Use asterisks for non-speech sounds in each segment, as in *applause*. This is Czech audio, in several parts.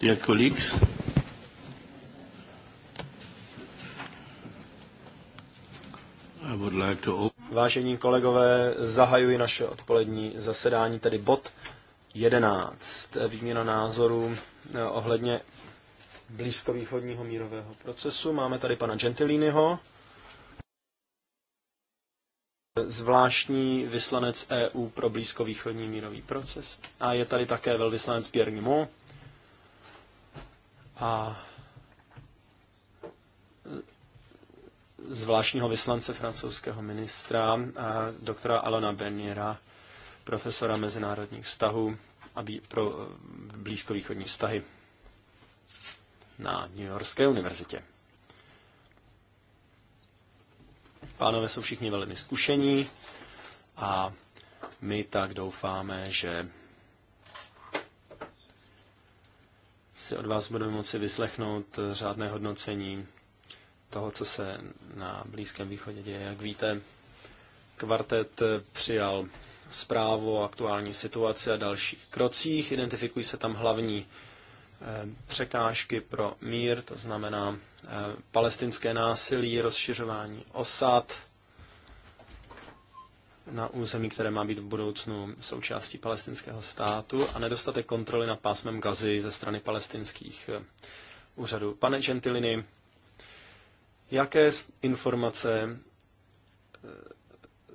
Dear colleagues, I would like to open... Vážení kolegové, zahajuji naše odpolední zasedání, tedy bod 11. Výměna názorů eh, ohledně blízkovýchodního mírového procesu. Máme tady pana Gentilínyho, zvláštní vyslanec EU pro blízkovýchodní mírový proces. A je tady také velvyslanec Pierre Nimot, a zvláštního vyslance francouzského ministra, a doktora Alona Berniera, profesora mezinárodních vztahů a bí, pro blízkovýchodní vztahy na New Yorkské univerzitě. Pánové jsou všichni velmi zkušení a my tak doufáme, že si od vás budeme moci vyslechnout eh, řádné hodnocení toho, co se na Blízkém východě děje. Jak víte, kvartet eh, přijal zprávu o aktuální situaci a dalších krocích. Identifikují se tam hlavní eh, překážky pro mír, to znamená palestinské násilí, rozšiřování osad, na území, které má být v budoucnu součástí palestinského státu a nedostatek kontroly nad pásmem Gazy ze strany palestinských eh, úřadů. Pane Gentilini, jaké informace eh,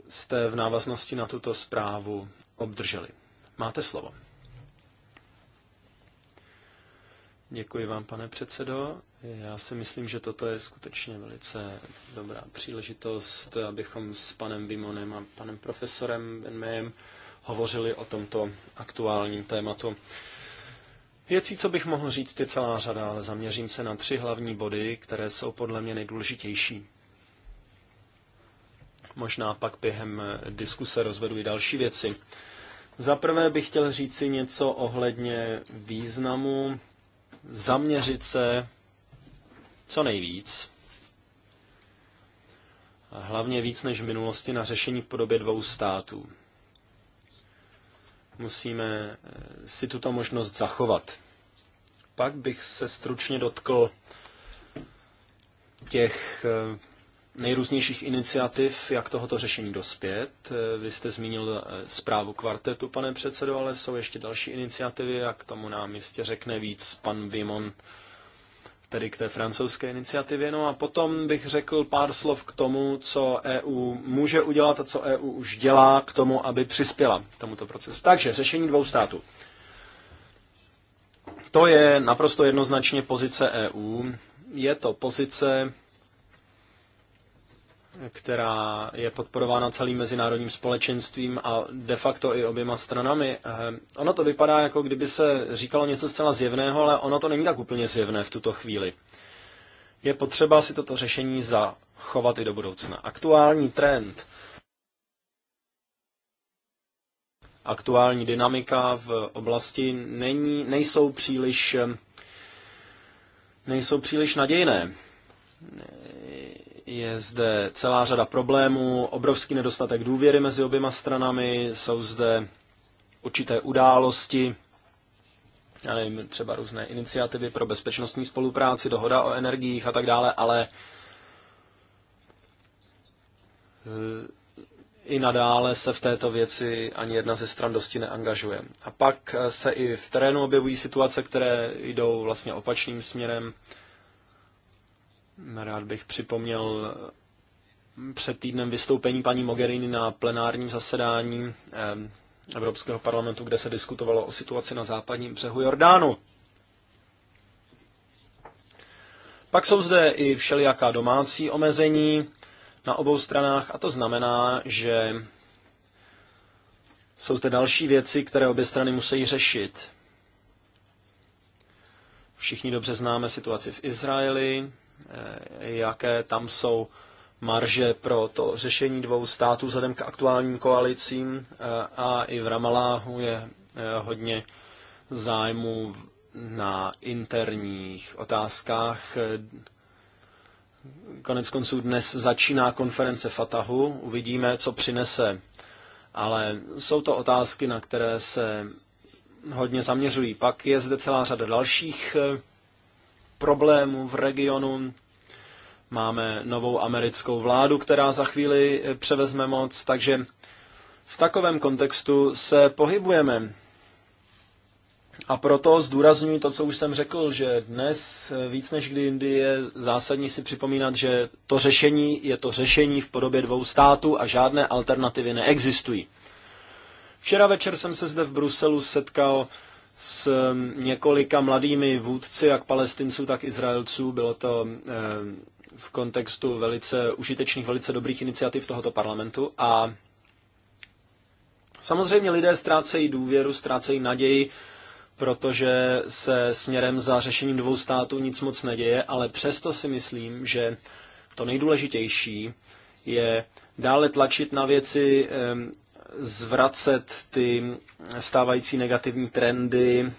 jste v návaznosti na tuto zprávu obdrželi? Máte slovo. Děkuji vám, pane předsedo. Já si myslím, že toto je skutečně velice dobrá příležitost, abychom s panem Vimonem a panem profesorem Benmejem hovořili o tomto aktuálním tématu. Věcí, co bych mohl říct, je celá řada, ale zaměřím se na tři hlavní body, které jsou podle mě nejdůležitější. Možná pak během diskuse rozvedu i další věci. Za prvé bych chtěl říci něco ohledně významu zaměřit se co nejvíc, a hlavně víc než v minulosti, na řešení v podobě dvou států. Musíme eh, si tuto možnost zachovat. Pak bych se stručně dotkl těch eh, nejrůznějších iniciativ, jak tohoto řešení dospět. Eh, vy jste zmínil zprávu kvartetu, pane předsedo, ale jsou ještě další iniciativy, jak tomu nám jistě řekne víc pan Vimon tedy k té francouzské iniciativě. No a potom bych řekl pár slov k tomu, co EU může udělat a co EU už dělá k tomu, aby přispěla k tomuto procesu. Takže řešení dvou států. To je naprosto jednoznačně pozice EU. Je to pozice, která je podporována celým mezinárodním společenstvím a de facto i oběma stranami. Eh, ono to vypadá, jako kdyby se říkalo něco zcela zjevného, ale ono to není tak úplně zjevné v tuto chvíli. Je potřeba si toto řešení zachovat i do budoucna. Aktuální trend, aktuální dynamika v oblasti není, nejsou příliš eh, nejsou příliš nadějné je zde celá řada problémů, obrovský nedostatek důvěry mezi oběma stranami, jsou zde určité události, já nevím, třeba různé iniciativy pro bezpečnostní spolupráci, dohoda o energiích a tak dále, ale e, i nadále se v této věci ani jedna ze stran dosti neangažuje. A pak e, se i v terénu objevují situace, které jdou vlastně opačným směrem. Rád bych připomněl před týdnem vystoupení paní Mogherini na plenárním zasedání eh, Evropského parlamentu, kde se diskutovalo o situaci na západním břehu Jordánu. Pak jsou zde i všelijaká domácí omezení na obou stranách a to znamená, že jsou zde další věci, které obě strany musí řešit. Všichni dobře známe situaci v Izraeli, Eh, jaké tam jsou marže pro to řešení dvou států vzhledem k aktuálním koalicím eh, a i v Ramaláhu je eh, hodně zájmu na interních otázkách. Konec konců dnes začíná konference Fatahu, uvidíme, co přinese. Ale jsou to otázky, na které se hodně zaměřují. Pak je zde celá řada dalších problémů v regionu. Máme novou americkou vládu, která za chvíli eh, převezme moc, takže v takovém kontextu se pohybujeme. A proto zdůraznuju to, co už jsem řekl, že dnes eh, víc než kdy jindy je zásadní si připomínat, že to řešení je to řešení v podobě dvou států a žádné alternativy neexistují. Včera večer jsem se zde v Bruselu setkal s několika mladými vůdci, jak palestinců, tak Izraelců. Bylo to e, v kontextu velice užitečných, velice dobrých iniciativ tohoto parlamentu a samozřejmě lidé ztrácejí důvěru, ztrácejí naději, protože se směrem za řešením dvou států nic moc neděje, ale přesto si myslím, že to nejdůležitější je dále tlačit na věci zvracet ty stávající negativní trendy.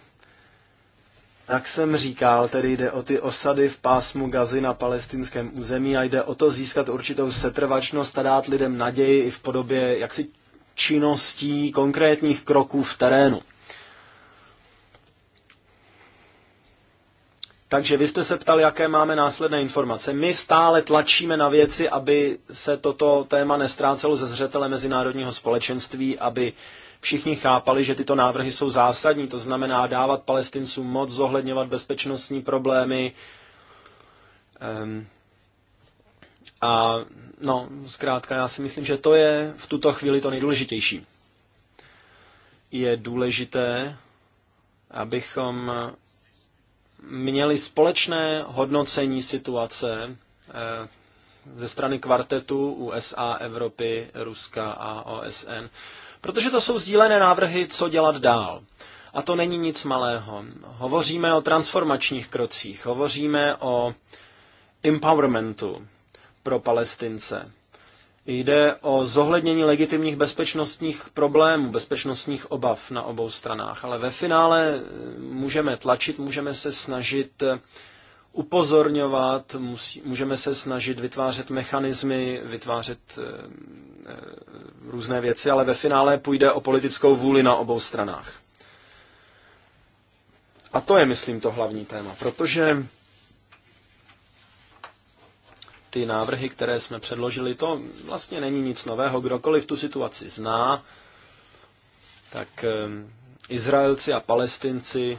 Jak jsem říkal, tedy jde o ty osady v pásmu Gazy na palestinském území a jde o to získat určitou setrvačnost a dát lidem naději i v podobě jaksi činností, konkrétních kroků v terénu. Takže vy jste se ptal, jaké máme následné informace. My stále tlačíme na věci, aby se toto téma nestrácelo ze zřetele mezinárodního společenství, aby všichni chápali, že tyto návrhy jsou zásadní, to znamená dávat palestincům moc, zohledňovat bezpečnostní problémy. Um, a no, zkrátka, já si myslím, že to je v tuto chvíli to nejdůležitější. Je důležité, abychom měli společné hodnocení situace eh, ze strany kvartetu USA, Evropy, Ruska a OSN. Protože to jsou sdílené návrhy, co dělat dál. A to není nic malého. Hovoříme o transformačních krocích, hovoříme o empowermentu pro Palestince. Jde o zohlednění legitimních bezpečnostních problémů, bezpečnostních obav na obou stranách, ale ve finále eh, můžeme tlačit, můžeme se snažit eh, upozorňovat, můžeme se snažit vytvářet mechanismy, vytvářet eh, různé věci, ale ve finále půjde o politickou vůli na obou stranách. A to je, myslím, to hlavní téma, protože ty návrhy, které jsme předložili, to vlastně není nic nového. Kdokoliv tu situaci zná, tak ehm, Izraelci a Palestinci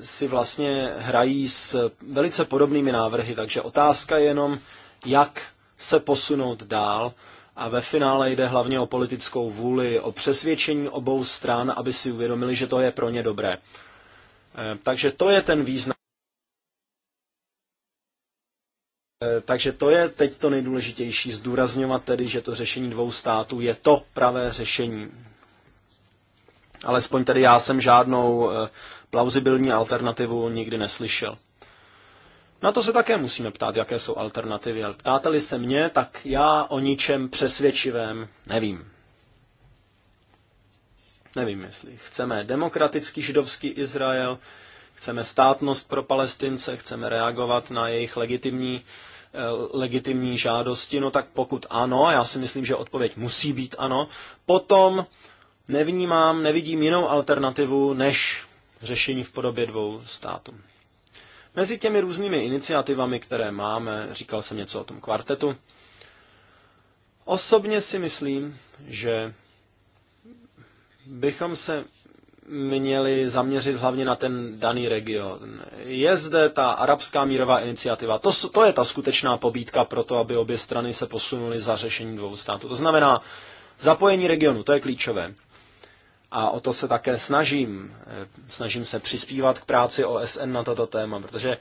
eh, si vlastně hrají s velice podobnými návrhy, takže otázka je jenom, jak se posunout dál a ve finále jde hlavně o politickou vůli, o přesvědčení obou stran, aby si uvědomili, že to je pro ně dobré. Eh, takže to je ten význam Eh, takže to je teď to nejdůležitější, zdůrazňovat tedy, že to řešení dvou států je to pravé řešení. Alespoň tedy já jsem žádnou eh, plauzibilní alternativu nikdy neslyšel. Na to se také musíme ptát, jaké jsou alternativy. Ale ptáte-li se mě, tak já o ničem přesvědčivém nevím. Nevím, jestli chceme demokratický židovský Izrael, chceme státnost pro Palestince, chceme reagovat na jejich legitimní Eh, legitimní žádosti, no tak pokud ano, a já si myslím, že odpověď musí být ano, potom nevnímám, nevidím jinou alternativu než řešení v podobě dvou států. Mezi těmi různými iniciativami, které máme, říkal jsem něco o tom kvartetu, osobně si myslím, že bychom se měli zaměřit hlavně na ten daný region. Je zde ta arabská mírová iniciativa. To, to je ta skutečná pobídka pro to, aby obě strany se posunuly za řešení dvou států. To znamená zapojení regionu, to je klíčové. A o to se také snažím. Eh, snažím se přispívat k práci OSN na tato téma, protože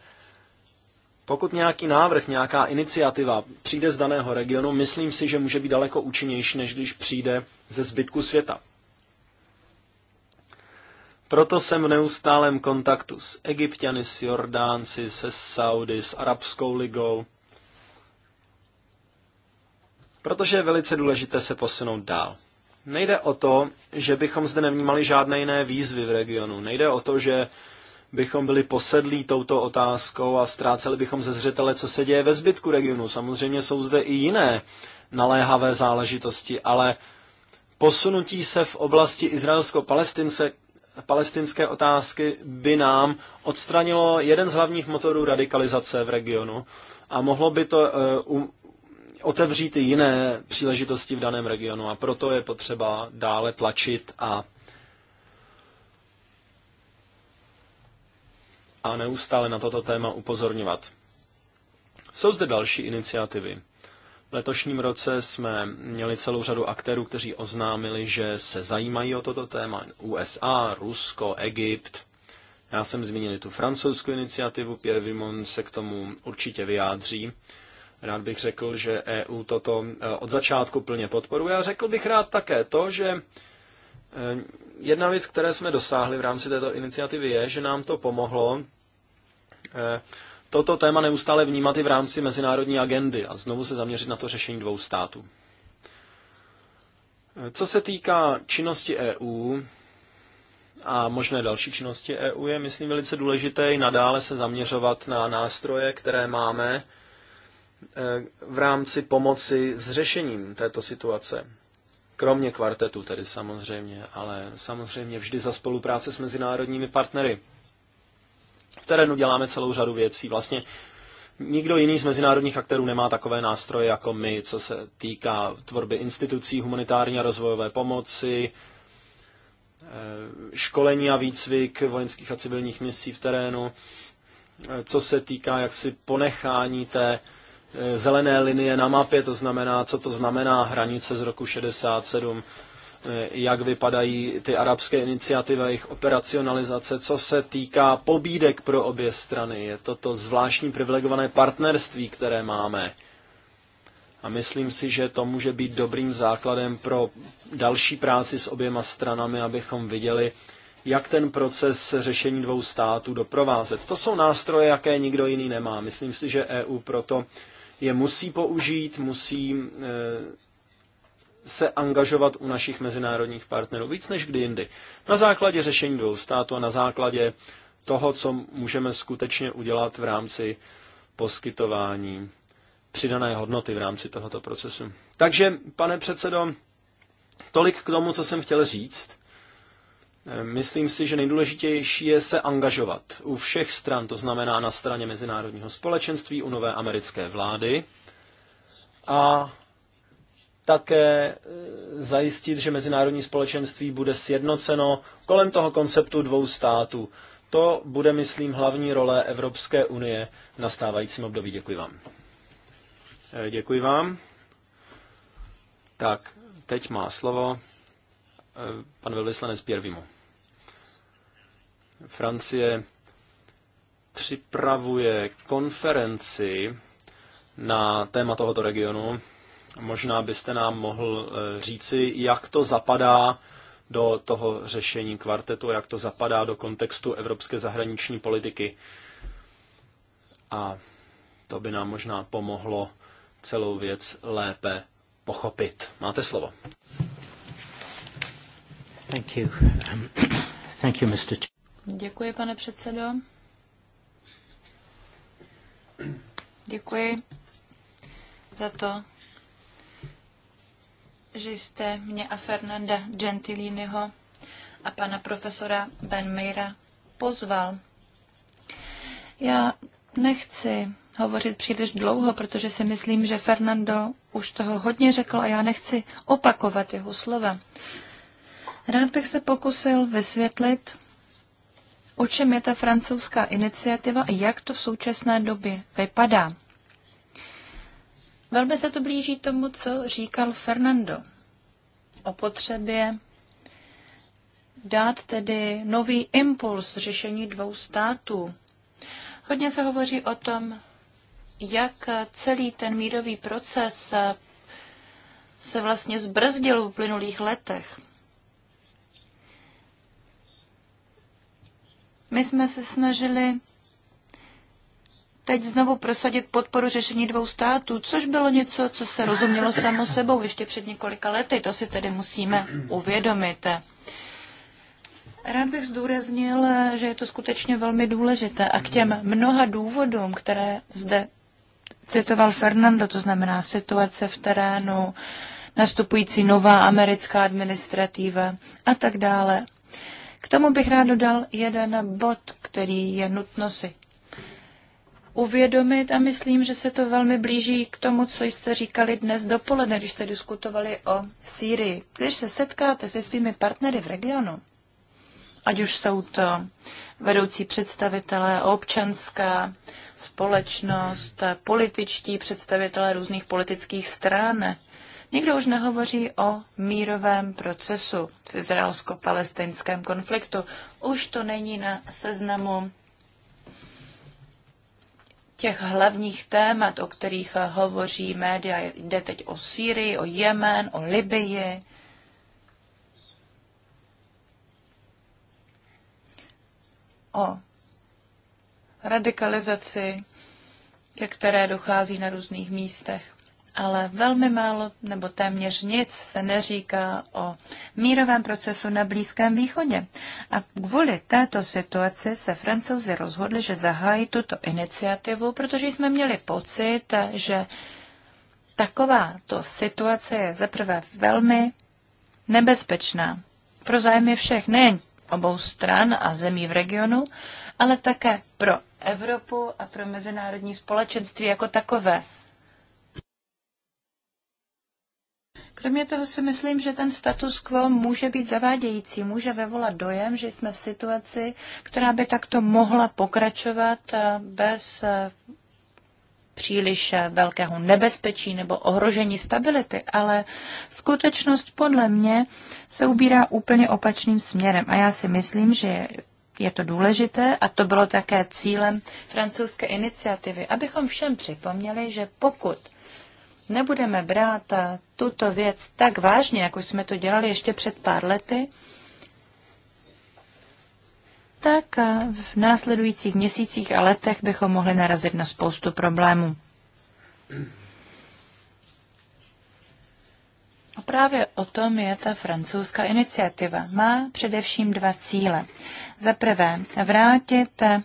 pokud nějaký návrh, nějaká iniciativa přijde z daného regionu, myslím si, že může být daleko účinnější, než když přijde ze zbytku světa. Proto jsem v neustálém kontaktu s Egyptiany, s Jordánci, se Saudy, s Arabskou ligou. Protože je velice důležité se posunout dál. Nejde o to, že bychom zde nevnímali žádné jiné výzvy v regionu. Nejde o to, že bychom byli posedlí touto otázkou a ztráceli bychom ze zřetele, co se děje ve zbytku regionu. Samozřejmě jsou zde i jiné naléhavé záležitosti, ale posunutí se v oblasti izraelsko-palestince palestinské otázky by nám odstranilo jeden z hlavních motorů radikalizace v regionu a mohlo by to eh, otevřít i jiné příležitosti v daném regionu a proto je potřeba dále tlačit a a neustále na toto téma upozorňovat. Jsou zde další iniciativy. V letošním roce jsme měli celou řadu aktérů, kteří oznámili, že se zajímají o toto téma. USA, Rusko, Egypt. Já jsem zmínil tu francouzskou iniciativu, Pierre Vimon se k tomu určitě vyjádří. Rád bych řekl, že EU toto eh, od začátku plně podporuje a řekl bych rád také to, že eh, jedna věc, které jsme dosáhli v rámci této iniciativy, je, že nám to pomohlo eh, toto téma neustále vnímat i v rámci mezinárodní agendy a znovu se zaměřit na to řešení dvou států. Co se týká činnosti EU a možné další činnosti EU, je, myslím, velice důležité i nadále se zaměřovat na nástroje, které máme eh, v rámci pomoci s řešením této situace. Kromě kvartetu tedy samozřejmě, ale samozřejmě vždy za spolupráce s mezinárodními partnery terénu děláme celou řadu věcí. Vlastně nikdo jiný z mezinárodních aktérů nemá takové nástroje jako my, co se týká tvorby institucí, humanitární a rozvojové pomoci, eh, školení a výcvik vojenských a civilních misí v terénu, eh, co se týká jaksi ponechání té eh, zelené linie na mapě, to znamená, co to znamená hranice z roku 67, E, jak vypadají ty arabské iniciativy a jejich operacionalizace. Co se týká pobídek pro obě strany, je to to zvláštní privilegované partnerství, které máme. A myslím si, že to může být dobrým základem pro další práci s oběma stranami, abychom viděli, jak ten proces řešení dvou států doprovázet. To jsou nástroje, jaké nikdo jiný nemá. Myslím si, že EU proto je musí použít, musí e, se angažovat u našich mezinárodních partnerů víc než kdy jindy. Na základě řešení dvou států a na základě toho, co můžeme skutečně udělat v rámci poskytování přidané hodnoty v rámci tohoto procesu. Takže, pane předsedo, tolik k tomu, co jsem chtěl říct. Myslím si, že nejdůležitější je se angažovat u všech stran, to znamená na straně mezinárodního společenství, u nové americké vlády a také e, zajistit, že mezinárodní společenství bude sjednoceno kolem toho konceptu dvou států. To bude, myslím, hlavní role Evropské unie v nastávajícím období. Děkuji vám. E, děkuji vám. Tak, teď má slovo e, pan velvyslanec Pierre Francie připravuje konferenci na téma tohoto regionu Možná byste nám mohl eh, říci, jak to zapadá do toho řešení kvartetu, jak to zapadá do kontextu evropské zahraniční politiky. A to by nám možná pomohlo celou věc lépe pochopit. Máte slovo. Thank you. Thank you, Mr. Děkuji, pane předsedo. Děkuji za to, že jste mě a Fernanda Gentiliniho a pana profesora Ben Meira pozval. Já nechci hovořit příliš dlouho, protože si myslím, že Fernando už toho hodně řekl a já nechci opakovat jeho slova. Rád bych se pokusil vysvětlit, o čem je ta francouzská iniciativa a jak to v současné době vypadá. Velmi se to blíží tomu, co říkal Fernando o potřebě dát tedy nový impuls řešení dvou států. Hodně se hovoří o tom, jak celý ten mírový proces se vlastně zbrzdil v plynulých letech. My jsme se snažili teď znovu prosadit podporu řešení dvou států, což bylo něco, co se rozumělo samo sebou ještě před několika lety. To si tedy musíme uvědomit. Rád bych zdůraznil, že je to skutečně velmi důležité a k těm mnoha důvodům, které zde citoval Fernando, to znamená situace v terénu, nastupující nová americká administrativa a tak dále. K tomu bych rád dodal jeden bod, který je nutno si uvědomit a myslím, že se to velmi blíží k tomu, co jste říkali dnes dopoledne, když jste diskutovali o Sýrii. Když se setkáte se svými partnery v regionu, ať už jsou to vedoucí představitelé, občanská společnost, političtí představitelé různých politických stran, Nikdo už nehovoří o mírovém procesu v izraelsko-palestinském konfliktu. Už to není na seznamu těch hlavních témat, o kterých hovoří média, jde teď o Sýrii, o Jemen, o Libii. O radikalizaci, ke které dochází na různých místech ale velmi málo nebo téměř nic se neříká o mírovém procesu na Blízkém východě. A kvůli této situaci se francouzi rozhodli, že zahájí tuto iniciativu, protože jsme měli pocit, že takováto situace je zaprvé velmi nebezpečná pro zájmy všech, nejen obou stran a zemí v regionu, ale také pro Evropu a pro mezinárodní společenství jako takové. Kromě toho si myslím, že ten status quo může být zavádějící, může vyvolat dojem, že jsme v situaci, která by takto mohla pokračovat eh, bez eh, příliš eh, velkého nebezpečí nebo ohrožení stability, ale skutečnost podle mě se ubírá úplně opačným směrem. A já si myslím, že je to důležité a to bylo také cílem francouzské iniciativy, abychom všem připomněli, že pokud nebudeme brát eh, tuto věc tak vážně, jako jsme to dělali ještě před pár lety, tak eh, v následujících měsících a letech bychom mohli narazit na spoustu problémů. A právě o tom je ta francouzská iniciativa. Má především dva cíle. Za prvé, vrátit eh,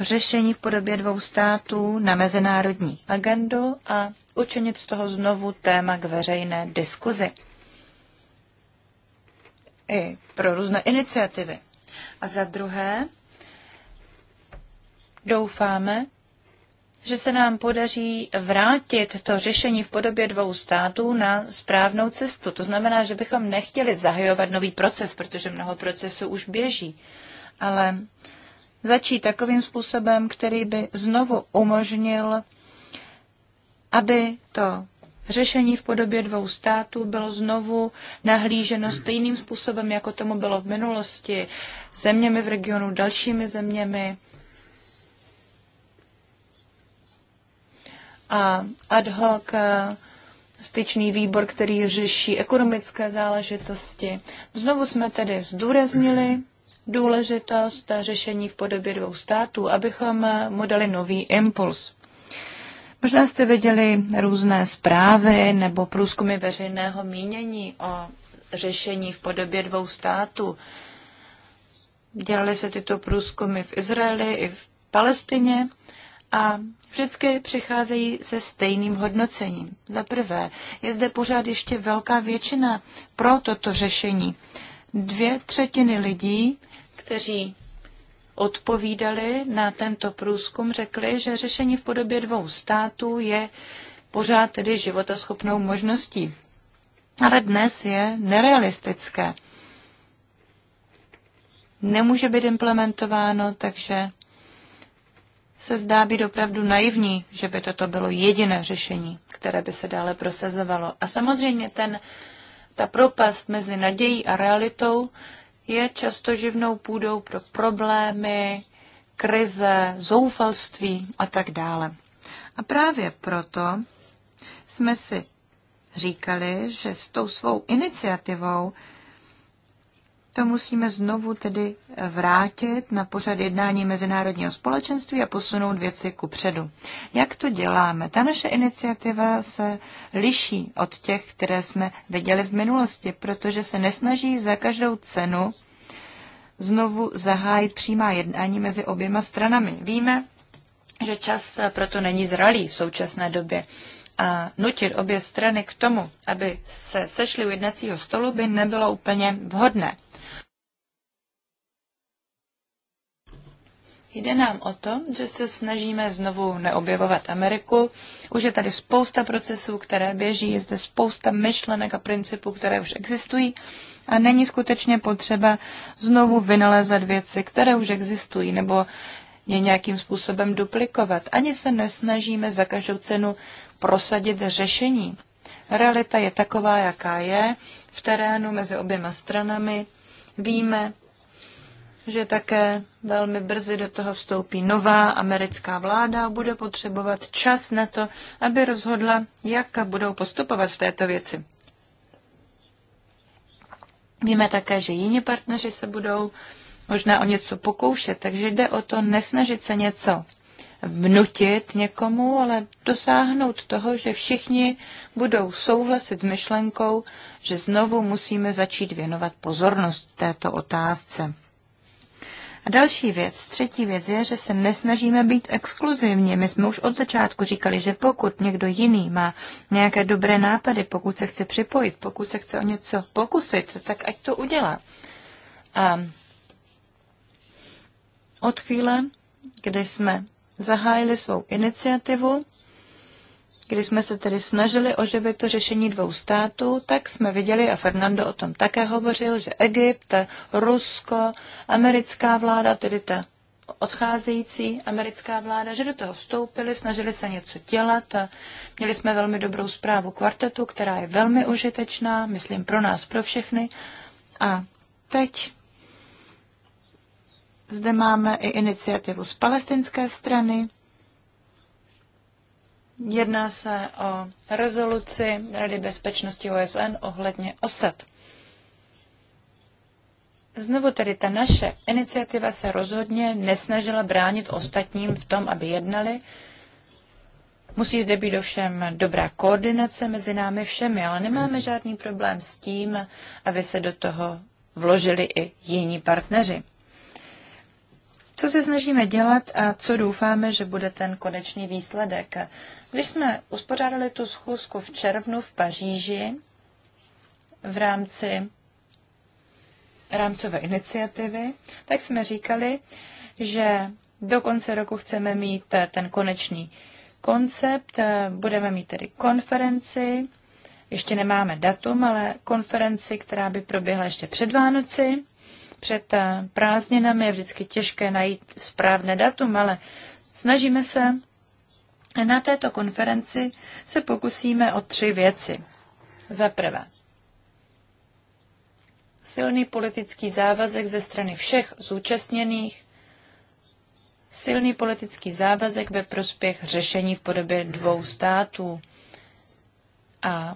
řešení v podobě dvou států na mezinárodní agendu a učinit z toho znovu téma k veřejné diskuzi. I pro různé iniciativy. A za druhé, doufáme, že se nám podaří vrátit to řešení v podobě dvou států na správnou cestu. To znamená, že bychom nechtěli zahajovat nový proces, protože mnoho procesů už běží, ale začít takovým způsobem, který by znovu umožnil aby to řešení v podobě dvou států bylo znovu nahlíženo stejným způsobem, jako tomu bylo v minulosti, zeměmi v regionu, dalšími zeměmi. A ad hoc eh, styčný výbor, který řeší ekonomické záležitosti. Znovu jsme tedy zdůraznili důležitost řešení v podobě dvou států, abychom eh, mu dali nový impuls. Možná jste viděli různé zprávy nebo průzkumy veřejného mínění o řešení v podobě dvou států. Dělali se tyto průzkumy v Izraeli i v Palestině a vždycky přicházejí se stejným hodnocením. Za prvé, je zde pořád ještě velká většina pro toto řešení. Dvě třetiny lidí, kteří odpovídali na tento průzkum, řekli, že řešení v podobě dvou států je pořád tedy životaschopnou možností. Ale dnes je nerealistické. Nemůže být implementováno, takže se zdá být opravdu naivní, že by toto bylo jediné řešení, které by se dále prosazovalo. A samozřejmě ten, ta propast mezi nadějí a realitou je často živnou půdou pro problémy, krize, zoufalství a tak dále. A právě proto jsme si říkali, že s tou svou iniciativou to musíme znovu tedy vrátit na pořad jednání mezinárodního společenství a posunout věci ku předu. Jak to děláme? Ta naše iniciativa se liší od těch, které jsme viděli v minulosti, protože se nesnaží za každou cenu znovu zahájit přímá jednání mezi oběma stranami. Víme, že čas proto není zralý v současné době a nutit obě strany k tomu, aby se sešly u jednacího stolu, by nebylo úplně vhodné. Jde nám o to, že se snažíme znovu neobjevovat Ameriku. Už je tady spousta procesů, které běží, je zde spousta myšlenek a principů, které už existují a není skutečně potřeba znovu vynalézat věci, které už existují nebo je nějakým způsobem duplikovat. Ani se nesnažíme za každou cenu prosadit řešení. Realita je taková, jaká je, v terénu mezi oběma stranami. Víme, že také velmi brzy do toho vstoupí nová americká vláda a bude potřebovat čas na to, aby rozhodla, jak budou postupovat v této věci. Víme také, že jiní partneři se budou možná o něco pokoušet, takže jde o to nesnažit se něco vnutit někomu, ale dosáhnout toho, že všichni budou souhlasit s myšlenkou, že znovu musíme začít věnovat pozornost této otázce. A další věc, třetí věc je, že se nesnažíme být exkluzivní. My jsme už od začátku říkali, že pokud někdo jiný má nějaké dobré nápady, pokud se chce připojit, pokud se chce o něco pokusit, tak ať to udělá. A od chvíle, kdy jsme zahájili svou iniciativu, když jsme se tedy snažili oživit to řešení dvou států, tak jsme viděli, a Fernando o tom také hovořil, že Egypt, Rusko, americká vláda, tedy ta odcházející americká vláda, že do toho vstoupili, snažili se něco dělat. A měli jsme velmi dobrou zprávu kvartetu, která je velmi užitečná, myslím pro nás, pro všechny. A teď zde máme i iniciativu z palestinské strany, Jedná se o rezoluci Rady bezpečnosti OSN ohledně osad. Znovu tedy ta naše iniciativa se rozhodně nesnažila bránit ostatním v tom, aby jednali. Musí zde být ovšem dobrá koordinace mezi námi všemi, ale nemáme žádný problém s tím, aby se do toho vložili i jiní partneři. Co se snažíme dělat a co doufáme, že bude ten konečný výsledek? Když jsme uspořádali tu schůzku v červnu v Paříži v rámci rámcové iniciativy, tak jsme říkali, že do konce roku chceme mít ten konečný koncept, budeme mít tedy konferenci, ještě nemáme datum, ale konferenci, která by proběhla ještě před Vánoci před eh, prázdninami je vždycky těžké najít správné datum, ale snažíme se. Na této konferenci se pokusíme o tři věci. Za prvé, silný politický závazek ze strany všech zúčastněných, silný politický závazek ve prospěch řešení v podobě dvou států a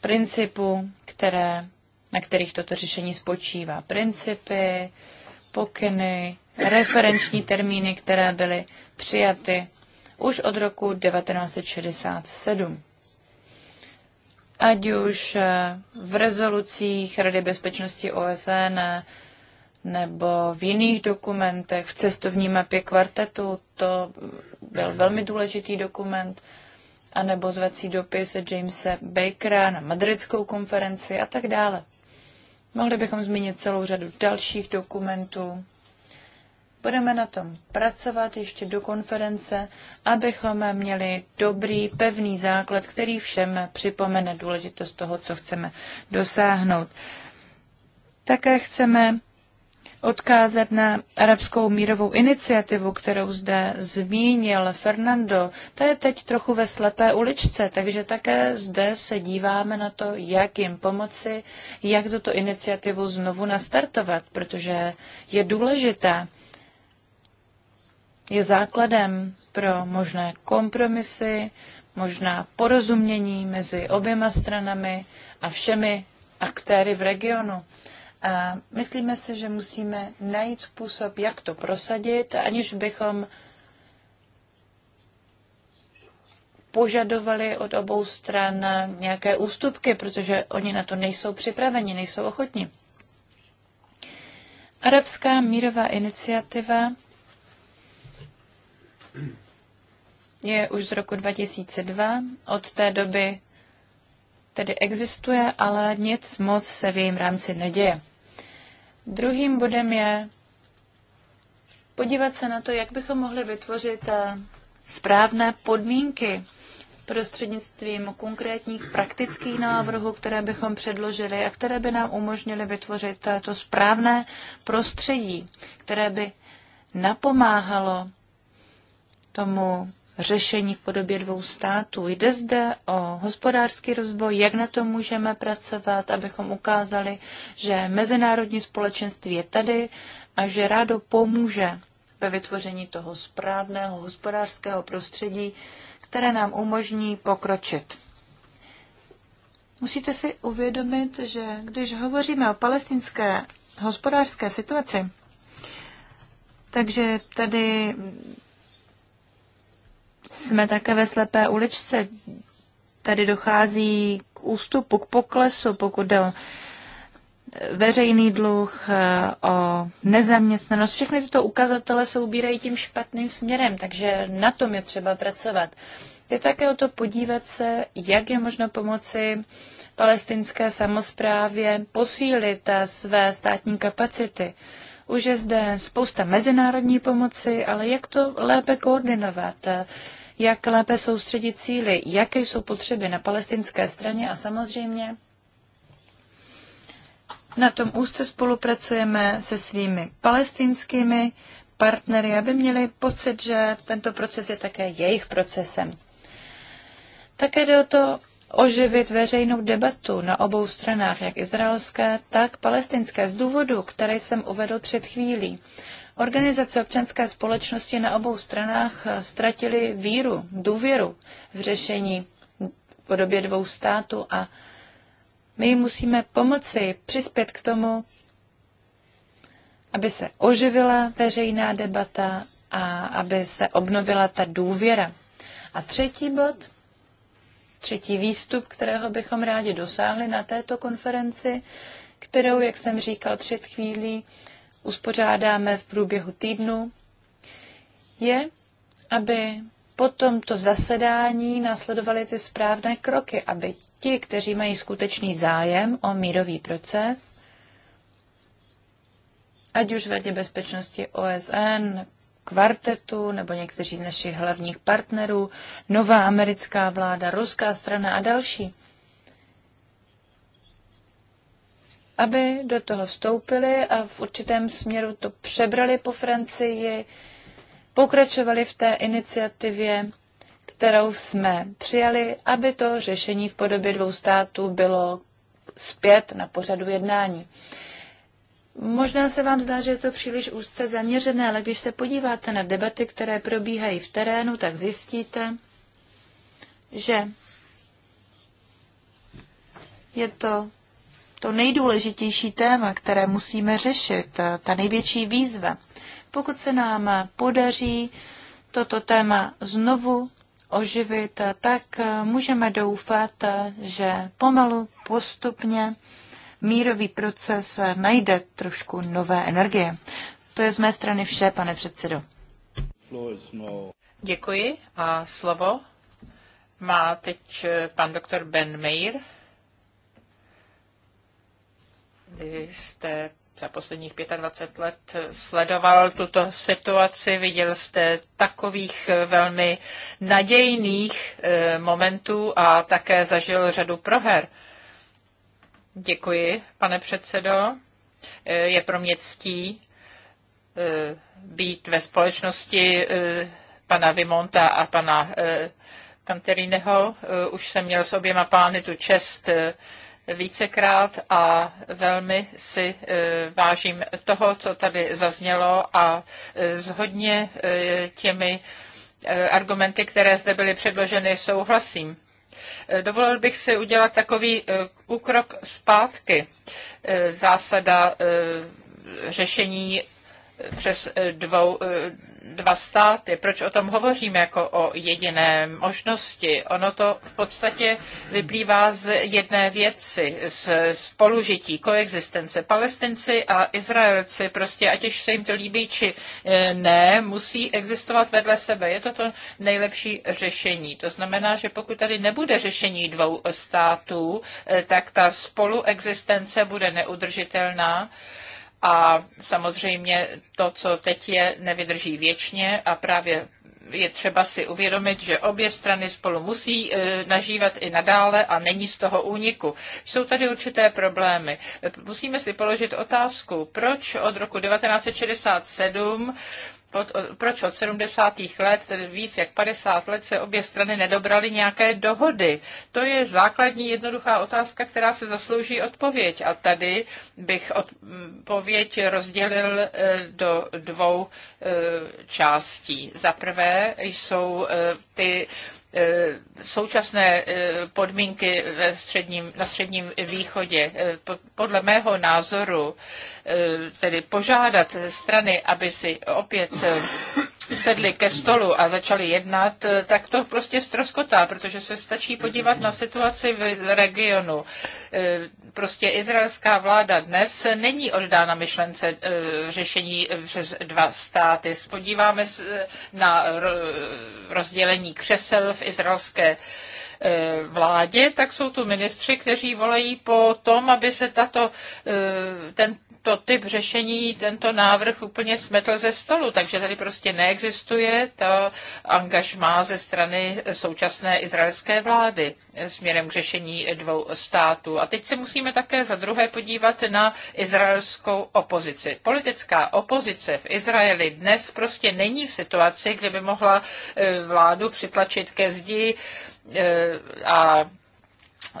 principu, které na kterých toto řešení spočívá. Principy, pokyny, referenční termíny, které byly přijaty už od roku 1967. Ať už eh, v rezolucích Rady bezpečnosti OSN nebo v jiných dokumentech, v cestovní mapě kvartetu, to byl velmi důležitý dokument, anebo zvací dopis Jamesa Bakera na madridskou konferenci a tak dále. Mohli bychom zmínit celou řadu dalších dokumentů. Budeme na tom pracovat ještě do konference, abychom měli dobrý, pevný základ, který všem připomene důležitost toho, co chceme dosáhnout. Také chceme odkázat na arabskou mírovou iniciativu, kterou zde zmínil Fernando. Ta je teď trochu ve slepé uličce, takže také zde se díváme na to, jak jim pomoci, jak tuto iniciativu znovu nastartovat, protože je důležitá. Je základem pro možné kompromisy, možná porozumění mezi oběma stranami a všemi aktéry v regionu. A myslíme si, že musíme najít způsob, jak to prosadit, aniž bychom požadovali od obou stran nějaké ústupky, protože oni na to nejsou připraveni, nejsou ochotní. Arabská mírová iniciativa je už z roku 2002. Od té doby tedy existuje, ale nic moc se v jejím rámci neděje. Druhým bodem je podívat se na to, jak bychom mohli vytvořit eh, správné podmínky prostřednictvím konkrétních praktických návrhů, které bychom předložili a které by nám umožnily vytvořit eh, to správné prostředí, které by napomáhalo tomu řešení v podobě dvou států. Jde zde o hospodářský rozvoj, jak na to můžeme pracovat, abychom ukázali, že mezinárodní společenství je tady a že rádo pomůže ve vytvoření toho správného hospodářského prostředí, které nám umožní pokročit. Musíte si uvědomit, že když hovoříme o palestinské hospodářské situaci, takže tady jsme také ve slepé uličce. Tady dochází k ústupu, k poklesu, pokud jde o e, veřejný dluh, e, o nezaměstnanost. Všechny tyto ukazatele se ubírají tím špatným směrem, takže na tom je třeba pracovat. Je také o to podívat se, jak je možno pomoci palestinské samozprávě posílit e, své státní kapacity. Už je zde spousta mezinárodní pomoci, ale jak to lépe koordinovat? jak lépe soustředit síly, jaké jsou potřeby na palestinské straně a samozřejmě na tom úzce spolupracujeme se svými palestinskými partnery, aby měli pocit, že tento proces je také jejich procesem. Také jde o to oživit veřejnou debatu na obou stranách, jak izraelské, tak palestinské, z důvodu, který jsem uvedl před chvílí. Organizace občanské společnosti na obou stranách eh, ztratily víru, důvěru v řešení v podobě dvou států a my jim musíme pomoci přispět k tomu, aby se oživila veřejná debata a aby se obnovila ta důvěra. A třetí bod, třetí výstup, kterého bychom rádi dosáhli na této konferenci, kterou, jak jsem říkal před chvílí, uspořádáme v průběhu týdnu, je, aby po tomto zasedání následovaly ty správné kroky, aby ti, kteří mají skutečný zájem o mírový proces, ať už v Radě bezpečnosti OSN, kvartetu nebo někteří z našich hlavních partnerů, nová americká vláda, ruská strana a další, aby do toho vstoupili a v určitém směru to přebrali po Francii, pokračovali v té iniciativě, kterou jsme přijali, aby to řešení v podobě dvou států bylo zpět na pořadu jednání. Možná se vám zdá, že je to příliš úzce zaměřené, ale když se podíváte na debaty, které probíhají v terénu, tak zjistíte, že je to to nejdůležitější téma, které musíme řešit, eh, ta největší výzva. Pokud se nám podaří toto téma znovu oživit, eh, tak eh, můžeme doufat, že pomalu, postupně mírový proces najde trošku nové energie. To je z mé strany vše, pane předsedo. Děkuji a slovo má teď pan doktor Ben Meir jste za posledních 25 let sledoval tuto situaci, viděl jste takových eh, velmi nadějných eh, momentů a také zažil řadu proher. Děkuji, pane předsedo. Eh, je pro mě ctí být ve společnosti pana Vimonta a pana Panterineho. Už jsem měl s oběma pány tu čest vícekrát a velmi si e, vážím toho, co tady zaznělo a zhodně e, e, těmi argumenty, které zde byly předloženy, souhlasím. Dovolil bych si udělat takový úkrok zpátky. Zásada řešení přes eh, dvou, eh, dva státy. Proč o tom hovořím jako o jediné možnosti? Ono to v podstatě vyplývá z jedné věci, z spolužití, koexistence. Palestinci a Izraelci prostě, ať už se jim to líbí či eh, ne, musí existovat vedle sebe. Je to to nejlepší řešení. To znamená, že pokud tady nebude řešení dvou států, tak ta spoluexistence bude neudržitelná a samozřejmě to, co teď je, nevydrží věčně a právě je třeba si uvědomit, že obě strany spolu musí e, nažívat i nadále a není z toho úniku. Jsou tady určité problémy. Musíme si položit otázku, proč od roku 1967 od, od, proč od 70. let, tedy víc jak 50 let, se obě strany nedobraly nějaké dohody? To je základní jednoduchá otázka, která se zaslouží odpověď. A tady bych odpověď rozdělil e, do dvou e, částí. Za prvé jsou e, ty Eh, současné eh, podmínky ve středním, na Středním východě. Eh, podle mého názoru tedy požádat strany, aby si opět sedli ke stolu a začali jednat, eh, tak to prostě stroskotá, protože se stačí podívat na situaci v regionu. Eh, prostě izraelská vláda dnes není oddána myšlence eh, řešení přes dva státy. Spodíváme na rozdělení křesel v izraelské vládě, tak jsou tu ministři, kteří volají po tom, aby se tato, ten, tento typ řešení tento návrh úplně smetl ze stolu, takže tady prostě neexistuje ta angažmá ze strany současné izraelské vlády směrem k řešení dvou států. A teď se musíme také za druhé podívat na izraelskou opozici. Politická opozice v Izraeli dnes prostě není v situaci, kdyby mohla eh, vládu přitlačit ke zdi eh, a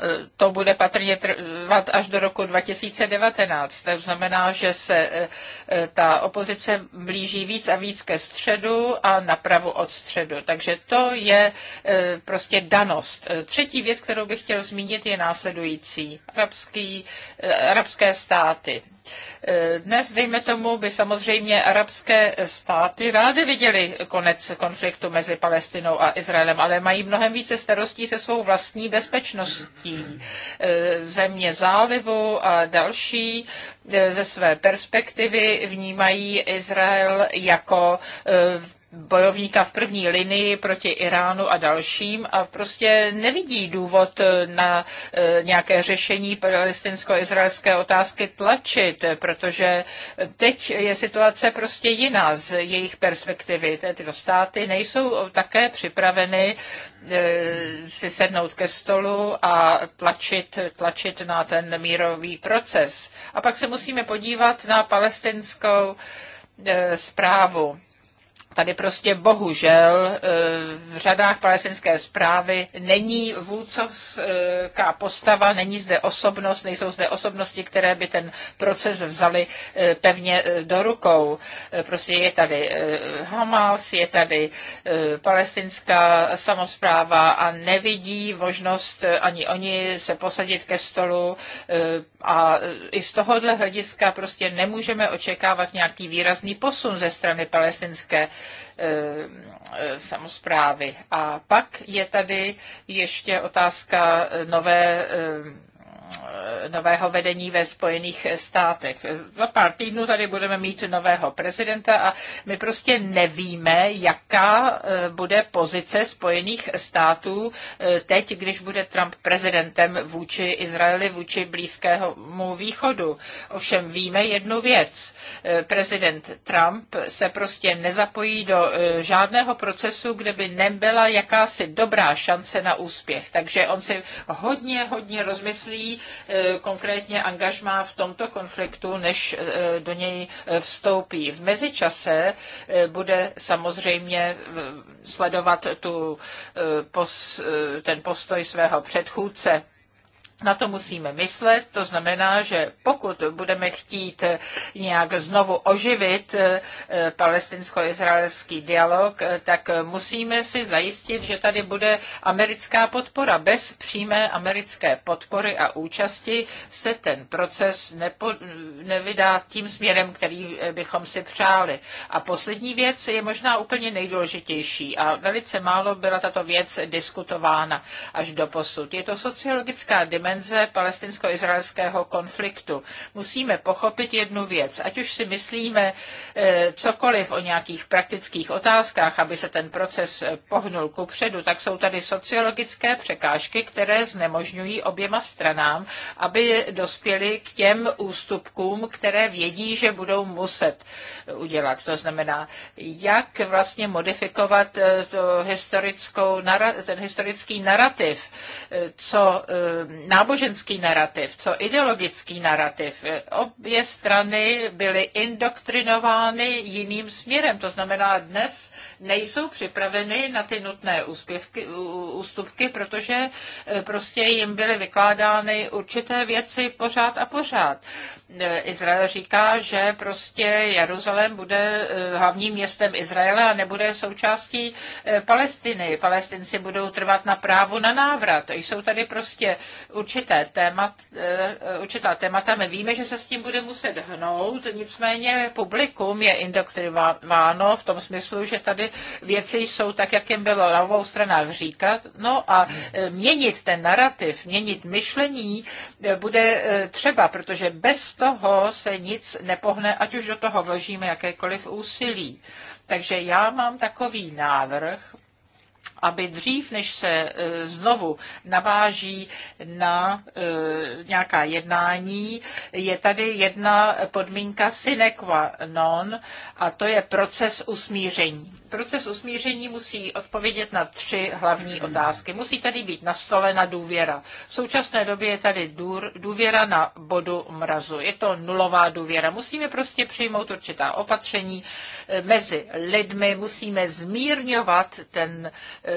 Eh, to bude patrně trvat až do roku 2019. To znamená, že se eh, eh, ta opozice blíží víc a víc ke středu a napravu od středu. Takže to je prostě danost. Třetí věc, kterou bych chtěl zmínit, je následující. Arabský, arabské státy. Dnes, dejme tomu, by samozřejmě arabské státy rády viděli konec konfliktu mezi Palestinou a Izraelem, ale mají mnohem více starostí se svou vlastní bezpečností třetí eh, země zálivu a další eh, ze své perspektivy vnímají Izrael jako eh, bojovníka v první linii proti Iránu a dalším a prostě nevidí důvod na e, nějaké řešení palestinsko-izraelské otázky tlačit, protože teď je situace prostě jiná z jejich perspektivy. Tyto státy nejsou také připraveny e, si sednout ke stolu a tlačit, tlačit na ten mírový proces. A pak se musíme podívat na palestinskou e, zprávu Tady prostě bohužel eh, v řadách palestinské zprávy není vůcovská postava, není zde osobnost, nejsou zde osobnosti, které by ten proces vzali eh, pevně eh, do rukou. Prostě je tady Hamas, je tady palestinská samozpráva a nevidí možnost ani oni se posadit ke stolu, a e, i z tohohle hlediska prostě nemůžeme očekávat nějaký výrazný posun ze strany palestinské e, e, samozprávy. A pak je tady ještě otázka nové nového vedení ve Spojených státech. Za pár týdnů tady budeme mít nového prezidenta a my prostě nevíme, jaká e, bude pozice Spojených států e, teď, když bude Trump prezidentem vůči Izraeli, vůči Blízkému východu. Ovšem víme jednu věc. E, prezident Trump se prostě nezapojí do žádného procesu, kde by nebyla jakási dobrá šance na úspěch. Takže on si hodně, hodně rozmyslí, Eh, konkrétně angažmá v tomto konfliktu, než eh, do něj eh, vstoupí. V mezičase bude samozřejmě sledovat tu, ten postoj svého předchůdce. Na to musíme myslet, to znamená, že pokud budeme chtít nějak znovu oživit eh, palestinsko-izraelský dialog, eh, tak musíme si zajistit, že tady bude americká podpora. Bez přímé americké podpory a účasti se ten proces nepo, nevydá tím směrem, který eh, bychom si přáli. A poslední věc je možná úplně nejdůležitější a velice málo byla tato věc diskutována až do posud. Je to sociologická dimenze dimenze palestinsko-izraelského konfliktu. Musíme pochopit jednu věc. Ať už si myslíme eh, cokoliv o nějakých praktických otázkách, aby se ten proces eh, pohnul ku předu, tak jsou tady sociologické překážky, které znemožňují oběma stranám, aby dospěli k těm ústupkům, které vědí, že budou muset eh, udělat. To znamená, jak vlastně modifikovat historickou, ten historický narrativ, co nám náboženský narrativ, co ideologický narrativ. Obě strany byly indoktrinovány jiným směrem, to znamená, dnes nejsou připraveny na ty nutné úspěvky, ústupky, protože eh, prostě jim byly vykládány určité věci pořád a pořád. Eh, Izrael říká, že prostě Jeruzalém bude eh, hlavním městem Izraele a nebude součástí Palestiny. Palestinci budou trvat na právu na návrat. Jsou tady prostě určité určité témat, eh, eh, určitá témata. My víme, že se s tím bude muset hnout, nicméně publikum je indoktrinováno v tom smyslu, že tady věci jsou tak, jak jim bylo na obou stranách říkat. No a eh, měnit ten narrativ, měnit myšlení bude třeba, protože bez toho se nic nepohne, ať už do toho vložíme jakékoliv úsilí. Takže já mám takový návrh, aby dřív, než se e, znovu naváží na e, nějaká jednání, je tady jedna podmínka sine qua non a to je proces usmíření. Proces usmíření musí odpovědět na tři hlavní otázky. Musí tady být nastolena důvěra. V současné době je tady důvěra na bodu mrazu. Je to nulová důvěra. Musíme prostě přijmout určitá opatření e, mezi lidmi, musíme zmírňovat ten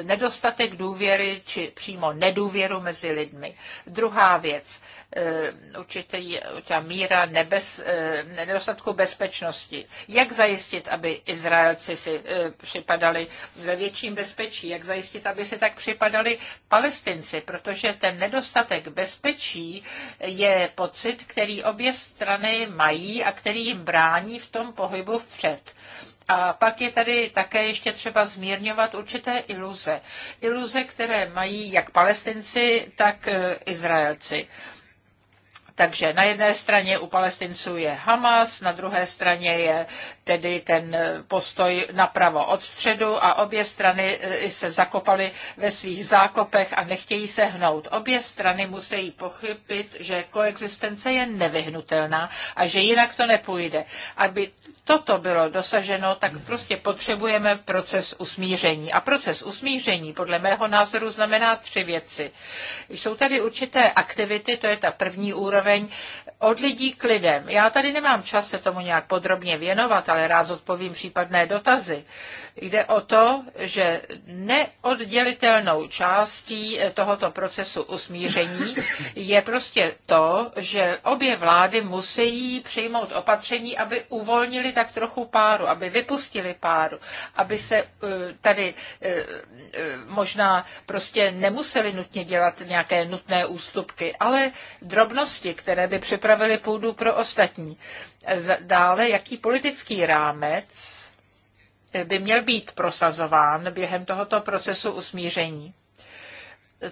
nedostatek důvěry či přímo nedůvěru mezi lidmi. Druhá věc, eh, určitý, určitá míra nebez, eh, nedostatku bezpečnosti. Jak zajistit, aby Izraelci si eh, připadali ve větším bezpečí? Jak zajistit, aby si tak připadali palestinci? Protože ten nedostatek bezpečí je pocit, který obě strany mají a který jim brání v tom pohybu vpřed. A pak je tady také ještě třeba zmírňovat určité iluze. Iluze, které mají jak palestinci, tak eh, Izraelci. Takže na jedné straně u palestinců je Hamas, na druhé straně je tedy ten eh, postoj napravo od středu a obě strany eh, se zakopaly ve svých zákopech a nechtějí se hnout. Obě strany musí pochybit, že koexistence je nevyhnutelná a že jinak to nepůjde. Aby toto bylo dosaženo, tak prostě potřebujeme proces usmíření. A proces usmíření podle mého názoru znamená tři věci. Jsou tady určité aktivity, to je ta první úroveň, zároveň od lidí k lidem. Já tady nemám čas se tomu nějak podrobně věnovat, ale rád odpovím případné dotazy. Jde o to, že neoddělitelnou částí eh, tohoto procesu usmíření *laughs* je prostě to, že obě vlády musí přijmout opatření, aby uvolnili tak trochu páru, aby vypustili páru, aby se eh, tady eh, možná prostě nemuseli nutně dělat nějaké nutné ústupky, ale drobnosti, které by připravili připravili půdu pro ostatní. Dále, jaký politický rámec by měl být prosazován během tohoto procesu usmíření?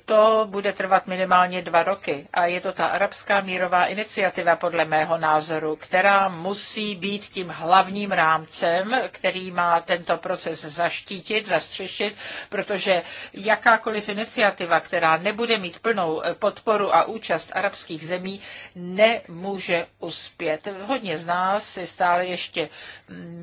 to bude trvat minimálně dva roky. A je to ta arabská mírová iniciativa, podle mého názoru, která musí být tím hlavním rámcem, který má tento proces zaštítit, zastřešit, protože jakákoliv iniciativa, která nebude mít plnou podporu a účast arabských zemí, nemůže uspět. Hodně z nás si stále ještě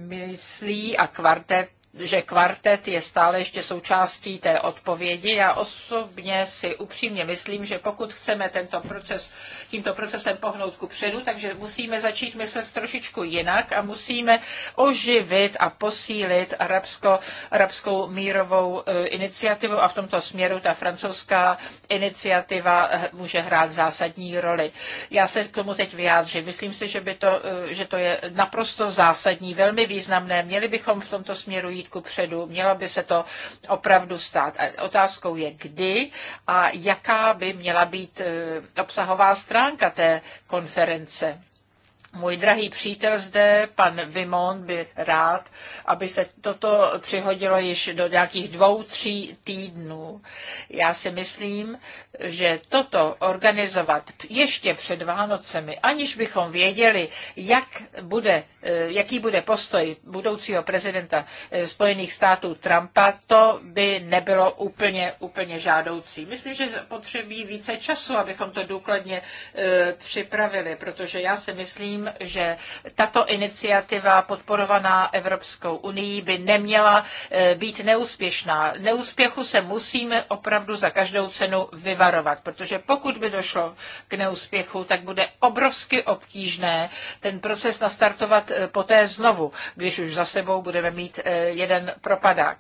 myslí a kvartet že kvartet je stále ještě součástí té odpovědi. Já osobně si upřímně myslím, že pokud chceme tento proces, tímto procesem pohnout ku předu, takže musíme začít myslet trošičku jinak a musíme oživit a posílit arabsko, arabskou mírovou eh, iniciativu a v tomto směru ta francouzská iniciativa eh, může hrát zásadní roli. Já se k tomu teď vyjádřím. Myslím si, že, by to, eh, že to je naprosto zásadní, velmi významné. Měli bychom v tomto směru jít ku předu, mělo by se to opravdu stát. A otázkou je, kdy a jaká by měla být eh, obsahová stránka té konference. Můj drahý přítel zde, pan Vimon, by rád, aby se toto přihodilo již do nějakých dvou, tří týdnů. Já si myslím, že toto organizovat ještě před Vánocemi, aniž bychom věděli, jak bude, eh, jaký bude postoj budoucího prezidenta eh, Spojených států Trumpa, to by nebylo úplně, úplně žádoucí. Myslím, že potřebí více času, abychom to důkladně eh, připravili, protože já si myslím, tím, že tato iniciativa podporovaná Evropskou unii by neměla eh, být neúspěšná. Neúspěchu se musíme opravdu za každou cenu vyvarovat, protože pokud by došlo k neúspěchu, tak bude obrovsky obtížné ten proces nastartovat eh, poté znovu, když už za sebou budeme mít eh, jeden propadák.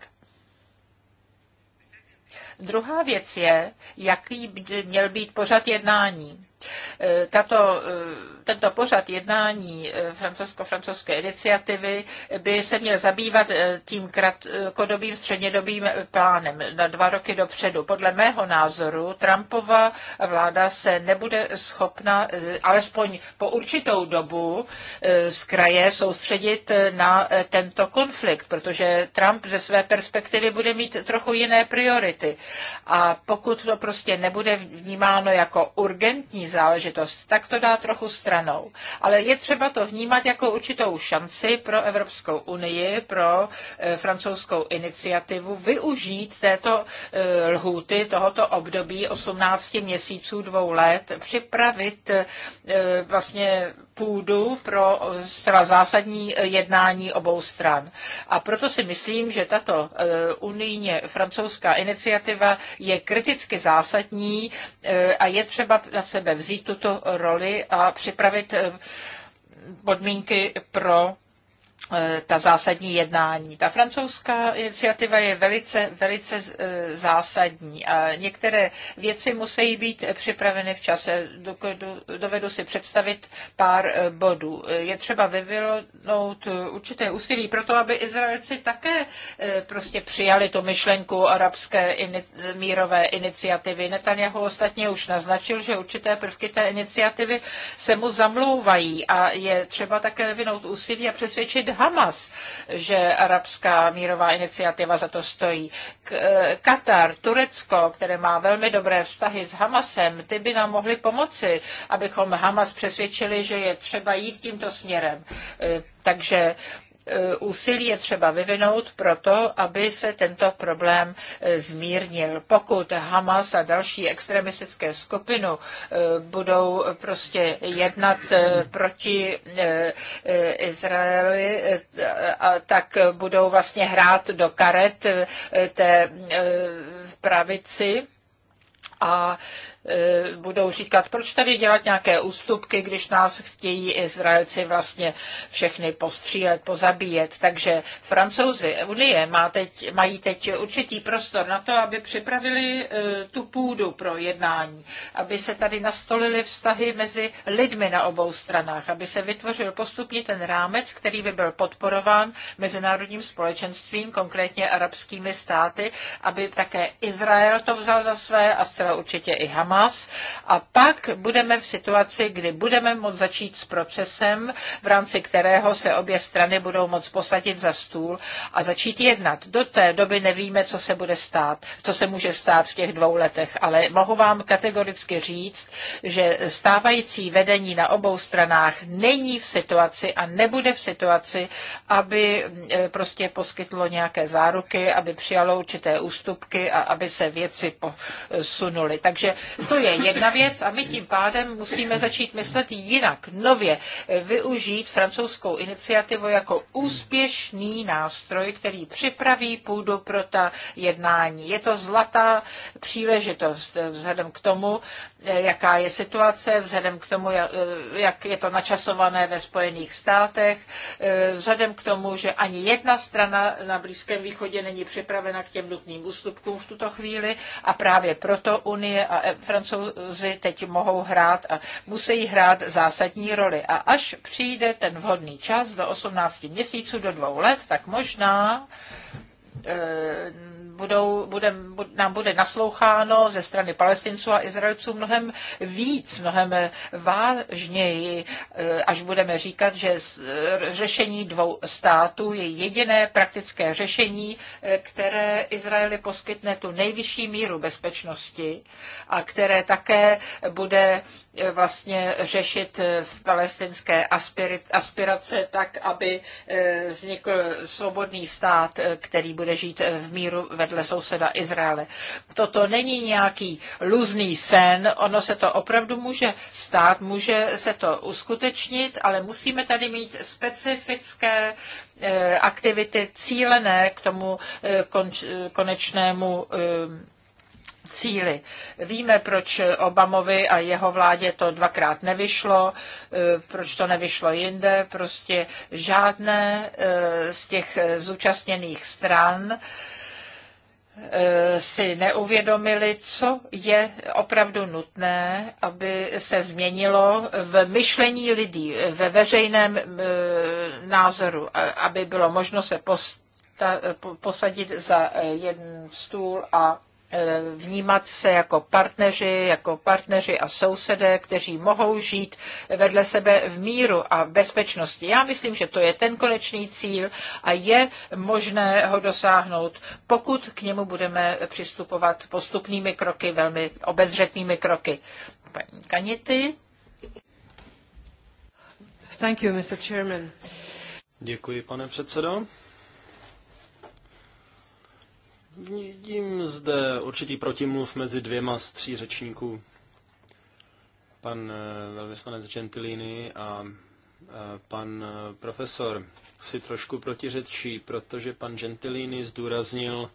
Druhá věc je, jaký měl být pořad jednání. Tato tento pořad jednání eh, francouzsko-francouzské iniciativy by se měl zabývat eh, tím krátkodobým střednědobým eh, plánem na dva roky dopředu. Podle mého názoru Trumpova vláda se nebude schopna alespoň po určitou dobu z kraje soustředit na tento konflikt, protože Trump ze své perspektivy bude mít trochu jiné priority. A pokud to prostě nebude vnímáno jako urgentní záležitost, tak to dá trochu stran stranou. Ale je třeba to vnímat jako určitou šanci pro Evropskou unii, pro eh, francouzskou iniciativu využít této eh, lhůty, tohoto období 18 měsíců, dvou let, připravit eh, vlastně půdu pro zcela zásadní jednání obou stran. A proto si myslím, že tato eh, unijně francouzská iniciativa je kriticky zásadní eh, a je třeba na sebe vzít tuto roli a připravit eh, podmínky pro Eh, ta zásadní jednání. Ta francouzská iniciativa je velice, velice eh, zásadní a některé věci musí být připraveny v čase. Dovedu si představit pár eh, bodů. Je třeba vyvinout určité úsilí pro to, aby Izraelci také prostě přijali tu myšlenku arabské mírové iniciativy. Netanyahu ostatně už naznačil, že určité prvky té iniciativy se mu zamlouvají a je třeba také vyvinout úsilí a přesvědčit Hamas, že arabská mírová iniciativa za to stojí. Eh, Katar, Turecko, které má velmi dobré vztahy s Hamasem, ty by nám mohly pomoci, abychom Hamas přesvědčili, že je třeba jít tímto směrem. Eh, takže Eh, úsilí je třeba vyvinout pro to, aby se tento problém eh, zmírnil. Pokud Hamas a další extremistické skupinu eh, budou prostě jednat proti Izraeli, tak budou vlastně hrát do karet té pravici a E, budou říkat, proč tady dělat nějaké ústupky, když nás chtějí Izraelci vlastně všechny postřílet, pozabíjet. Takže francouzi Unie má teď, mají teď určitý prostor na to, aby připravili e, tu půdu pro jednání, aby se tady nastolili vztahy mezi lidmi na obou stranách, aby se vytvořil postupně ten rámec, který by byl podporován mezinárodním společenstvím, konkrétně arabskými státy, aby také Izrael to vzal za své a zcela určitě i Hamas Hamas a pak budeme v situaci, kdy budeme moct začít s procesem, v rámci kterého se obě strany budou moct posadit za stůl a začít jednat. Do té doby nevíme, co se bude stát, co se může stát v těch dvou letech, ale mohu vám kategoricky říct, že stávající vedení na obou stranách není v situaci a nebude v situaci, aby eh, prostě poskytlo nějaké záruky, aby přijalo určité ústupky a aby se věci posunuly. Takže to je jedna věc a my tím pádem musíme začít myslet jinak, nově eh, využít francouzskou iniciativu jako úspěšný nástroj, který připraví půdu pro ta jednání. Je to zlatá příležitost eh, vzhledem k tomu, E, jaká je situace vzhledem k tomu, e, jak je to načasované ve Spojených státech, e, vzhledem k tomu, že ani jedna strana na Blízkém východě není připravena k těm nutným ústupkům v tuto chvíli a právě proto Unie a Francouzi teď mohou hrát a musí hrát zásadní roli. A až přijde ten vhodný čas do 18 měsíců, do dvou let, tak možná budou, bude, nám bude nasloucháno ze strany palestinců a Izraelců mnohem víc, mnohem vážněji, e, až budeme říkat, že e, řešení dvou států je jediné praktické řešení, e, které Izraeli poskytne tu nejvyšší míru bezpečnosti a které také bude vlastně řešit v palestinské aspirace tak, aby vznikl svobodný stát, který bude žít v míru ve vedle souseda Izraele. Toto není nějaký luzný sen, ono se to opravdu může stát, může se to uskutečnit, ale musíme tady mít specifické eh, aktivity cílené k tomu eh, eh, konečnému cíli. Víme, proč Obamovi a jeho vládě to dvakrát nevyšlo, proč to nevyšlo jinde. Prostě žádné z těch zúčastněných stran Eh, si neuvědomili, co je opravdu nutné, aby se změnilo v myšlení lidí, ve veřejném eh, názoru, aby bylo možno se eh, posadit za jeden stůl a Eh, vnímat se jako partneři, jako partneři a sousedé, kteří mohou žít vedle sebe v míru a bezpečnosti. Já myslím, že to je ten konečný cíl a je možné ho dosáhnout, pokud k němu budeme přistupovat postupnými kroky, velmi obezřetnými kroky. Paní Kanity. Thank you, Mr. Chairman. Děkuji, pane předsedo. Vidím zde určitý protimluv mezi dvěma z tří řečníků. Pan eh, velvyslanec Gentilini a eh, pan eh, profesor si trošku protiřečí, protože pan Gentilini zdůraznil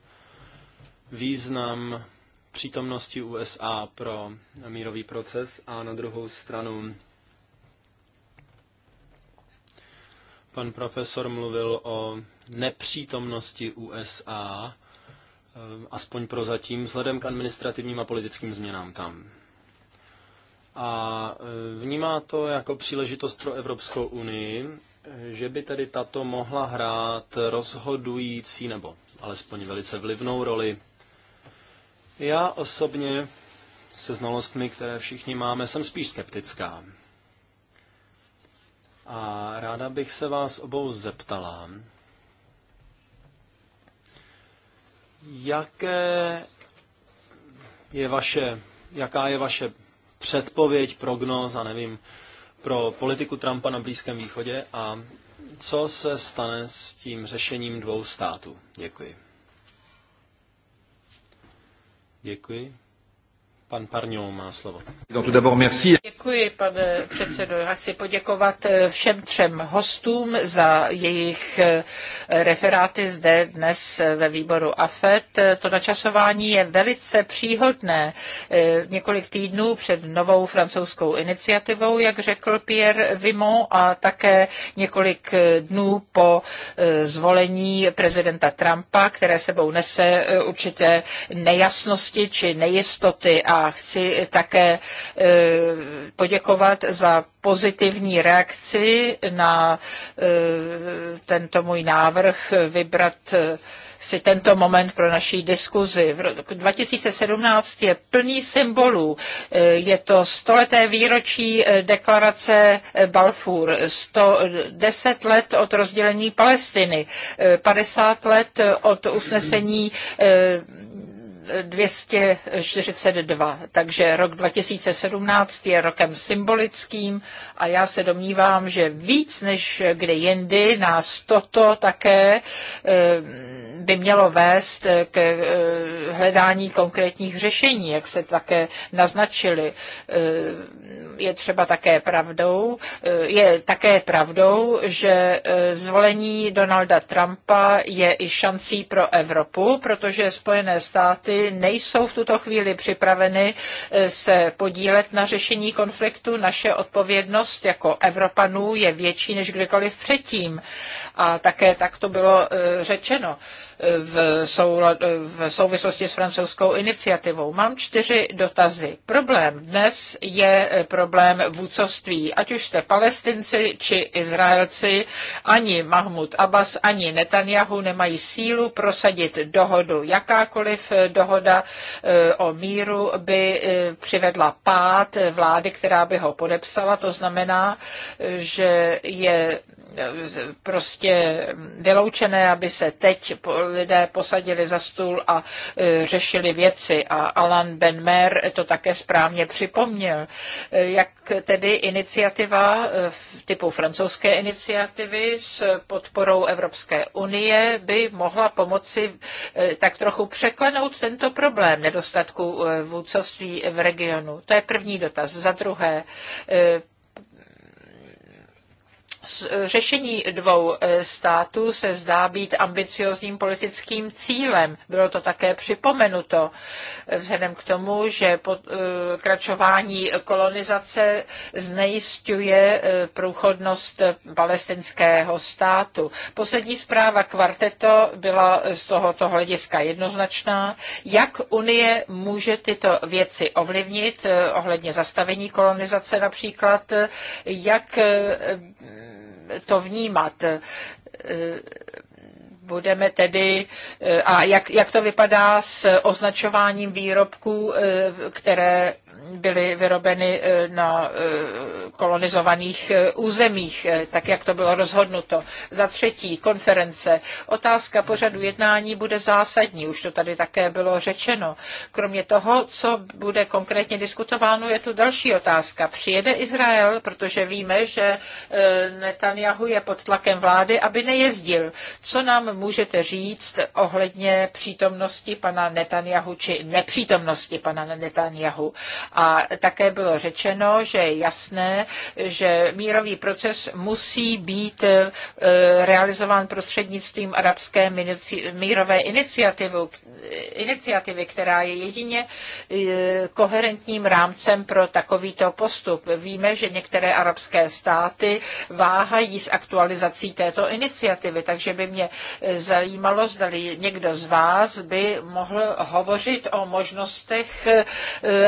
význam přítomnosti USA pro mírový proces a na druhou stranu pan profesor mluvil o nepřítomnosti USA Eh, aspoň prozatím, vzhledem k administrativním a politickým změnám tam. A eh, vnímá to jako příležitost pro Evropskou unii, eh, že by tedy tato mohla hrát rozhodující nebo alespoň velice vlivnou roli. Já osobně se znalostmi, které všichni máme, jsem spíš skeptická. A ráda bych se vás obou zeptala, Jaké je vaše, jaká je vaše předpověď, prognóza, nevím, pro politiku Trumpa na Blízkém východě a co se stane s tím řešením dvou států? Děkuji. Děkuji. Pan Parňou má slovo. Děkuji, pane předsedo. Já chci poděkovat eh, všem třem hostům za jejich eh, referáty zde dnes eh, ve výboru AFET. To načasování je velice příhodné. Několik týdnů před novou francouzskou iniciativou, jak řekl Pierre Vimon, a také několik dnů po zvolení prezidenta Trumpa, které sebou nese určité nejasnosti či nejistoty a chci také e, poděkovat za pozitivní reakci na e, tento můj návrh vybrat e, si tento moment pro naší diskuzi. V roku 2017 je plný symbolů. Je to stoleté výročí deklarace Balfour, 110 let od rozdělení Palestiny, 50 let od usnesení 242. Takže rok 2017 je rokem symbolickým a já se domnívám, že víc než kde jindy nás toto také eh, by mělo vést k eh, hledání konkrétních řešení, jak se také naznačili. Eh, je třeba také pravdou, je také pravdou, že zvolení Donalda Trumpa je i šancí pro Evropu, protože Spojené státy státy nejsou v tuto chvíli připraveny eh, se podílet na řešení konfliktu. Naše odpovědnost jako Evropanů je větší než kdykoliv předtím. A také tak to bylo e, řečeno e, e, v, souvislosti s francouzskou iniciativou. Mám čtyři dotazy. Problém dnes je problém vůdcovství. Ať už jste palestinci či Izraelci, ani Mahmud Abbas, ani Netanyahu nemají sílu prosadit dohodu. Jakákoliv dohoda o míru by přivedla pát vlády, která by ho podepsala. To znamená, že je prostě vyloučené, aby se teď lidé posadili za stůl a e, řešili věci. A Alan Benmer to také správně připomněl. E, jak tedy iniciativa e, typu francouzské iniciativy s podporou Evropské unie by mohla pomoci tak trochu překlenout tento problém nedostatku vůdcovství v regionu? To je první dotaz. Za druhé, Eh, řešení dvou eh, států se zdá být ambiciozním politickým cílem. Bylo to také připomenuto eh, vzhledem k tomu, že pokračování kolonizace znejistuje průchodnost palestinského státu. Poslední zpráva kvarteto byla z tohoto hlediska jednoznačná. Jak Unie může tyto věci ovlivnit ohledně zastavení kolonizace například? Jak to vnímat e, budeme tedy, e, a jak, jak to vypadá s označováním výrobků, e, které byly vyrobeny eh, na eh, kolonizovaných eh, územích, tak jak to bylo rozhodnuto. Za třetí, konference. Otázka pořadu jednání bude zásadní, už to tady také bylo řečeno. Kromě toho, co bude konkrétně diskutováno, je tu další otázka. Přijede Izrael, protože víme, že Netanyahu je pod tlakem vlády, aby nejezdil. Co nám můžete říct ohledně přítomnosti pana Netanyahu či nepřítomnosti pana Netanyahu? A také bylo řečeno, že je jasné, že mírový proces musí být e, realizován prostřednictvím arabské mírové iniciativy, iniciativy která je jedině e, koherentním rámcem pro takovýto postup. Víme, že některé arabské státy váhají s aktualizací této iniciativy, takže by mě e, zajímalo, zda někdo z vás by mohl hovořit o možnostech,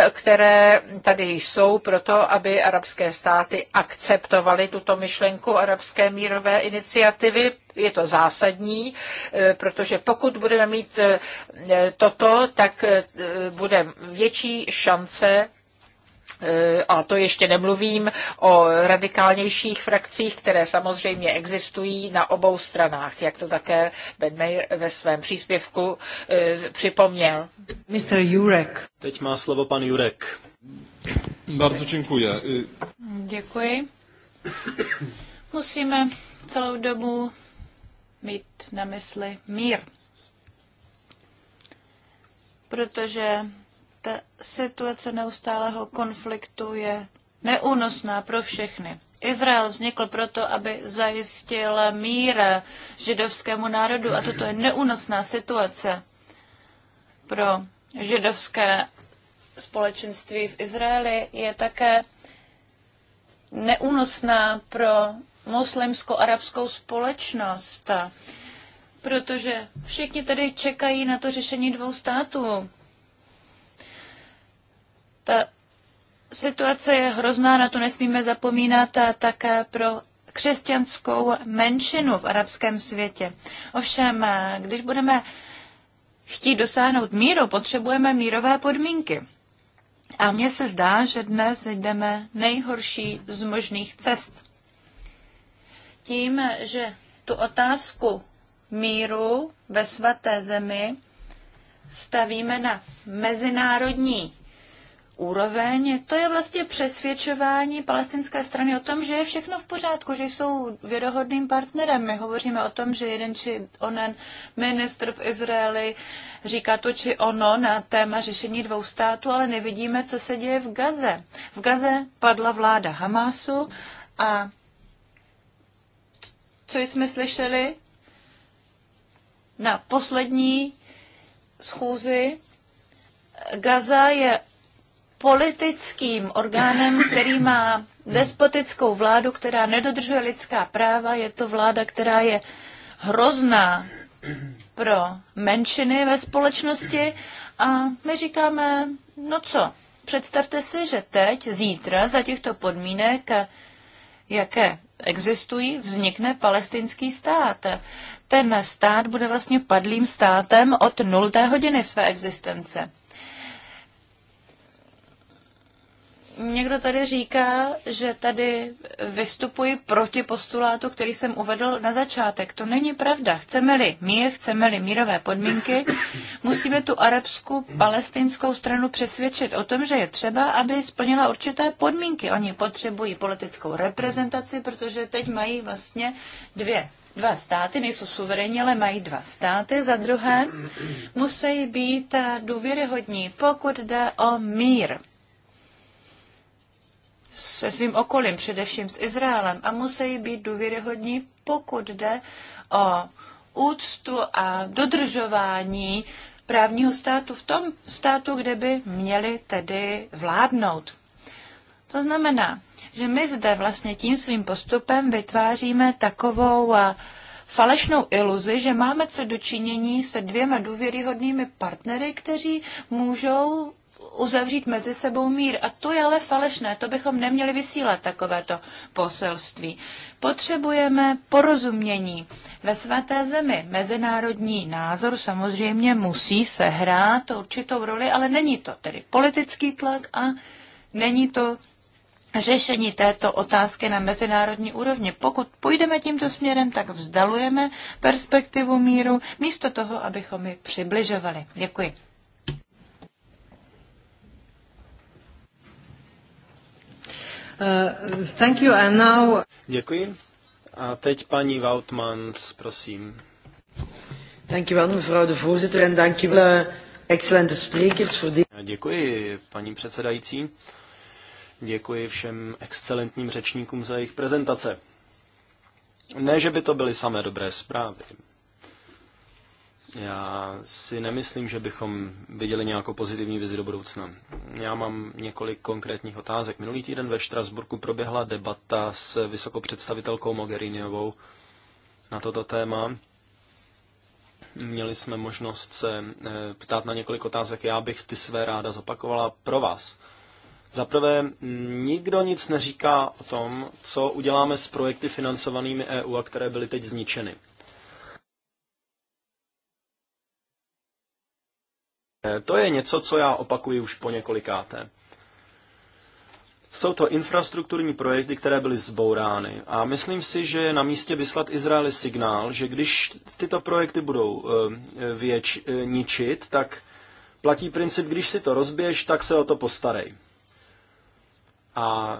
které tady jsou proto, aby arabské státy akceptovaly tuto myšlenku arabské mírové iniciativy. Je to zásadní, e, protože pokud budeme mít e, toto, tak e, bude větší šance Eh, a to ještě nemluvím o radikálnějších frakcích, které samozřejmě existují na obou stranách, jak to také Ben Mayer ve svém příspěvku eh, připomněl. Mr. Jurek. Teď má slovo pan Jurek. Bardzo dziękuję. Děkuji. Musíme celou dobu mít na mysli mír. Protože ta situace neustálého konfliktu je neúnosná pro všechny. Izrael vznikl proto, aby zajistil mír židovskému národu a toto je neúnosná situace pro židovské společenství v Izraeli. Je také neúnosná pro muslimsko-arabskou společnost, protože všichni tedy čekají na to řešení dvou států. Ta situace je hrozná, na to nesmíme zapomínat a také pro křesťanskou menšinu v arabském světě. Ovšem, když budeme chtít dosáhnout míru, potřebujeme mírové podmínky. A mně se zdá, že dnes jdeme nejhorší z možných cest. Tím, že tu otázku míru ve svaté zemi stavíme na mezinárodní úroveň, to je vlastně přesvědčování palestinské strany o tom, že je všechno v pořádku, že jsou věrohodným partnerem. My hovoříme o tom, že jeden či onen ministr v Izraeli říká to či ono na téma řešení dvou států, ale nevidíme, co se děje v Gaze. V Gaze padla vláda Hamásu a co jsme slyšeli na poslední schůzi Gaza je politickým orgánem, který má despotickou vládu, která nedodržuje lidská práva. Je to vláda, která je hrozná pro menšiny ve společnosti. A my říkáme, no co, představte si, že teď, zítra, za těchto podmínek, jaké existují, vznikne palestinský stát. Ten stát bude vlastně padlým státem od nulté hodiny své existence. Někdo tady říká, že tady vystupuji proti postulátu, který jsem uvedl na začátek. To není pravda. Chceme-li mír, chceme-li mírové podmínky, musíme tu arabskou palestinskou stranu přesvědčit o tom, že je třeba, aby splnila určité podmínky. Oni potřebují politickou reprezentaci, protože teď mají vlastně dvě dva státy, nejsou suverénní, ale mají dva státy. Za druhé, musí být důvěryhodní, pokud jde o mír se svým okolím, především s Izraelem, a musí být důvěryhodní, pokud jde o úctu a dodržování právního státu v tom státu, kde by měli tedy vládnout. To znamená, že my zde vlastně tím svým postupem vytváříme takovou falešnou iluzi, že máme co dočinění se dvěma důvěryhodnými partnery, kteří můžou uzavřít mezi sebou mír. A to je ale falešné, to bychom neměli vysílat takovéto poselství. Potřebujeme porozumění ve svaté zemi. Mezinárodní názor samozřejmě musí sehrát určitou roli, ale není to tedy politický tlak a není to řešení této otázky na mezinárodní úrovni. Pokud půjdeme tímto směrem, tak vzdalujeme perspektivu míru, místo toho, abychom ji přibližovali. Děkuji. Uh, thank you and now... Děkuji. A teď paní Woutmans, prosím. Dankjewel mevrouw de voorzitter en eh, excellente sprekers voor Děkuji paní předsedající. Děkuji všem excelentním řečníkům za jejich prezentace. Ne, že by to byly samé dobré zprávy. Já si nemyslím, že bychom viděli nějakou pozitivní vizi do budoucna. Já mám několik konkrétních otázek. Minulý týden ve Štrasburku proběhla debata s vysokou představitelkou Mogheriniovou na toto téma. Měli jsme možnost se eh, ptát na několik otázek. Já bych ty své ráda zopakovala pro vás. Zaprvé, nikdo nic neříká o tom, co uděláme s projekty financovanými EU a které byly teď zničeny. Eh, to je něco, co já opakuji už po několikáté. Jsou to infrastrukturní projekty, které byly zbourány. A myslím si, že je na místě vyslat Izraeli signál, že když tyto projekty budou eh, věč, eh, ničit, tak platí princip, když si to rozbiješ, tak se o to postarej. A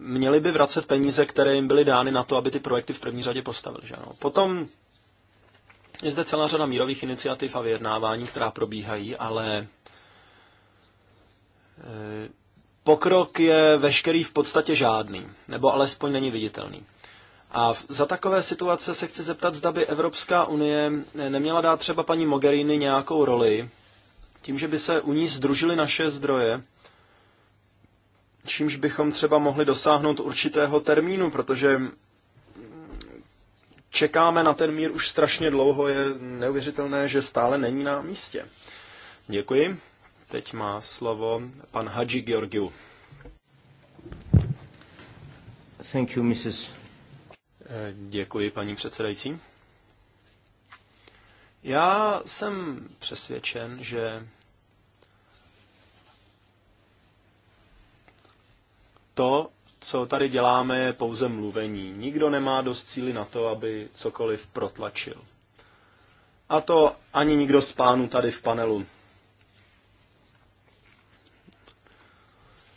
měli by vracet peníze, které jim byly dány na to, aby ty projekty v první řadě postavili. Že ano? Potom je zde celá řada mírových iniciativ a vyjednávání, která probíhají, ale e, pokrok je veškerý v podstatě žádný, nebo alespoň není viditelný. A za takové situace se chci zeptat, zda by Evropská unie e, neměla dát třeba paní Mogherini nějakou roli, tím, že by se u ní združily naše zdroje, čímž bychom třeba mohli dosáhnout určitého termínu, protože čekáme na ten mír už strašně dlouho, je neuvěřitelné, že stále není na místě. Děkuji. Teď má slovo pan Hadži Georgiou. Thank you, Mrs. Děkuji, paní předsedající. Já jsem přesvědčen, že to, co tady děláme, je pouze mluvení. Nikdo nemá dost cíly na to, aby cokoliv protlačil. A to ani nikdo z pánů tady v panelu.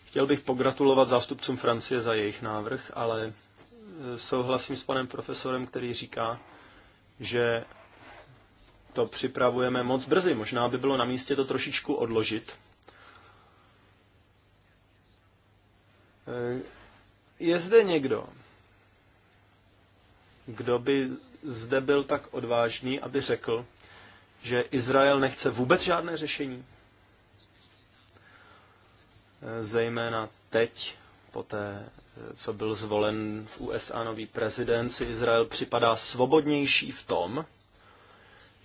Chtěl bych pogratulovat zástupcům Francie za jejich návrh, ale e, souhlasím s panem profesorem, který říká, že to připravujeme moc brzy. Možná by bylo na místě to trošičku odložit. E, je zde někdo, kdo by zde byl tak odvážný, aby řekl, že Izrael nechce vůbec žádné řešení? Eh, zejména teď, po té, eh, co byl zvolen v USA nový prezident, si Izrael připadá svobodnější v tom,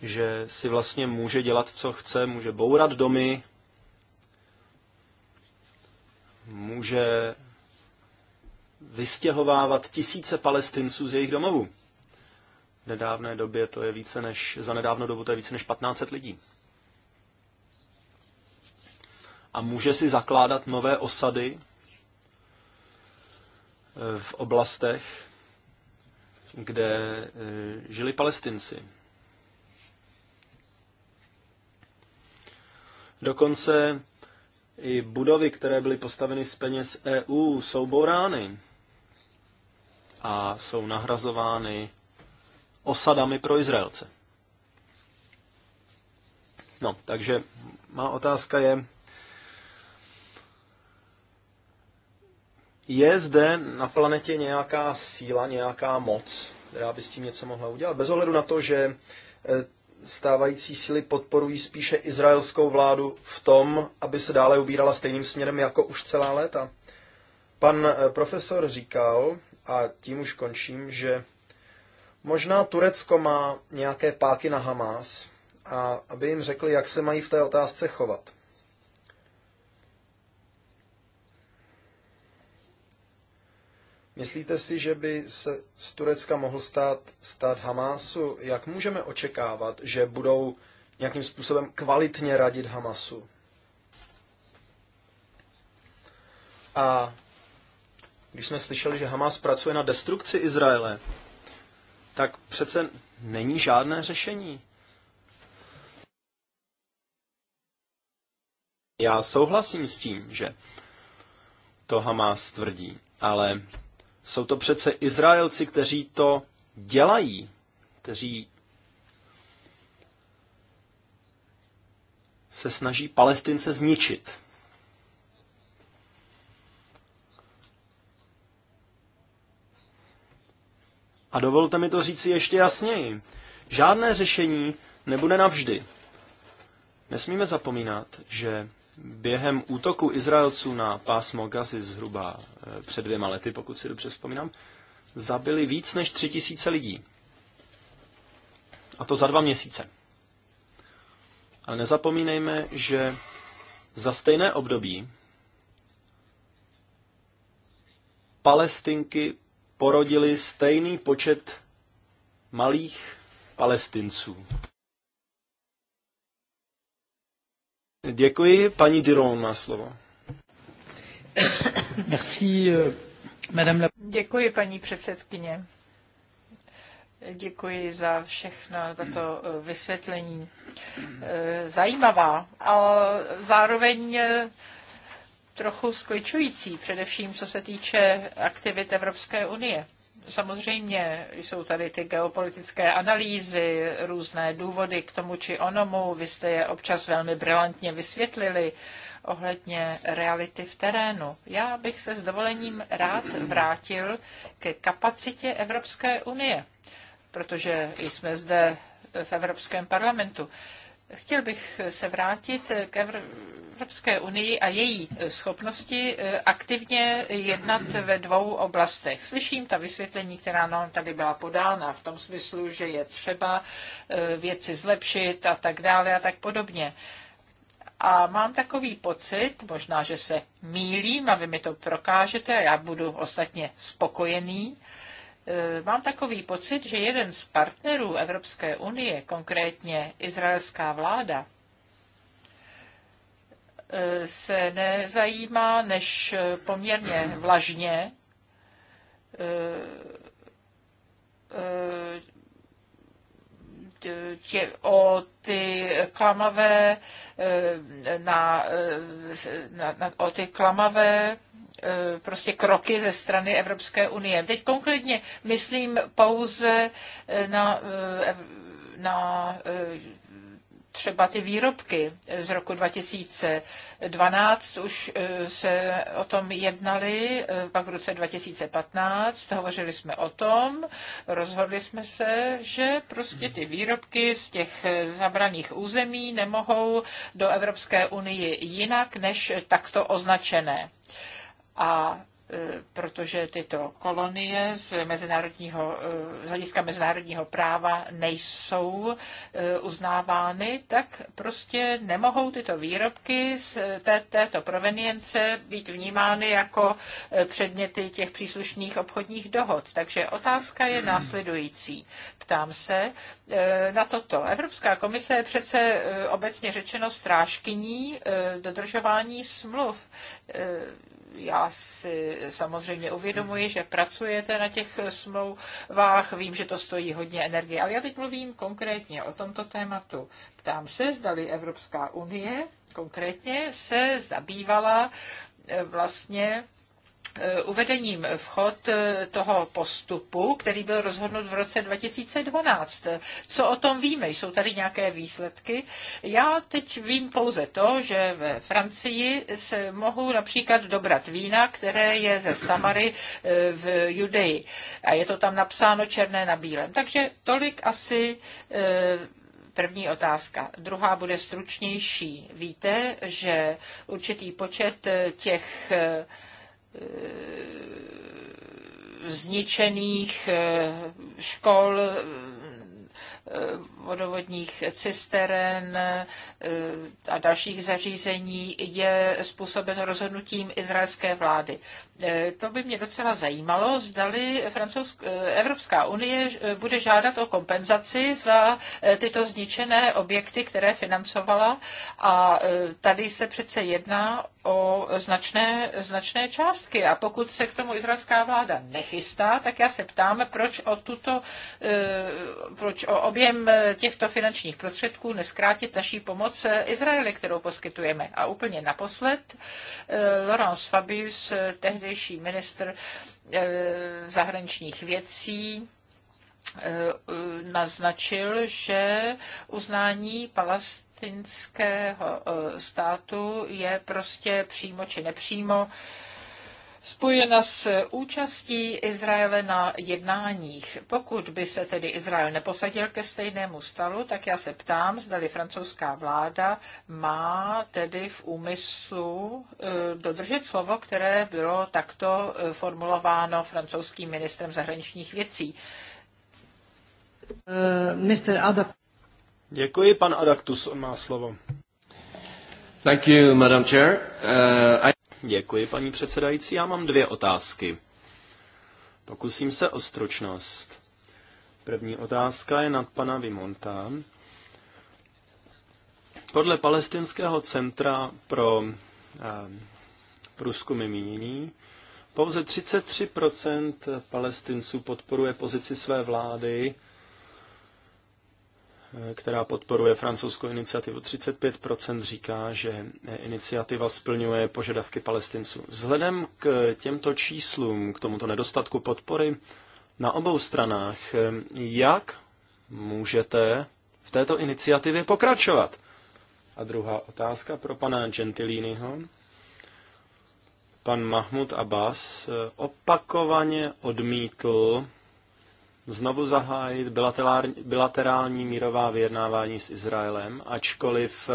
že si vlastně může dělat, co chce, může bourat domy, může vystěhovávat tisíce palestinců z jejich domovů. V nedávné době to je více než, za nedávnou dobu to je více než 1500 lidí. A může si zakládat nové osady eh, v oblastech, kde eh, žili palestinci. Dokonce i budovy, které byly postaveny z peněz EU, jsou bourány a jsou nahrazovány osadami pro Izraelce. No, takže má otázka je, je zde na planetě nějaká síla, nějaká moc, která by s tím něco mohla udělat? Bez ohledu na to, že e, stávající síly podporují spíše izraelskou vládu v tom, aby se dále ubírala stejným směrem jako už celá léta. Pan e, profesor říkal, a tím už končím, že možná Turecko má nějaké páky na Hamas a aby jim řekli, jak se mají v té otázce chovat. Myslíte si, že by se z Turecka mohl stát, stát Hamásu? Jak můžeme očekávat, že budou nějakým způsobem kvalitně radit Hamasu? A když jsme slyšeli, že Hamas pracuje na destrukci Izraele, tak přece není žádné řešení. Já souhlasím s tím, že to Hamas tvrdí, ale jsou to přece Izraelci, kteří to dělají, kteří se snaží Palestince zničit. A dovolte mi to říci ještě jasněji. Žádné řešení nebude navždy. Nesmíme zapomínat, že během útoku Izraelců na pásmo Gazy zhruba eh, před dvěma lety, pokud si dobře vzpomínám, zabili víc než tři tisíce lidí. A to za dva měsíce. Ale nezapomínejme, že za stejné období Palestinky porodili stejný počet malých palestinců. Děkuji. Paní Diron má slovo. Merci, eh, madame la... Děkuji, paní předsedkyně. Děkuji za všechno tato eh, vysvětlení. Eh, zajímavá ale zároveň trochu skličující, především co se týče aktivit Evropské unie. Samozřejmě jsou tady ty geopolitické analýzy, různé důvody k tomu či onomu. Vy jste je občas velmi brilantně vysvětlili ohledně reality v terénu. Já bych se s dovolením rád vrátil ke kapacitě Evropské unie, protože jsme zde v Evropském parlamentu. Chtěl bych se vrátit k Evropské unii a její schopnosti eh, aktivně jednat ve dvou oblastech. Slyším ta vysvětlení, která nám tady byla podána v tom smyslu, že je třeba eh, věci zlepšit a tak dále a tak podobně. A mám takový pocit, možná, že se mílím a vy mi to prokážete a já budu ostatně spokojený, Eh, mám takový pocit, že jeden z partnerů Evropské unie, konkrétně izraelská vláda, eh, se nezajímá než eh, poměrně vlažně tě, o ty klamavé, na, na, na, o ty klamavé Eh, prostě kroky ze strany Evropské unie. Teď konkrétně myslím pouze eh, na, eh, na třeba ty výrobky z roku 2012, už se o tom jednali, pak v roce 2015, hovořili jsme o tom, rozhodli jsme se, že prostě ty výrobky z těch zabraných území nemohou do Evropské unie jinak než takto označené a e, protože tyto kolonie z, mezinárodního, e, z hlediska mezinárodního práva nejsou e, uznávány, tak prostě nemohou tyto výrobky z té, této provenience být vnímány jako předměty těch příslušných obchodních dohod. Takže otázka je hmm. následující. Ptám se na toto. Evropská komise je přece obecně řečeno strážkyní dodržování smluv já si samozřejmě uvědomuji, že pracujete na těch smlouvách, vím, že to stojí hodně energie, ale já teď mluvím konkrétně o tomto tématu. Ptám se, zdali Evropská unie konkrétně se zabývala eh, vlastně Eh, uvedením v chod eh, toho postupu, který byl rozhodnut v roce 2012. Co o tom víme? Jsou tady nějaké výsledky? Já teď vím pouze to, že ve Francii se mohou například dobrat vína, které je ze Samary eh, v Judeji. A je to tam napsáno černé na bílém. Takže tolik asi první otázka. Druhá bude stručnější. Víte, že určitý počet těch Eh, zničených eh, škol, eh, vodovodních cisteren a dalších zařízení je způsobeno rozhodnutím izraelské vlády. To by mě docela zajímalo, zdali Francouzsk- Evropská unie bude žádat o kompenzaci za tyto zničené objekty, které financovala. A tady se přece jedná o značné, značné částky. A pokud se k tomu izraelská vláda nechystá, tak já se ptám, proč o, tuto, eh, proč o objem těchto finančních prostředků neskrátit naší pomoc Izraeli, kterou poskytujeme. A úplně naposled, eh, Laurence Fabius, tehdejší ministr eh, zahraničních věcí, Eh, eh, naznačil, že uznání palestinského eh, státu je prostě přímo či nepřímo spojena s účastí Izraele na jednáních. Pokud by se tedy Izrael neposadil ke stejnému stalu, tak já se ptám, zda-li francouzská vláda má tedy v úmyslu dodržet slovo, které bylo takto formulováno francouzským ministrem zahraničních věcí. Eh, Mr. Adak. Děkuji, pan Adaktus má slovo. Thank you, Madam Chair. Uh, I... Děkuji, paní předsedající. Já mám dvě otázky. Pokusím se o stručnost. První otázka je nad pana Vimonta. Podle Palestinského centra pro eh, průzkumy mínění pouze 33 palestinců podporuje pozici své vlády která podporuje francouzskou iniciativu 35%, říká, že iniciativa splňuje požadavky palestinců. Vzhledem k těmto číslům, k tomuto nedostatku podpory na obou stranách, jak můžete v této iniciativě pokračovat? A druhá otázka pro pana Gentilínyho. Pan Mahmud Abbas opakovaně odmítl znovu zahájit bilaterální mírová vyjednávání s Izraelem, ačkoliv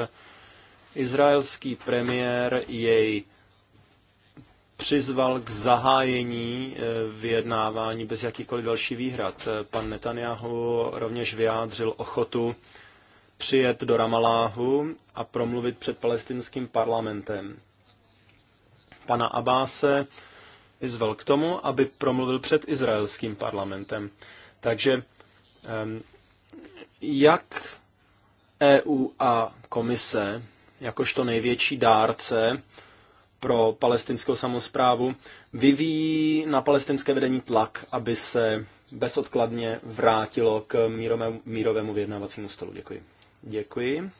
izraelský premiér jej přizval k zahájení eh, vyjednávání bez jakýchkoliv dalších výhrad. Pan Netanyahu rovněž vyjádřil ochotu přijet do Ramaláhu a promluvit před palestinským parlamentem. Pana Abáse vyzval k tomu, aby promluvil před izraelským parlamentem. Takže jak EU a komise, jakožto největší dárce pro palestinskou samozprávu, vyvíjí na palestinské vedení tlak, aby se bezodkladně vrátilo k mírovému, mírovému vyjednávacímu stolu. Děkuji. Děkuji.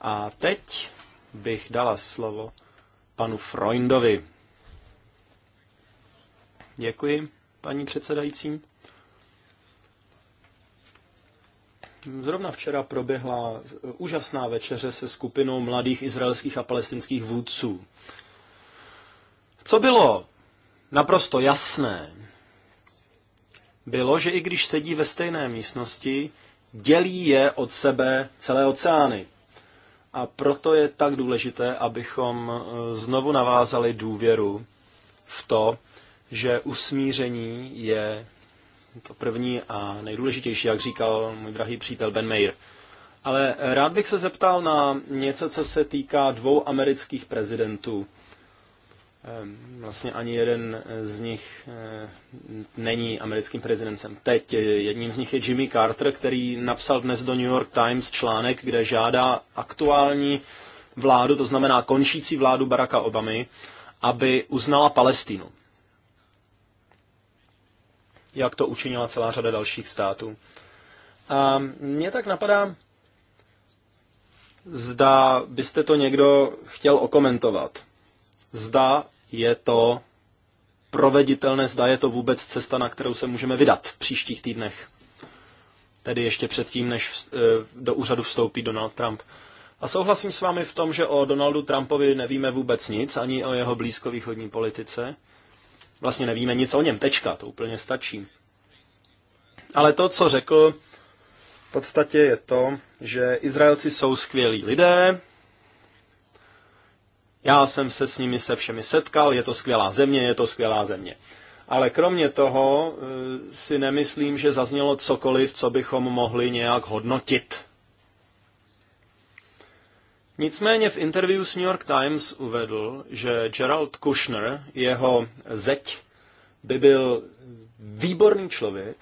A teď bych dala slovo panu Freundovi. Děkuji, paní předsedající. Zrovna včera proběhla úžasná večeře se skupinou mladých izraelských a palestinských vůdců. Co bylo naprosto jasné, bylo, že i když sedí ve stejné místnosti, dělí je od sebe celé oceány. A proto je tak důležité, abychom eh, znovu navázali důvěru v to, že usmíření je to první a nejdůležitější, jak říkal můj drahý přítel Ben Mayer. Ale rád bych se zeptal na něco, co se týká dvou amerických prezidentů. Ehm, vlastně ani jeden z nich ehm, není americkým prezidentem. Teď jedním z nich je Jimmy Carter, který napsal dnes do New York Times článek, kde žádá aktuální vládu, to znamená končící vládu Baracka Obamy, aby uznala Palestínu jak to učinila celá řada dalších států. A mě tak napadá, zda byste to někdo chtěl okomentovat. Zda je to proveditelné, zda je to vůbec cesta, na kterou se můžeme vydat v příštích týdnech. Tedy ještě předtím, než eh, do úřadu vstoupí Donald Trump. A souhlasím s vámi v tom, že o Donaldu Trumpovi nevíme vůbec nic, ani o jeho blízkovýchodní politice vlastně nevíme nic o něm, tečka, to úplně stačí. Ale to, co řekl, v podstatě je to, že Izraelci jsou skvělí lidé, já jsem se s nimi se všemi setkal, je to skvělá země, je to skvělá země. Ale kromě toho eh, si nemyslím, že zaznělo cokoliv, co bychom mohli nějak hodnotit. Nicméně v interview s New York Times uvedl, že Gerald Kushner, jeho zeď, by byl výborný člověk,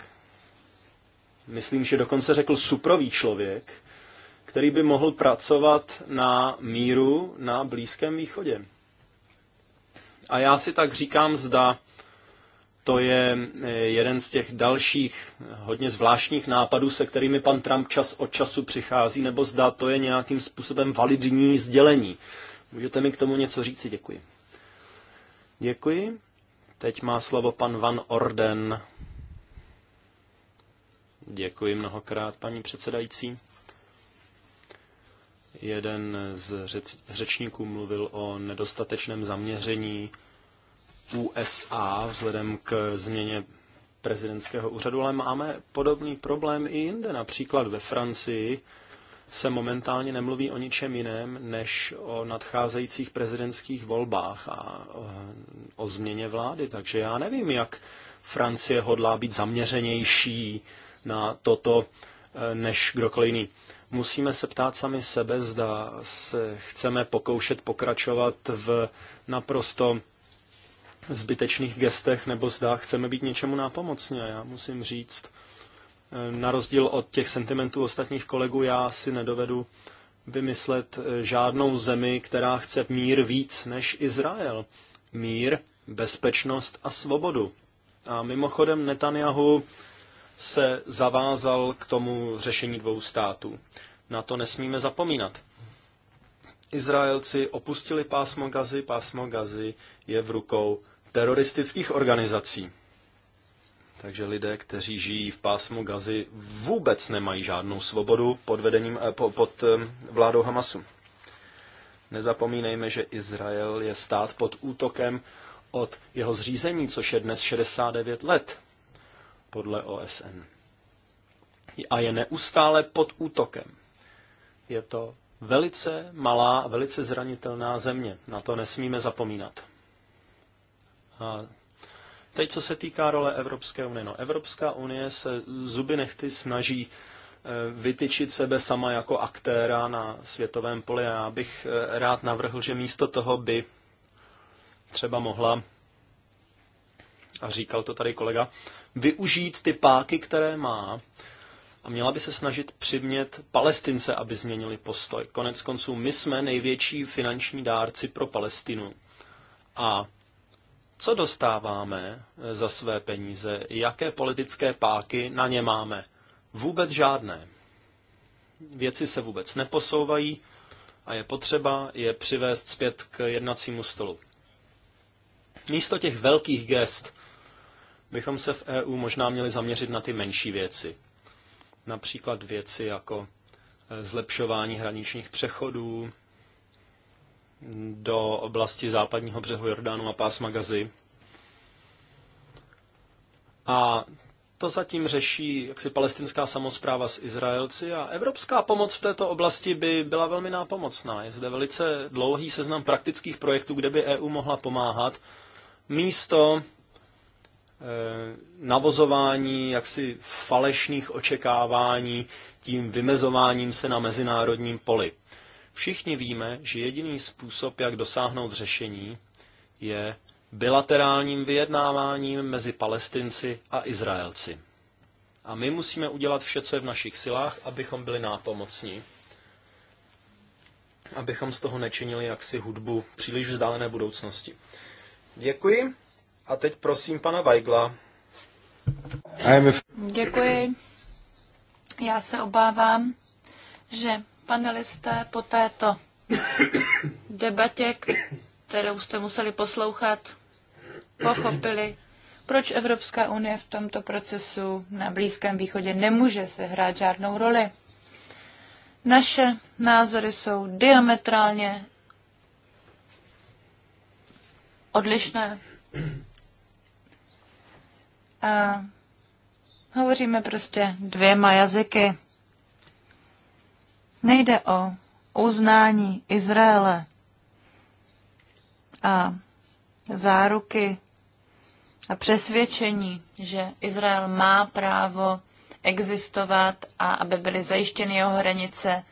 myslím, že dokonce řekl suprový člověk, který by mohl pracovat na míru na Blízkém východě. A já si tak říkám, zda to je eh, jeden z těch dalších eh, hodně zvláštních nápadů, se kterými pan Trump čas od času přichází, nebo zdá to je nějakým způsobem validní sdělení. Můžete mi k tomu něco říci? Děkuji. Děkuji. Teď má slovo pan Van Orden. Děkuji mnohokrát, paní předsedající. Jeden z řečníků mluvil o nedostatečném zaměření USA vzhledem k změně prezidentského úřadu, ale máme podobný problém i jinde. Například ve Francii se momentálně nemluví o ničem jiném než o nadcházejících prezidentských volbách a eh, o změně vlády. Takže já nevím, jak Francie hodlá být zaměřenější na toto eh, než kdokoliv jiný. Musíme se ptát sami sebe, zda se chceme pokoušet pokračovat v naprosto zbytečných gestech, nebo zda chceme být něčemu nápomocně. já musím říct, eh, na rozdíl od těch sentimentů ostatních kolegů, já si nedovedu vymyslet eh, žádnou zemi, která chce mír víc než Izrael. Mír, bezpečnost a svobodu. A mimochodem Netanyahu se zavázal k tomu řešení dvou států. Na to nesmíme zapomínat. Izraelci opustili pásmo Gazy, pásmo Gazy je v rukou teroristických organizací. Takže lidé, kteří žijí v pásmu Gazy, vůbec nemají žádnou svobodu pod, vedením, eh, pod eh, vládou Hamasu. Nezapomínejme, že Izrael je stát pod útokem od jeho zřízení, což je dnes 69 let podle OSN. A je neustále pod útokem. Je to velice malá, velice zranitelná země. Na to nesmíme zapomínat. A teď, co se týká role Evropské unie. No, Evropská unie se zuby nechty snaží e, vytyčit sebe sama jako aktéra na světovém poli. Já bych e, rád navrhl, že místo toho by třeba mohla, a říkal to tady kolega, využít ty páky, které má, a měla by se snažit přimět Palestince, aby změnili postoj. Konec konců, my jsme největší finanční dárci pro Palestinu. A co dostáváme eh, za své peníze? Jaké politické páky na ně máme? Vůbec žádné. Věci se vůbec neposouvají a je potřeba je přivést zpět k jednacímu stolu. Místo těch velkých gest bychom se v EU možná měli zaměřit na ty menší věci. Například věci jako eh, zlepšování hraničních přechodů, do oblasti západního břehu Jordánu a pásma Gazy. A to zatím řeší jaksi palestinská samozpráva s Izraelci a evropská pomoc v této oblasti by byla velmi nápomocná. Je zde velice dlouhý seznam praktických projektů, kde by EU mohla pomáhat. Místo eh, navozování jaksi falešných očekávání tím vymezováním se na mezinárodním poli. Všichni víme, že jediný způsob, jak dosáhnout řešení, je bilaterálním vyjednáváním mezi Palestinci a Izraelci. A my musíme udělat vše, co je v našich silách, abychom byli nápomocní. Abychom z toho nečinili jaksi hudbu příliš vzdálené budoucnosti. Děkuji. A teď prosím pana Weigla. Děkuji. Já se obávám, že panelisté, po této debatě, kterou jste museli poslouchat, pochopili, proč Evropská unie v tomto procesu na Blízkém východě nemůže se hrát žádnou roli. Naše názory jsou diametrálně odlišné. A hovoříme prostě dvěma jazyky. Nejde o uznání Izraele a záruky a přesvědčení, že Izrael má právo existovat a aby byly zajištěny jeho hranice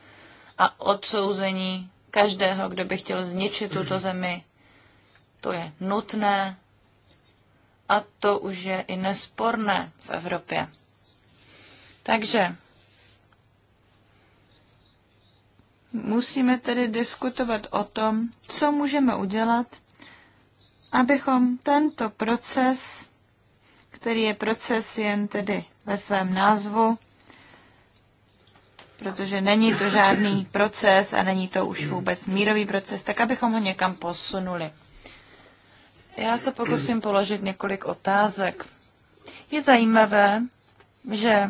a odsouzení každého, kdo by chtěl zničit tuto zemi. To je nutné a to už je i nesporné v Evropě. Takže Musíme tedy diskutovat o tom, co můžeme udělat, abychom tento proces, který je proces jen tedy ve svém názvu, protože není to žádný proces a není to už vůbec mírový proces, tak abychom ho někam posunuli. Já se pokusím položit několik otázek. Je zajímavé, že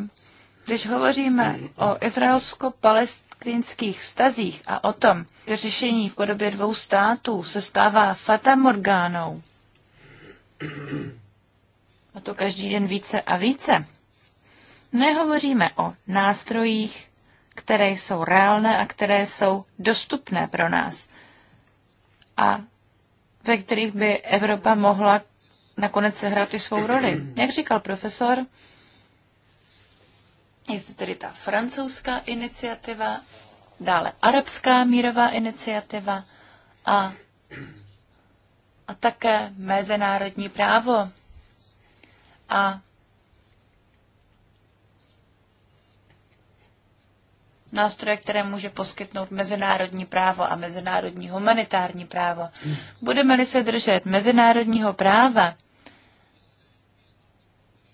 když hovoříme o izraelsko-palestinské palestinských stazích a o tom, že řešení v podobě dvou států se stává fatamorgánou, a to každý den více a více, nehovoříme o nástrojích, které jsou reálné a které jsou dostupné pro nás a ve kterých by Evropa mohla nakonec sehrát i svou roli. Jak říkal profesor, je to tedy ta francouzská iniciativa, dále arabská mírová iniciativa a, a také mezinárodní právo. A nástroje, které může poskytnout mezinárodní právo a mezinárodní humanitární právo. Budeme-li se držet mezinárodního práva,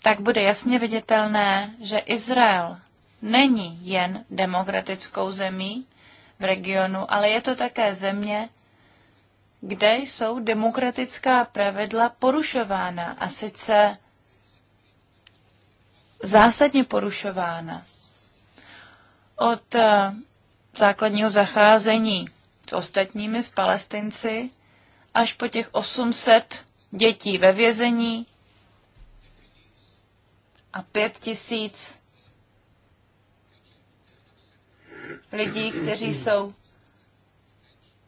tak bude jasně viditelné, že Izrael není jen demokratickou zemí v regionu, ale je to také země, kde jsou demokratická pravidla porušována a sice zásadně porušována. Od eh, základního zacházení s ostatními, s palestinci, až po těch 800 dětí ve vězení, a pět tisíc lidí, kteří jsou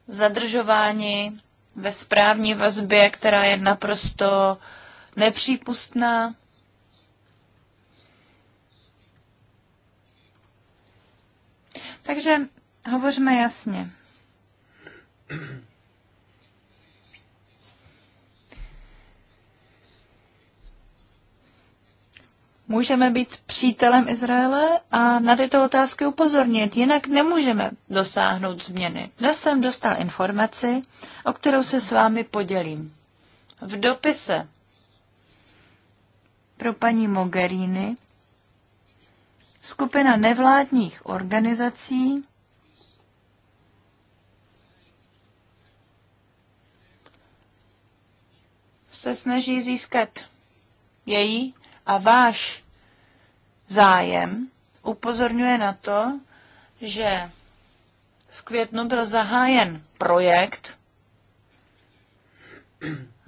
zadržováni ve správní vazbě, která je naprosto nepřípustná. Takže hovořme jasně. můžeme být přítelem Izraele a na tyto otázky upozornit, jinak nemůžeme dosáhnout změny. Dnes jsem dostal informaci, o kterou se s vámi podělím. V dopise pro paní Mogherini skupina nevládních organizací se snaží získat její a váš zájem upozorňuje na to, že v květnu byl zahájen projekt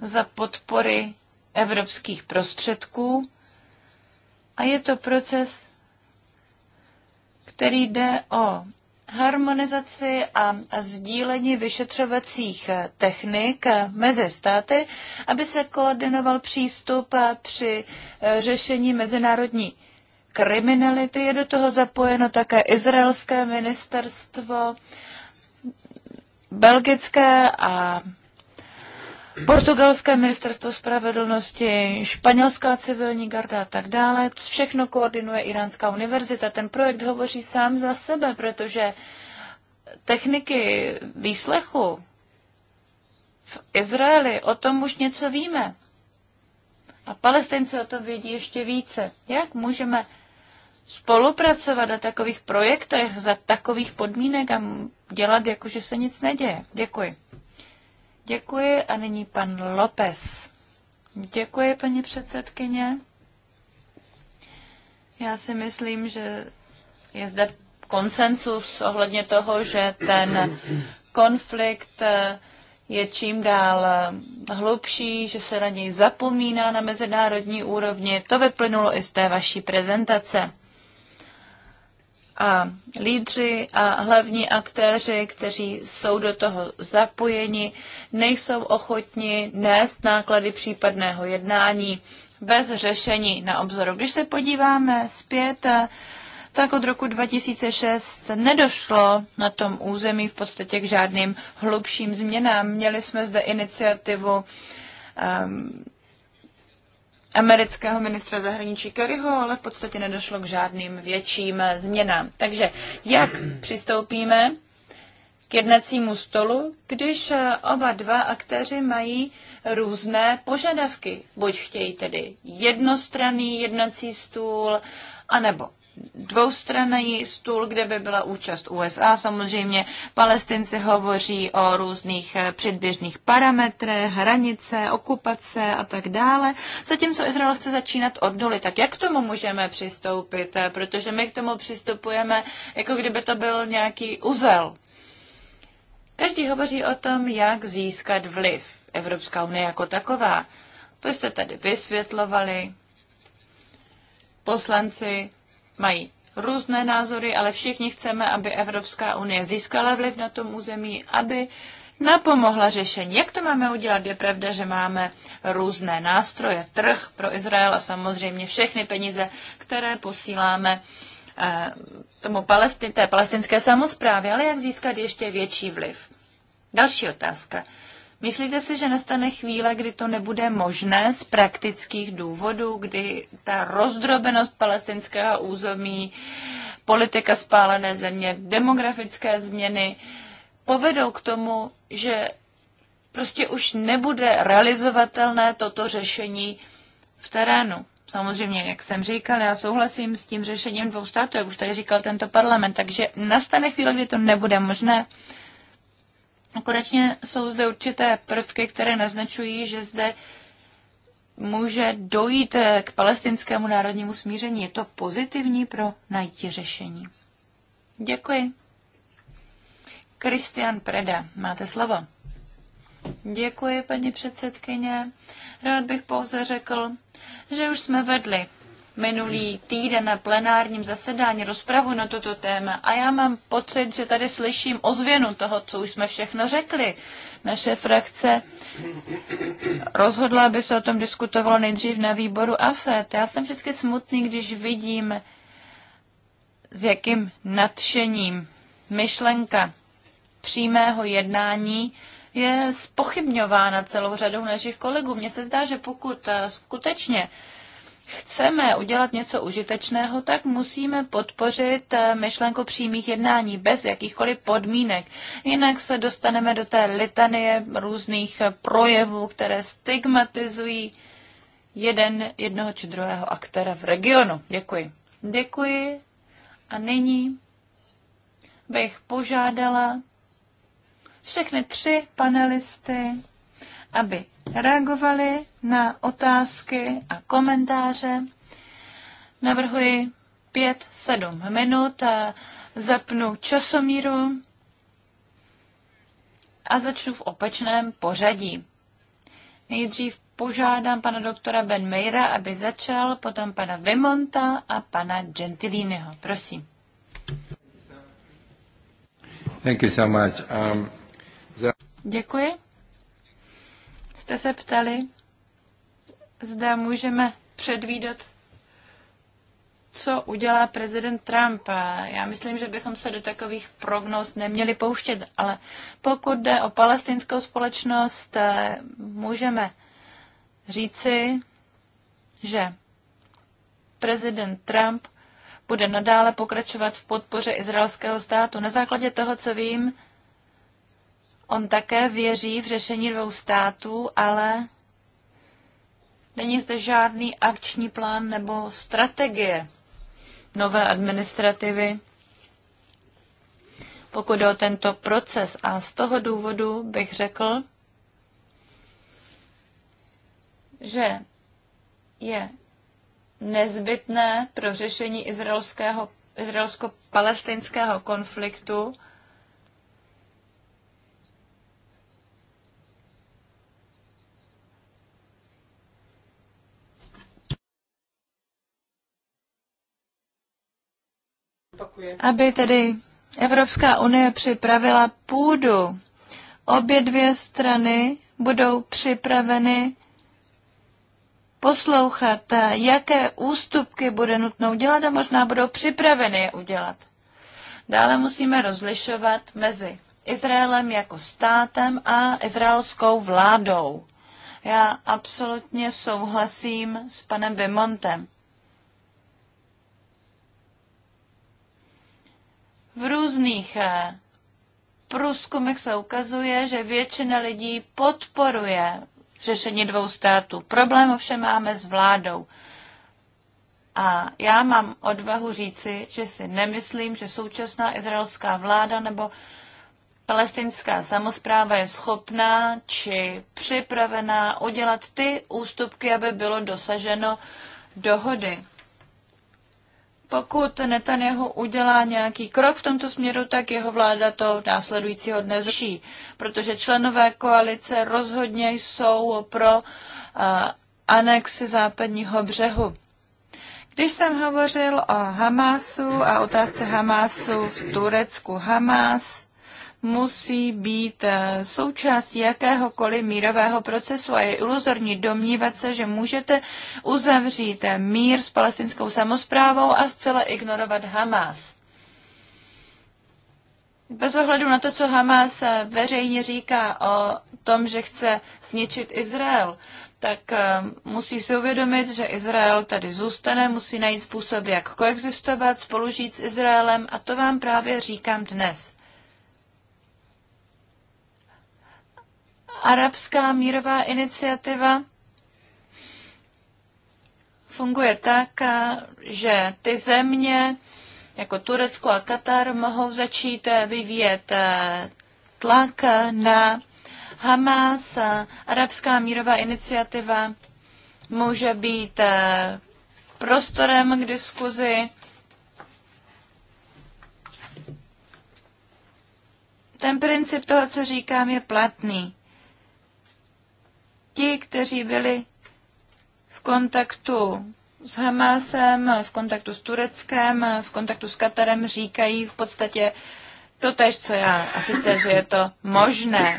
za podpory evropských prostředků a je to proces, který jde o harmonizaci a sdílení vyšetřovacích technik mezi státy, aby se koordinoval přístup při řešení mezinárodní kriminality. Je do toho zapojeno také izraelské ministerstvo, belgické a portugalské ministerstvo spravedlnosti, španělská civilní garda a tak dále. Všechno koordinuje Iránská univerzita. Ten projekt hovoří sám za sebe, protože techniky výslechu v Izraeli, o tom už něco víme. A palestinci o tom vědí ještě více. Jak můžeme spolupracovat na takových projektech za takových podmínek a dělat, jako že se nic neděje? Děkuji. Děkuji a nyní pan López. Děkuji, paní předsedkyně. Já si myslím, že je zde konsensus ohledně toho, že ten konflikt je čím dál hlubší, že se na něj zapomíná na mezinárodní úrovni. To vyplynulo i z té vaší prezentace a lídři a hlavní aktéři, kteří jsou do toho zapojeni, nejsou ochotni nést náklady případného jednání bez řešení na obzoru. Když se podíváme zpět, tak od roku 2006 nedošlo na tom území v podstatě k žádným hlubším změnám. Měli jsme zde iniciativu um, amerického ministra zahraničí Kerryho, ale v podstatě nedošlo k žádným větším změnám. Takže jak přistoupíme k jednacímu stolu, když oba dva aktéři mají různé požadavky. Buď chtějí tedy jednostranný jednací stůl, anebo dvoustranný stůl, kde by byla účast USA. Samozřejmě palestinci hovoří o různých eh, předběžných parametrech, hranice, okupace a tak dále. Zatímco Izrael chce začínat od nuly, tak jak k tomu můžeme přistoupit? Eh, protože my k tomu přistupujeme, jako kdyby to byl nějaký uzel. Každý hovoří o tom, jak získat vliv. Evropská unie jako taková. To jste tady vysvětlovali. Poslanci mají různé názory, ale všichni chceme, aby Evropská unie získala vliv na tom území, aby napomohla řešení. Jak to máme udělat? Je pravda, že máme různé nástroje, trh pro Izrael a samozřejmě všechny peníze, které posíláme eh, tomu palestin, té palestinské samozprávě, ale jak získat ještě větší vliv? Další otázka. Myslíte si, že nastane chvíle, kdy to nebude možné z praktických důvodů, kdy ta rozdrobenost palestinského území, politika spálené země, demografické změny povedou k tomu, že prostě už nebude realizovatelné toto řešení v terénu? Samozřejmě, jak jsem říkal, já souhlasím s tím řešením dvou států, jak už tady říkal tento parlament, takže nastane chvíle, kdy to nebude možné. Konečně jsou zde určité prvky, které naznačují, že zde může dojít k palestinskému národnímu smíření. Je to pozitivní pro najít řešení. Děkuji. Kristian Preda, máte slovo. Děkuji, paní předsedkyně. Rád bych pouze řekl, že už jsme vedli minulý týden na plenárním zasedání rozpravu na toto téma a já mám pocit, že tady slyším ozvěnu toho, co už jsme všechno řekli. Naše frakce rozhodla, aby se o tom diskutovalo nejdřív na výboru AFET. Já jsem vždycky smutný, když vidím, s jakým nadšením myšlenka přímého jednání je spochybňována celou řadou našich kolegů. Mně se zdá, že pokud eh, skutečně uh, chceme udělat něco užitečného, tak musíme podpořit eh, myšlenku přímých jednání bez jakýchkoliv podmínek. Jinak se dostaneme do té litanie různých eh, projevů, které stigmatizují jeden, jednoho či druhého aktéra v regionu. Děkuji. Děkuji. A nyní bych požádala všechny tři panelisty, aby reagovali na otázky a komentáře. Navrhuji 5-7 minut a zapnu časomíru a začnu v opačném pořadí. Nejdřív požádám pana doktora Ben Meira, aby začal, potom pana Vimonta a pana Gentilínyho. Prosím. Thank you so much. Um, the... Děkuji jste se ptali, zda můžeme předvídat, co udělá prezident Trump. Já myslím, že bychom se do takových prognóz neměli pouštět, ale pokud jde o palestinskou společnost, eh, můžeme říci, že prezident Trump bude nadále pokračovat v podpoře izraelského státu. Na základě toho, co vím, On také věří v řešení dvou států, ale není zde žádný akční plán nebo strategie nové administrativy, pokud jde o tento proces. A z toho důvodu bych řekl, že je nezbytné pro řešení izraelského, izraelsko-palestinského konfliktu aby tedy Evropská unie připravila půdu. Obě dvě strany budou připraveny poslouchat, jaké ústupky bude nutno udělat a možná budou připraveny je udělat. Dále musíme rozlišovat mezi Izraelem jako státem a izraelskou vládou. Já absolutně souhlasím s panem Bimontem. V různých eh, průzkumech se ukazuje, že většina lidí podporuje řešení dvou států. Problém ovšem máme s vládou. A já mám odvahu říci, že si nemyslím, že současná izraelská vláda nebo palestinská samozpráva je schopná či připravená udělat ty ústupky, aby bylo dosaženo dohody. Pokud Netanyahu udělá nějaký krok v tomto směru, tak jeho vláda to následujícího dne zruší, protože členové koalice rozhodně jsou pro uh, anexi západního břehu. Když jsem hovořil o Hamásu a otázce Hamásu v Turecku, Hamás musí být eh, součástí jakéhokoliv mírového procesu a je iluzorní domnívat se, že můžete uzavřít eh, mír s palestinskou samozprávou a zcela ignorovat Hamas. Bez ohledu na to, co Hamas eh, veřejně říká o tom, že chce zničit Izrael, tak musí si uvědomit, že Izrael tady zůstane, musí najít způsob, jak koexistovat, spolužít s Izraelem a to vám právě říkám dnes. arabská mírová iniciativa funguje tak, eh, že ty země jako Turecko a Katar mohou začít eh, vyvíjet eh, tlak na Hamas. Arabská mírová iniciativa může být prostorem k diskuzi. Ten princip toho, co říkám, je platný ti, kteří byli v kontaktu s Hamásem, v kontaktu s Tureckem, v kontaktu s Katarem, říkají v podstatě to tež, co já. A sice, že je to možné.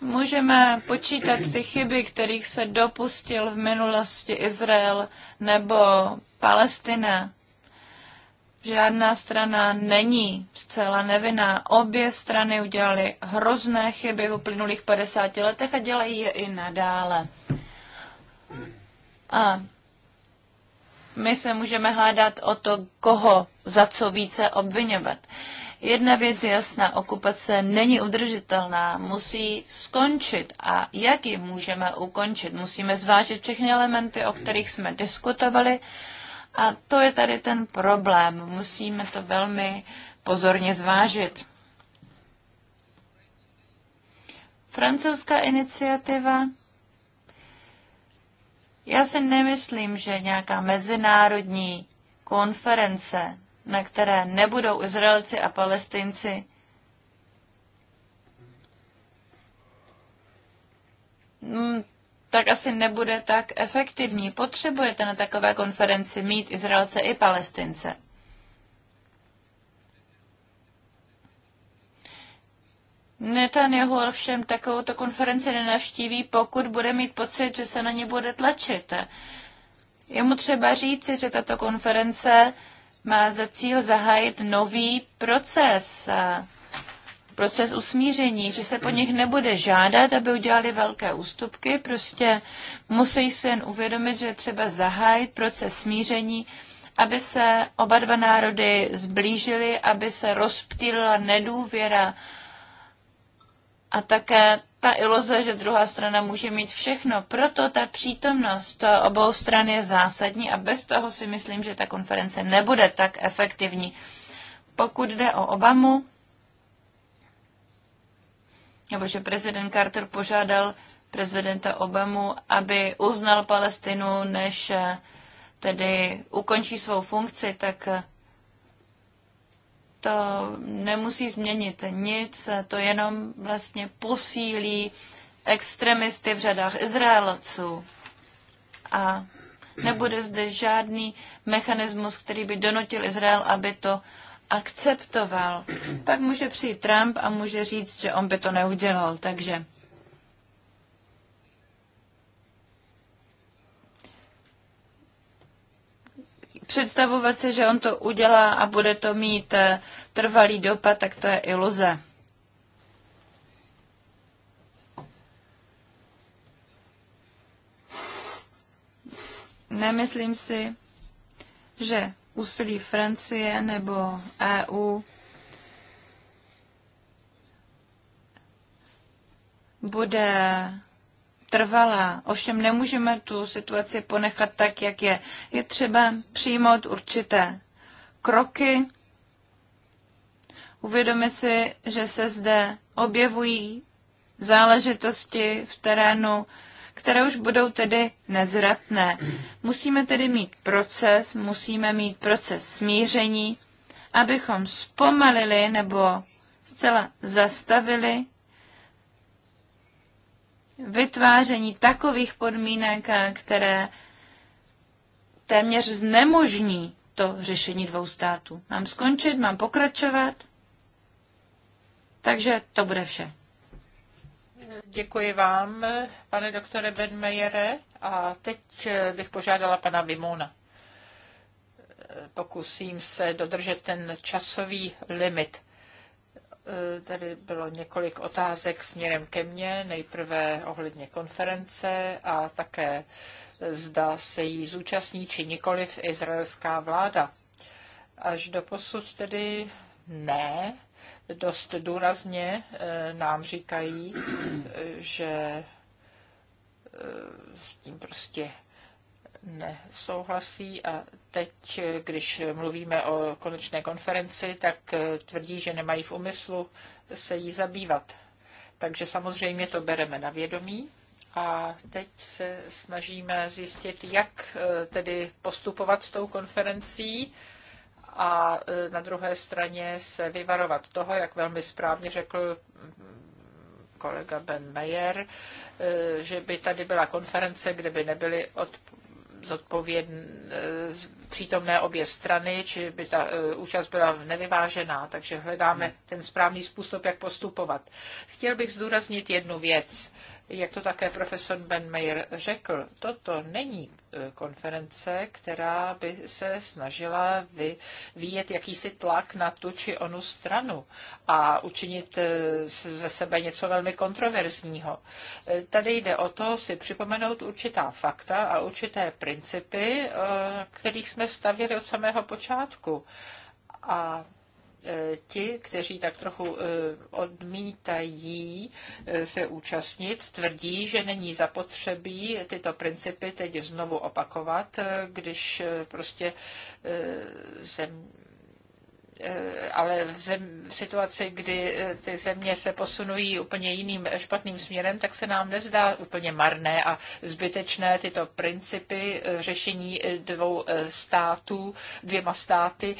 Můžeme počítat ty chyby, kterých se dopustil v minulosti Izrael nebo Palestina. Žádná strana není zcela nevinná. Obě strany udělaly hrozné chyby v uplynulých 50 letech a dělají je i nadále. A my se můžeme hádat o to, koho za co více obvinovat. Jedna věc je jasná, okupace není udržitelná, musí skončit. A jak ji můžeme ukončit? Musíme zvážit všechny elementy, o kterých jsme diskutovali. A to je tady ten problém. Musíme to velmi pozorně zvážit. Francouzská iniciativa. Já si nemyslím, že nějaká mezinárodní konference, na které nebudou Izraelci a Palestinci, hmm, tak asi nebude tak efektivní. Potřebujete na takové konferenci mít Izraelce i Palestince. Netanyahu ovšem takovouto konferenci nenavštíví, pokud bude mít pocit, že se na ně bude tlačit. Je mu třeba říci, že tato konference má za cíl zahájit nový proces proces usmíření, že se po nich nebude žádat, aby udělali velké ústupky, prostě musí se jen uvědomit, že třeba zahájit proces smíření, aby se oba dva národy zblížily, aby se rozptýlila nedůvěra a také ta iluze, že druhá strana může mít všechno. Proto ta přítomnost obou stran je zásadní a bez toho si myslím, že ta konference nebude tak efektivní. Pokud jde o Obamu, nebo že prezident Carter požádal prezidenta Obamu, aby uznal Palestinu, než eh, tedy ukončí svou funkci, tak eh, to nemusí změnit nic, to jenom vlastně posílí extremisty v řadách Izraelců. A nebude zde žádný mechanismus, který by donutil Izrael, aby to akceptoval. Pak může přijít Trump a může říct, že on by to neudělal. Takže představovat se, že on to udělá a bude to mít eh, trvalý dopad, tak to je iluze. Nemyslím si, že úsilí Francie nebo EU bude trvalá. Ovšem nemůžeme tu situaci ponechat tak, jak je. Je třeba přijmout určité kroky, uvědomit si, že se zde objevují záležitosti v terénu, které už budou tedy nezratné. Musíme tedy mít proces, musíme mít proces smíření, abychom zpomalili nebo zcela zastavili vytváření takových podmínek, které téměř znemožní to řešení dvou států. Mám skončit, mám pokračovat. Takže to bude vše. Děkuji vám, pane doktore Benmejere. A teď bych požádala pana Vimona. Pokusím se dodržet ten časový limit. Tady bylo několik otázek směrem ke mně, nejprve ohledně konference a také zda se jí zúčastní či nikoliv izraelská vláda. Až do posud tedy ne, dost důrazně eh, nám říkají, že eh, s tím prostě nesouhlasí a teď, když mluvíme o konečné konferenci, tak eh, tvrdí, že nemají v úmyslu se jí zabývat. Takže samozřejmě to bereme na vědomí a teď se snažíme zjistit, jak tedy postupovat s tou konferencí a e, na druhé straně se vyvarovat toho, jak velmi správně řekl kolega Ben Mayer, e, že by tady byla konference, kde by nebyly od e, přítomné obě strany, či by ta účast byla nevyvážená, takže hledáme hmm. ten správný způsob, jak postupovat. Chtěl bych zdůraznit jednu věc. Jak to také profesor Ben Mayer řekl, toto není e, konference, která by se snažila vyvíjet jakýsi tlak na tu či onu stranu a učinit e, ze sebe něco velmi kontroverzního. E, tady jde o to si připomenout určitá fakta a určité principy, kterých jsme stavěli od samého počátku. A ti, kteří tak trochu eh, odmítají eh, se účastnit, tvrdí, že není zapotřebí tyto principy teď znovu opakovat, eh, když prostě zem, Eh, ale v, zem, v situaci, kdy eh, ty země se posunují úplně jiným eh, špatným směrem, tak se nám nezdá úplně marné a zbytečné tyto principy řešení dvou států, dvěma státy,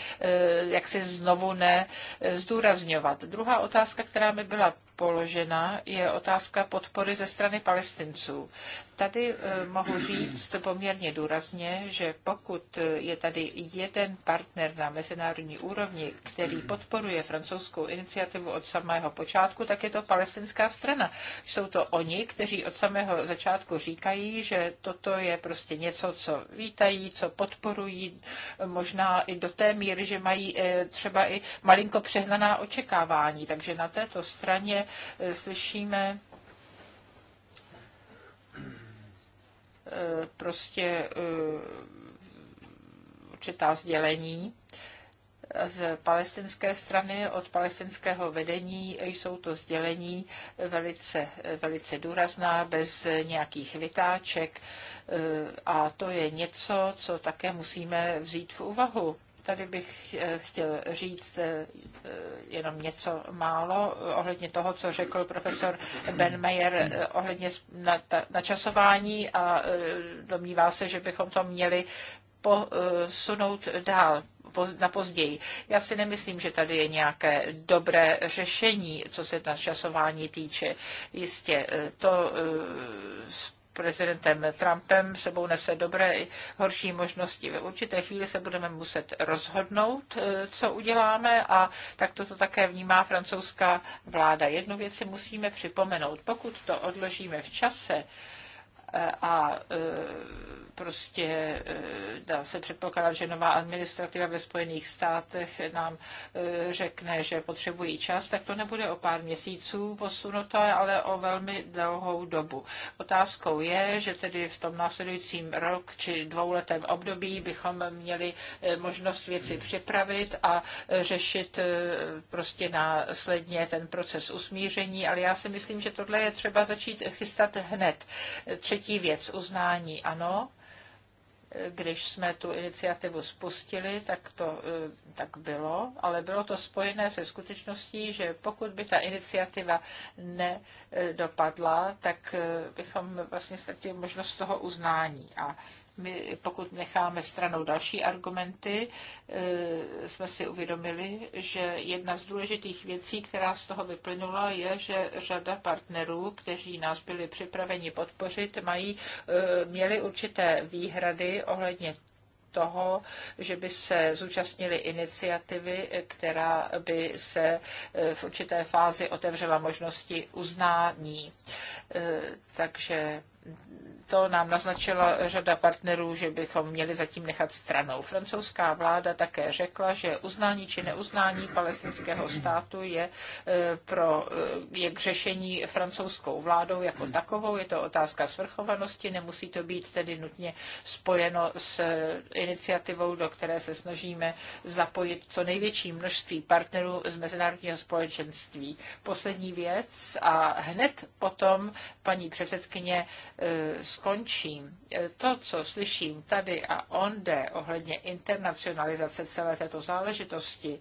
jak si znovu ne zdůrazňovat. Druhá otázka, která mi byla položena, je otázka podpory ze strany Palestinců. Tady eh, mohu říct poměrně důrazně, že pokud je tady jeden partner na mezinárodní úrovni, který podporuje francouzskou iniciativu od samého počátku, tak je to palestinská strana. Jsou to oni, kteří od samého začátku říkají, že toto je prostě něco, co vítají, co podporují, možná i do té míry, že mají eh, třeba i malinko přehnaná očekávání. Takže na této straně Eh, slyšíme eh, prostě eh, určitá sdělení z palestinské strany, od palestinského vedení. Jsou to sdělení velice, velice důrazná, bez nějakých vytáček a to je něco, co také musíme vzít v úvahu. Tady bych eh, chtěl říct eh, eh, jenom něco málo ohledně toho, co řekl profesor Ben Mayer ohledně načasování a domnívá se, že bychom to měli posunout dál na později. Já si nemyslím, že tady je nějaké dobré řešení, co se na časování týče. Jistě to prezidentem Trumpem sebou nese dobré i horší možnosti. V určité chvíli se budeme muset rozhodnout, eh, co uděláme a tak toto také vnímá francouzská vláda. Jednu věc si musíme připomenout. Pokud to odložíme v čase, a e, prostě e, dá se předpokládat, že nová administrativa ve Spojených státech nám e, řekne, že potřebují čas, tak to nebude o pár měsíců posunuto, ale o velmi dlouhou dobu. Otázkou je, že tedy v tom následujícím rok či dvouletém období bychom měli možnost věci připravit a řešit prostě následně ten proces usmíření, ale já si myslím, že tohle je třeba začít chystat hned. Třetí Třetí věc, uznání, ano. Když jsme tu iniciativu spustili, tak to eh, tak bylo, ale bylo to spojené se skutečností, že pokud by ta iniciativa nedopadla, tak eh, bychom vlastně ztratili možnost toho uznání. A my, pokud necháme stranou další argumenty, e, jsme si uvědomili, že jedna z důležitých věcí, která z toho vyplynula, je, že řada partnerů, kteří nás byli připraveni podpořit, mají, e, měli určité výhrady ohledně toho, že by se zúčastnili iniciativy, která by se e, v určité fázi otevřela možnosti uznání. Takže to nám naznačila řada partnerů, že bychom měli zatím nechat stranou. Francouzská vláda také řekla, že uznání či neuznání palestinského státu je, eh, pro, eh, je k řešení francouzskou vládou jako takovou. Je to otázka svrchovanosti, nemusí to být tedy nutně spojeno s eh, iniciativou, do které se snažíme zapojit co největší množství partnerů z mezinárodního společenství. Poslední věc a hned potom paní předsedkyně E, skončím. E, to, co slyším tady a onde ohledně internacionalizace celé této záležitosti,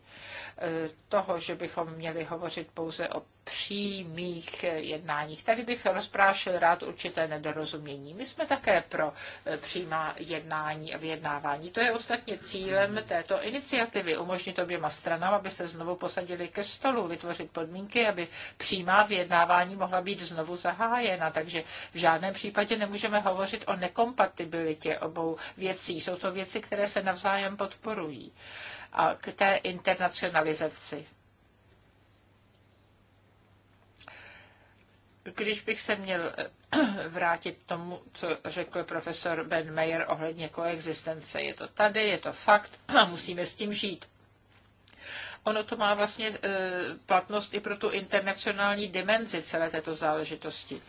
e, toho, že bychom měli hovořit pouze o přímých eh, jednáních. Tady bych rozprášil rád určité nedorozumění. My jsme také pro eh, přímá jednání a vyjednávání. To je ostatně cílem této iniciativy, umožnit oběma stranám, aby se znovu posadili ke stolu, vytvořit podmínky, aby přímá vyjednávání mohla být znovu zahájena. Takže v žádném případě nemůžeme hovořit o nekompatibilitě obou věcí. Jsou to věci, které se navzájem podporují a k té internacionalizaci. Když bych se měl eh, *clears throat* vrátit k tomu, co řekl profesor Ben Mayer ohledně koexistence, je to tady, je to fakt *clears throat* a musíme s tím žít. Ono to má vlastně eh, platnost i pro tu internacionální dimenzi celé této záležitosti.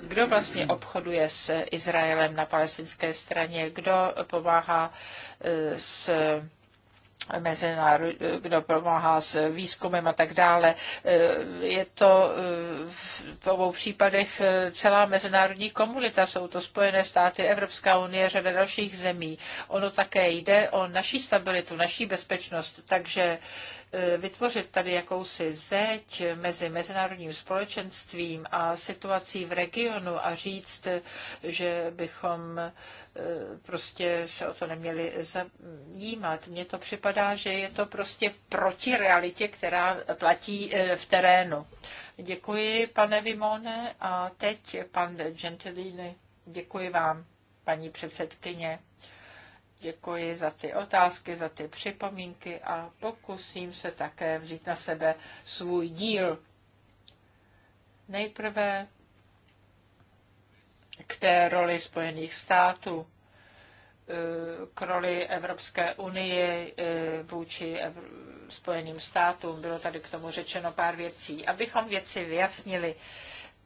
Kdo vlastně obchoduje s Izraelem na palestinské straně, kdo pomáhá eh, s Mezinárodní kdo pomáhá s výzkumem a tak dále. E, je to e, v obou případech e, celá mezinárodní komunita, jsou to Spojené státy, Evropská unie, řada dalších zemí. Ono také jde o naší stabilitu, naší bezpečnost, takže E, vytvořit tady jakousi zeď mezi mezinárodním společenstvím a situací v regionu a říct, že bychom e, prostě se o to neměli zajímat. Mně to připadá, že je to prostě proti realitě, která platí e, v terénu. Děkuji, pane Vimone, a teď pan Gentilini. Děkuji vám, paní předsedkyně. Děkuji za ty otázky, za ty připomínky a pokusím se také vzít na sebe svůj díl. Nejprve k té roli Spojených států, k roli Evropské unie e, vůči Spojeným státům. Bylo tady k tomu řečeno pár věcí. Abychom věci vyjasnili,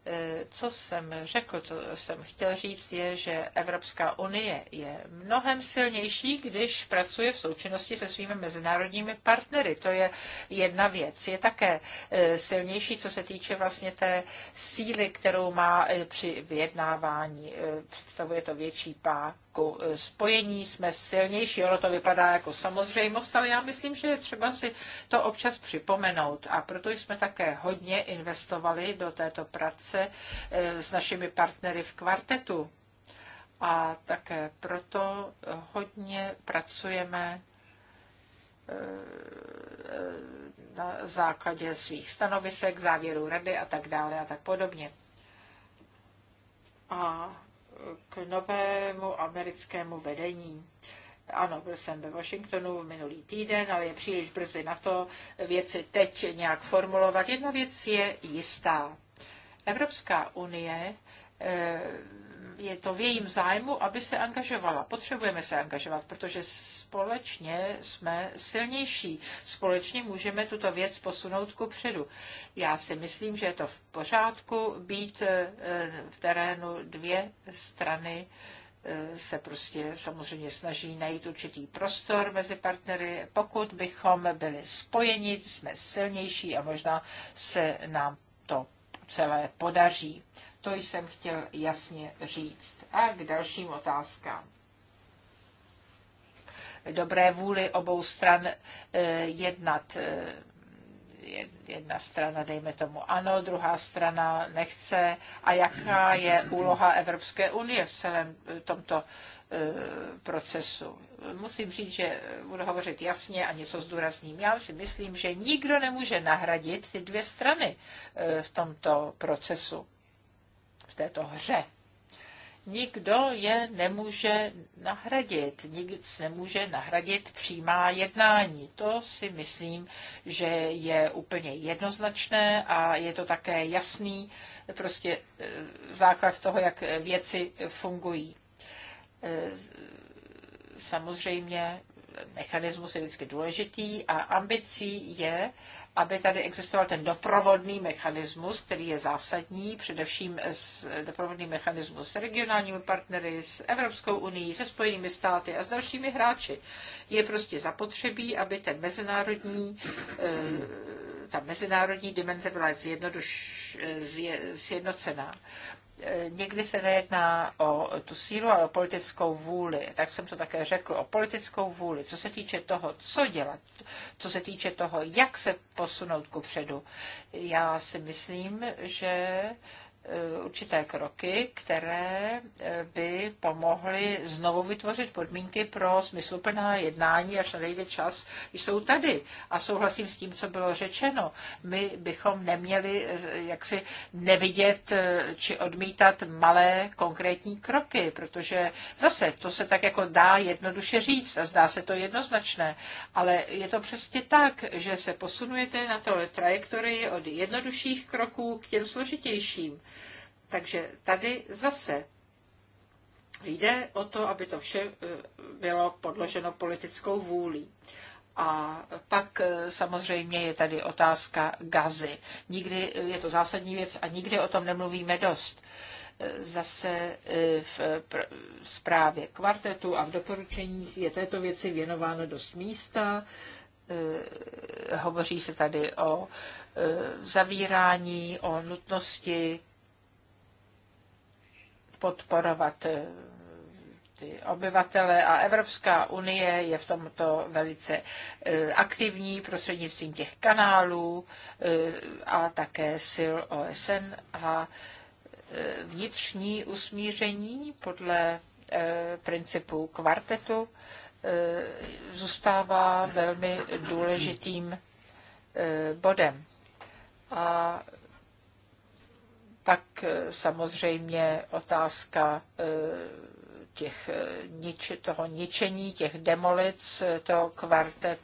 Eh, co jsem řekl, co jsem chtěl říct, je, že Evropská unie je mnohem silnější, když pracuje v součinnosti se svými mezinárodními partnery. To je jedna věc. Je také eh, silnější, co se týče vlastně té síly, kterou má eh, při vyjednávání. Představuje to větší páku. Spojení jsme silnější, ono to vypadá jako samozřejmost, ale já myslím, že je třeba si to občas připomenout. A proto jsme také hodně investovali do této práce spolupráce eh, s našimi partnery v kvartetu. A také proto hodně pracujeme eh, eh, na základě svých stanovisek, závěrů rady a tak dále a tak podobně. A k novému americkému vedení. Ano, byl jsem ve Washingtonu minulý týden, ale je příliš brzy na to věci teď nějak formulovat. Jedna věc je jistá. Evropská unie eh, je to v jejím zájmu, aby se angažovala. Potřebujeme se angažovat, protože společně jsme silnější. Společně můžeme tuto věc posunout ku předu. Já si myslím, že je to v pořádku být eh, v terénu dvě strany eh, se prostě samozřejmě snaží najít určitý prostor mezi partnery. Pokud bychom byli spojeni, jsme silnější a možná se nám to celé podaří. To jsem chtěl jasně říct. A k dalším otázkám dobré vůli obou stran eh, jednat. Eh, jedna strana, dejme tomu ano, druhá strana nechce. A jaká je úloha Evropské unie v celém eh, tomto procesu? musím říct, že budu hovořit jasně a něco zdůrazním. Já si myslím, že nikdo nemůže nahradit ty dvě strany eh, v tomto procesu, v této hře. Nikdo je nemůže nahradit, nikdo nemůže nahradit přímá jednání. To si myslím, že je úplně jednoznačné a je to také jasný eh, prostě eh, základ toho, jak věci fungují samozřejmě mechanismus je vždycky důležitý a ambicí je, aby tady existoval ten doprovodný mechanismus, který je zásadní, především s doprovodný mechanismus s regionálními partnery, s Evropskou unii, se Spojenými státy a s dalšími hráči. Je prostě zapotřebí, aby ten mezinárodní, eh, ta mezinárodní dimenze byla zjednoduš, zjednocená někdy se nejedná o tu sílu, ale o politickou vůli. Tak jsem to také řekl, o politickou vůli. Co se týče toho, co dělat, co se týče toho, jak se posunout ku předu, já si myslím, že Eh, určité kroky, které eh, by pomohly znovu vytvořit podmínky pro smysluplná jednání, až nejde čas, jsou tady. A souhlasím s tím, co bylo řečeno. My bychom neměli eh, jaksi nevidět či odmítat malé konkrétní kroky, protože zase to se tak jako dá jednoduše říct a zdá se to jednoznačné, ale je to přesně tak, že se posunujete na to trajektorii od jednodušších kroků k těm složitějším takže tady zase jde o to, aby to vše eh, bylo podloženo politickou vůlí. A pak eh, samozřejmě je tady otázka gazy. Nikdy eh, je to zásadní věc a nikdy o tom nemluvíme dost. Zase v zprávě kvartetu a v doporučeních je této věci věnováno dost místa. Hovoří se tady o zavírání, o nutnosti podporovat eh, ty obyvatele a Evropská unie je v tomto velice eh, aktivní prostřednictvím těch kanálů eh, a také sil OSN a vnitřní usmíření podle principu kvartetu zůstává velmi důležitým bodem. A tak eh, samozřejmě otázka eh, těch eh, nič, toho ničení, těch demolic, to kvartet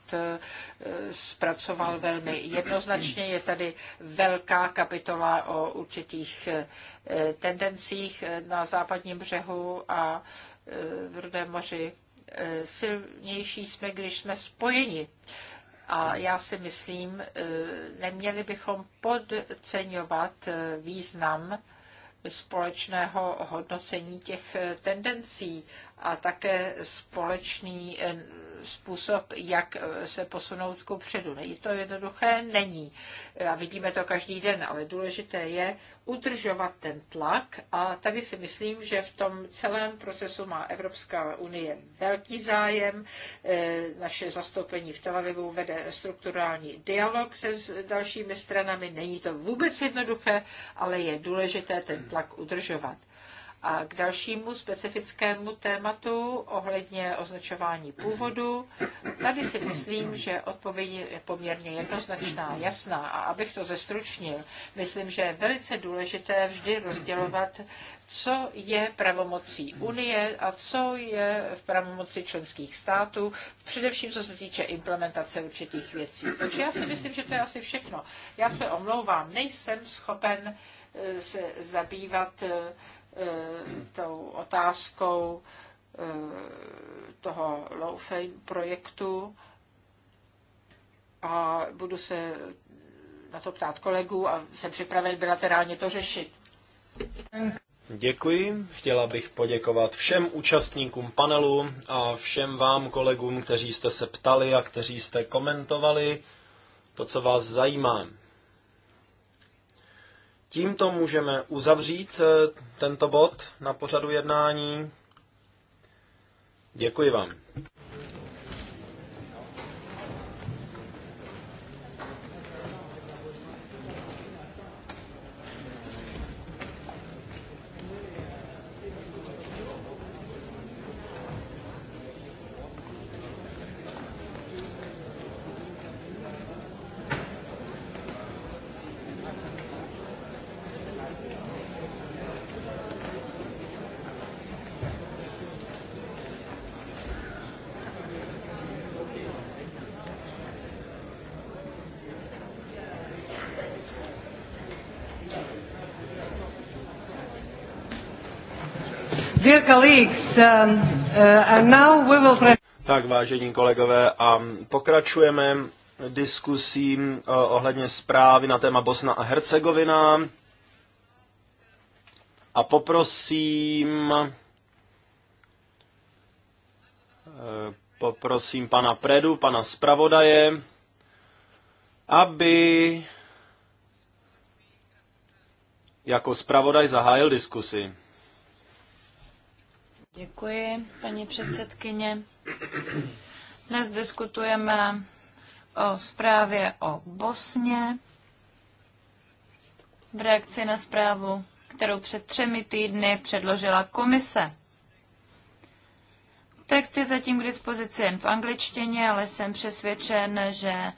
zpracoval velmi jednoznačně. Je tady velká kapitola o určitých tendencích na západním břehu a v Rudém moři. Silnější jsme, když jsme spojeni. A já si myslím, eh, neměli bychom podceňovat eh, význam společného hodnocení těch eh, tendencí a také společný způsob, jak eh, se posunout ku předu. Není to jednoduché? Není. A vidíme to každý den, ale důležité je udržovat ten tlak a tady si myslím, že v tom celém procesu má Evropská unie velký zájem. Eh, Naše zastoupení v Tel Avivu vede strukturální dialog se s dalšími stranami. Není to vůbec jednoduché, ale je důležité ten tlak udržovat. A k dalšímu specifickému tématu ohledně označování původu, tady si myslím, že odpověď je poměrně jednoznačná, jasná. A abych to zestručnil, myslím, že je velice důležité vždy rozdělovat, co je pravomocí Unie a co je v pravomoci členských států, především co se týče implementace určitých věcí. Takže já si myslím, že to je asi všechno. Já se omlouvám, nejsem schopen eh, se zabývat eh, Eh, tou otázkou eh, toho Loufej projektu a budu se na to ptát kolegů a jsem připraven bilaterálně to řešit. Děkuji. Chtěla bych poděkovat všem účastníkům panelu a všem vám kolegům, kteří jste se ptali a kteří jste komentovali to, co vás zajímá. Tímto můžeme uzavřít eh, tento bod na pořadu jednání. Děkuji vám. colleagues, um, uh, and now we will... Tak, vážení kolegové, a pokračujeme diskusí uh, ohledně zprávy na téma Bosna a Hercegovina. A poprosím uh, poprosím pana Predu, pana zpravodaje, aby jako zpravodaj zahájil diskusi. Děkuji, paní předsedkyně. Dnes diskutujeme o zprávě o Bosně v reakci na zprávu, kterou před třemi týdny předložila komise. Text je zatím k dispozici jen v angličtině, ale jsem přesvědčen, že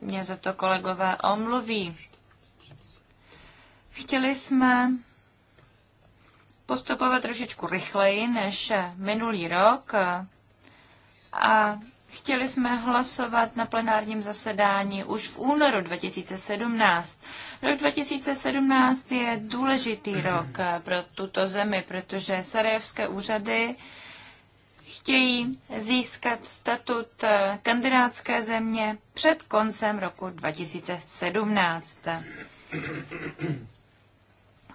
mě za to kolegové omluví. Chtěli jsme postupovat trošičku rychleji než minulý rok a chtěli jsme hlasovat na plenárním zasedání už v únoru 2017. Rok 2017 je důležitý rok pro tuto zemi, protože sarajevské úřady chtějí získat statut kandidátské země před koncem roku 2017.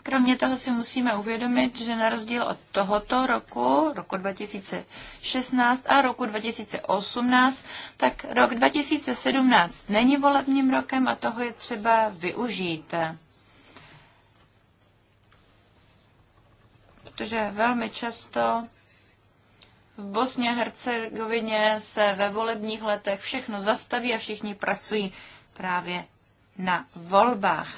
Kromě toho si musíme uvědomit, že na rozdíl od tohoto roku, roku 2016 a roku 2018, tak rok 2017 není volebním rokem a toho je třeba využít. Protože velmi často v Bosně a Hercegovině se ve volebních letech všechno zastaví a všichni pracují právě na volbách.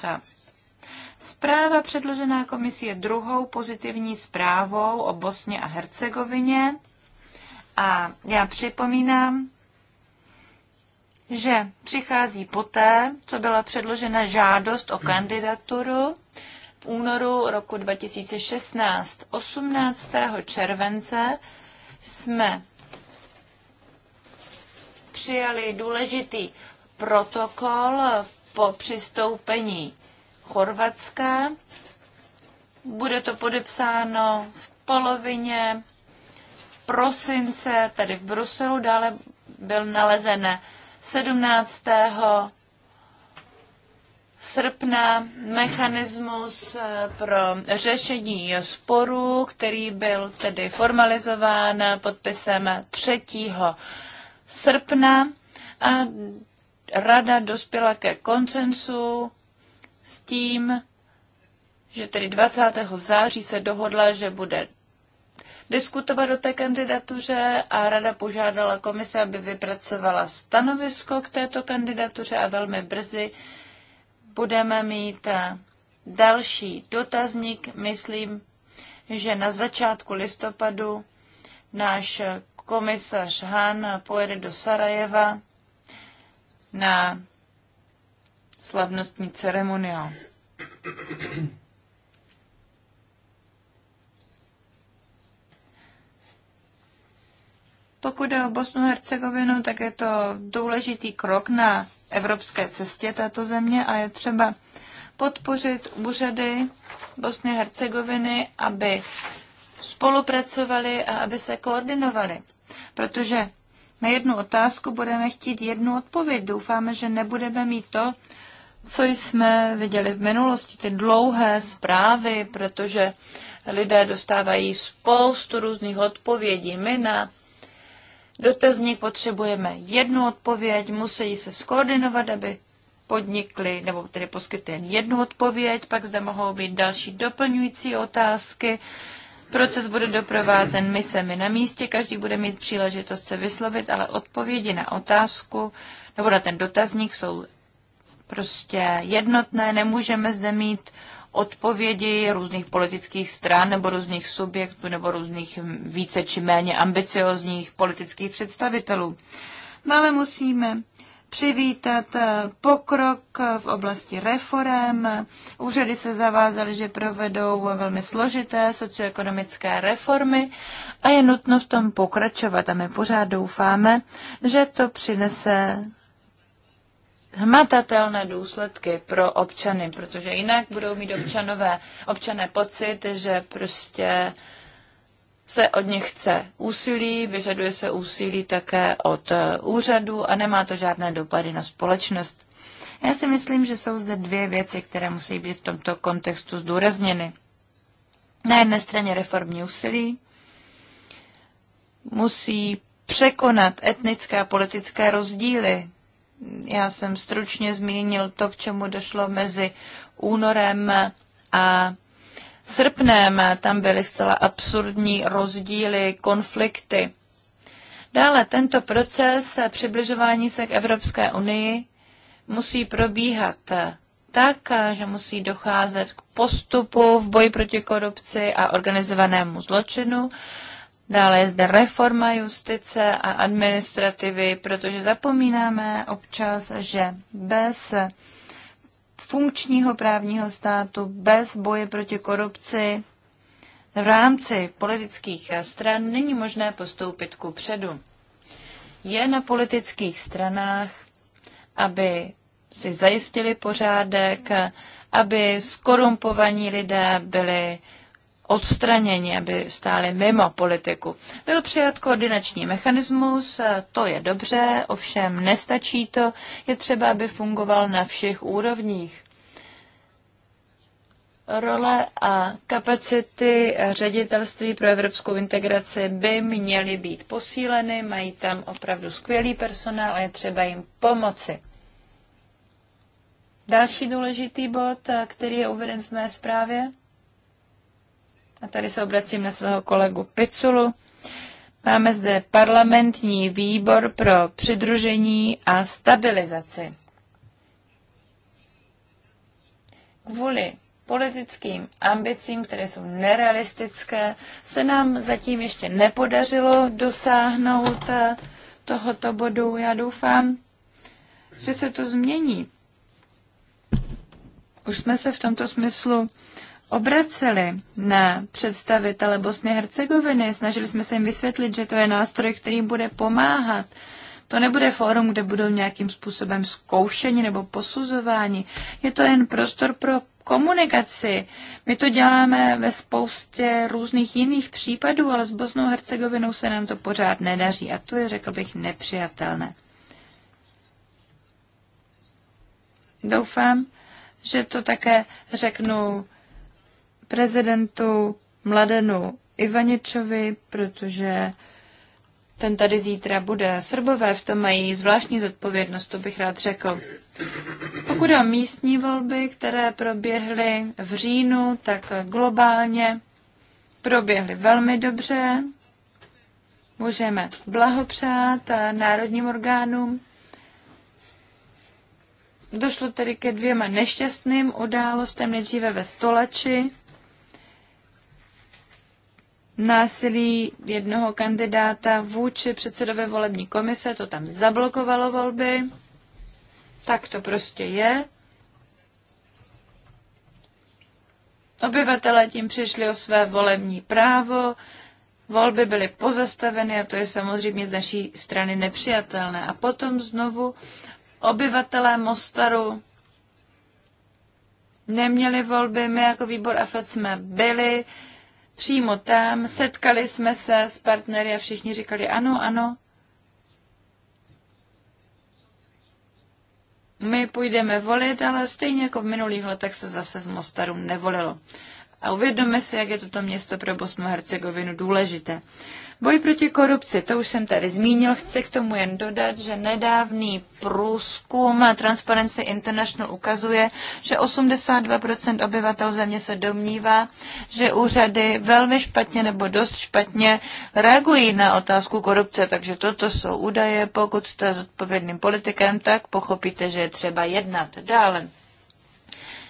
Zpráva předložená komisí je druhou pozitivní zprávou o Bosně a Hercegovině. A já připomínám, že přichází poté, co byla předložena žádost o kandidaturu v únoru roku 2016. 18. července jsme přijali důležitý protokol po přistoupení Chorvatska. Bude to podepsáno v polovině prosince tady v Bruselu, dále byl nalezen 17. srpna mechanismus eh, pro řešení sporů, který byl tedy formalizován podpisem 3. srpna a rada dospěla ke koncensu s tím, že tedy 20. září se dohodla, že bude diskutovat o té kandidatuře a rada požádala komise, aby vypracovala stanovisko k této kandidatuře a velmi brzy budeme mít eh, další dotazník. Myslím, že na začátku listopadu náš komisař Han pojede do Sarajeva na slavnostní ceremoniál. Pokud jde o Bosnu a Hercegovinu, tak je to důležitý krok na evropské cestě této země a je třeba podpořit úřady Bosny a Hercegoviny, aby spolupracovali a aby se koordinovali. Protože na jednu otázku budeme chtít jednu odpověď. Doufáme, že nebudeme mít to, co jsme viděli v minulosti, ty dlouhé zprávy, protože lidé dostávají spoustu různých odpovědí. My na dotazník potřebujeme jednu odpověď, musí se skoordinovat, aby podnikli, nebo tedy poskytli jen jednu odpověď, pak zde mohou být další doplňující otázky. Proces bude doprovázen misemi na místě, každý bude mít příležitost se vyslovit, ale odpovědi na otázku nebo na ten dotazník jsou prostě jednotné, nemůžeme zde mít odpovědi různých politických stran nebo různých subjektů nebo různých více či méně ambiciozních politických představitelů. ale musíme přivítat eh, pokrok v oblasti reform. Úřady se zavázaly, že provedou velmi složité socioekonomické reformy a je nutno v tom pokračovat. A my pořád doufáme, že to přinese hmatatelné důsledky pro občany, protože jinak budou mít občanové, občané pocit, že prostě se od nich chce úsilí, vyžaduje se úsilí také od eh, úřadu a nemá to žádné dopady na společnost. Já si myslím, že jsou zde dvě věci, které musí být v tomto kontextu zdůrazněny. Na jedné straně reformní úsilí musí překonat etnické a politické rozdíly já jsem stručně zmínil to, k čemu došlo mezi únorem a srpnem. Tam byly zcela absurdní rozdíly, konflikty. Dále tento proces přibližování se k Evropské unii musí probíhat tak, že musí docházet k postupu v boji proti korupci a organizovanému zločinu Dále je zde reforma justice a administrativy, protože zapomínáme občas, že bez funkčního právního státu, bez boje proti korupci v rámci politických stran není možné postoupit ku předu. Je na politických stranách, aby si zajistili pořádek, aby skorumpovaní lidé byli odstraněni, aby stáli mimo politiku. Byl přijat koordinační mechanismus, eh, to je dobře, ovšem nestačí to, je třeba, aby fungoval na všech úrovních. Role a kapacity ředitelství pro evropskou integraci by měly být posíleny, mají tam opravdu skvělý personál a je třeba jim pomoci. Další důležitý bod, eh, který je uveden v mé zprávě, a tady se obracím na svého kolegu Piculu, máme zde parlamentní výbor pro přidružení a stabilizaci. Kvůli politickým ambicím, které jsou nerealistické, se nám zatím ještě nepodařilo dosáhnout eh, tohoto bodu. Já doufám, že se to změní. Už jsme se v tomto smyslu obraceli na představitele Bosny a Hercegoviny. Snažili jsme se jim vysvětlit, že to je nástroj, který bude pomáhat. To nebude fórum, kde budou nějakým způsobem zkoušení nebo posuzování. Je to jen prostor pro komunikaci. My to děláme ve spoustě různých jiných případů, ale s Bosnou Hercegovinou se nám to pořád nedaří. A to je, řekl bych, nepřijatelné. Doufám, že to také řeknu prezidentu Mladenu Ivaničovi, protože ten tady zítra bude. Srbové v tom mají zvláštní zodpovědnost, to bych rád řekl. Pokud o místní volby, které proběhly v říjnu, tak globálně proběhly velmi dobře. Můžeme blahopřát národním orgánům. Došlo tedy ke dvěma nešťastným událostem, nejdříve ve Stolači, násilí jednoho kandidáta vůči předsedové volební komise, to tam zablokovalo volby. Tak to prostě je. Obyvatelé tím přišli o své volební právo, volby byly pozastaveny a to je samozřejmě z naší strany nepřijatelné. A potom znovu obyvatelé Mostaru neměli volby, my jako výbor AFED jsme byli, přímo tam, setkali jsme se s partnery a všichni říkali ano, ano. My půjdeme volit, ale stejně jako v minulých letech se zase v Mostaru nevolilo. A uvědomme si, jak je toto město pro Bosnu a Hercegovinu důležité. Boj proti korupci, to už jsem tady zmínil, chci k tomu jen dodat, že nedávný průzkum Transparency International ukazuje, že 82% obyvatel země se domnívá, že úřady velmi špatně nebo dost špatně reagují na otázku korupce, takže toto jsou údaje, pokud jste zodpovědným politikem, tak pochopíte, že je třeba jednat dále.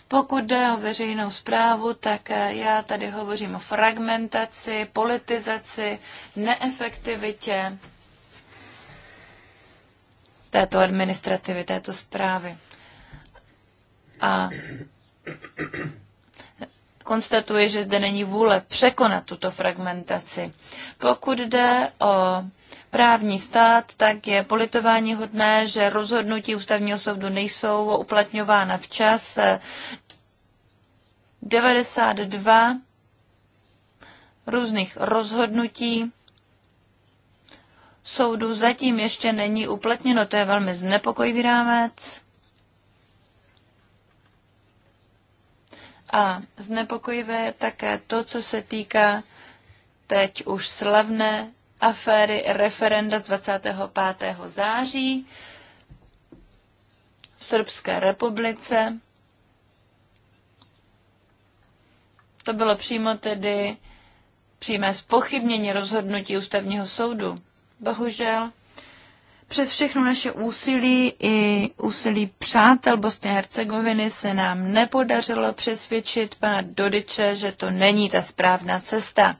Pokud jde o veřejnou zprávu, tak eh, já tady hovořím o fragmentaci, politizaci, neefektivitě této administrativy, této zprávy. A konstatuje, že zde není vůle překonat tuto fragmentaci. Pokud jde o právní stát, tak je politování hodné, že rozhodnutí ústavního soudu nejsou uplatňována včas. 92 různých rozhodnutí soudu zatím ještě není uplatněno. To je velmi znepokojivý rámec. A znepokojivé také to, co se týká teď už slavné aféry referenda z 25. září v Srbské republice. To bylo přímo tedy přímé zpochybnění rozhodnutí ústavního soudu. Bohužel přes všechno naše úsilí i úsilí přátel Bosny a Hercegoviny se nám nepodařilo přesvědčit pana Dodiče, že to není ta správná cesta.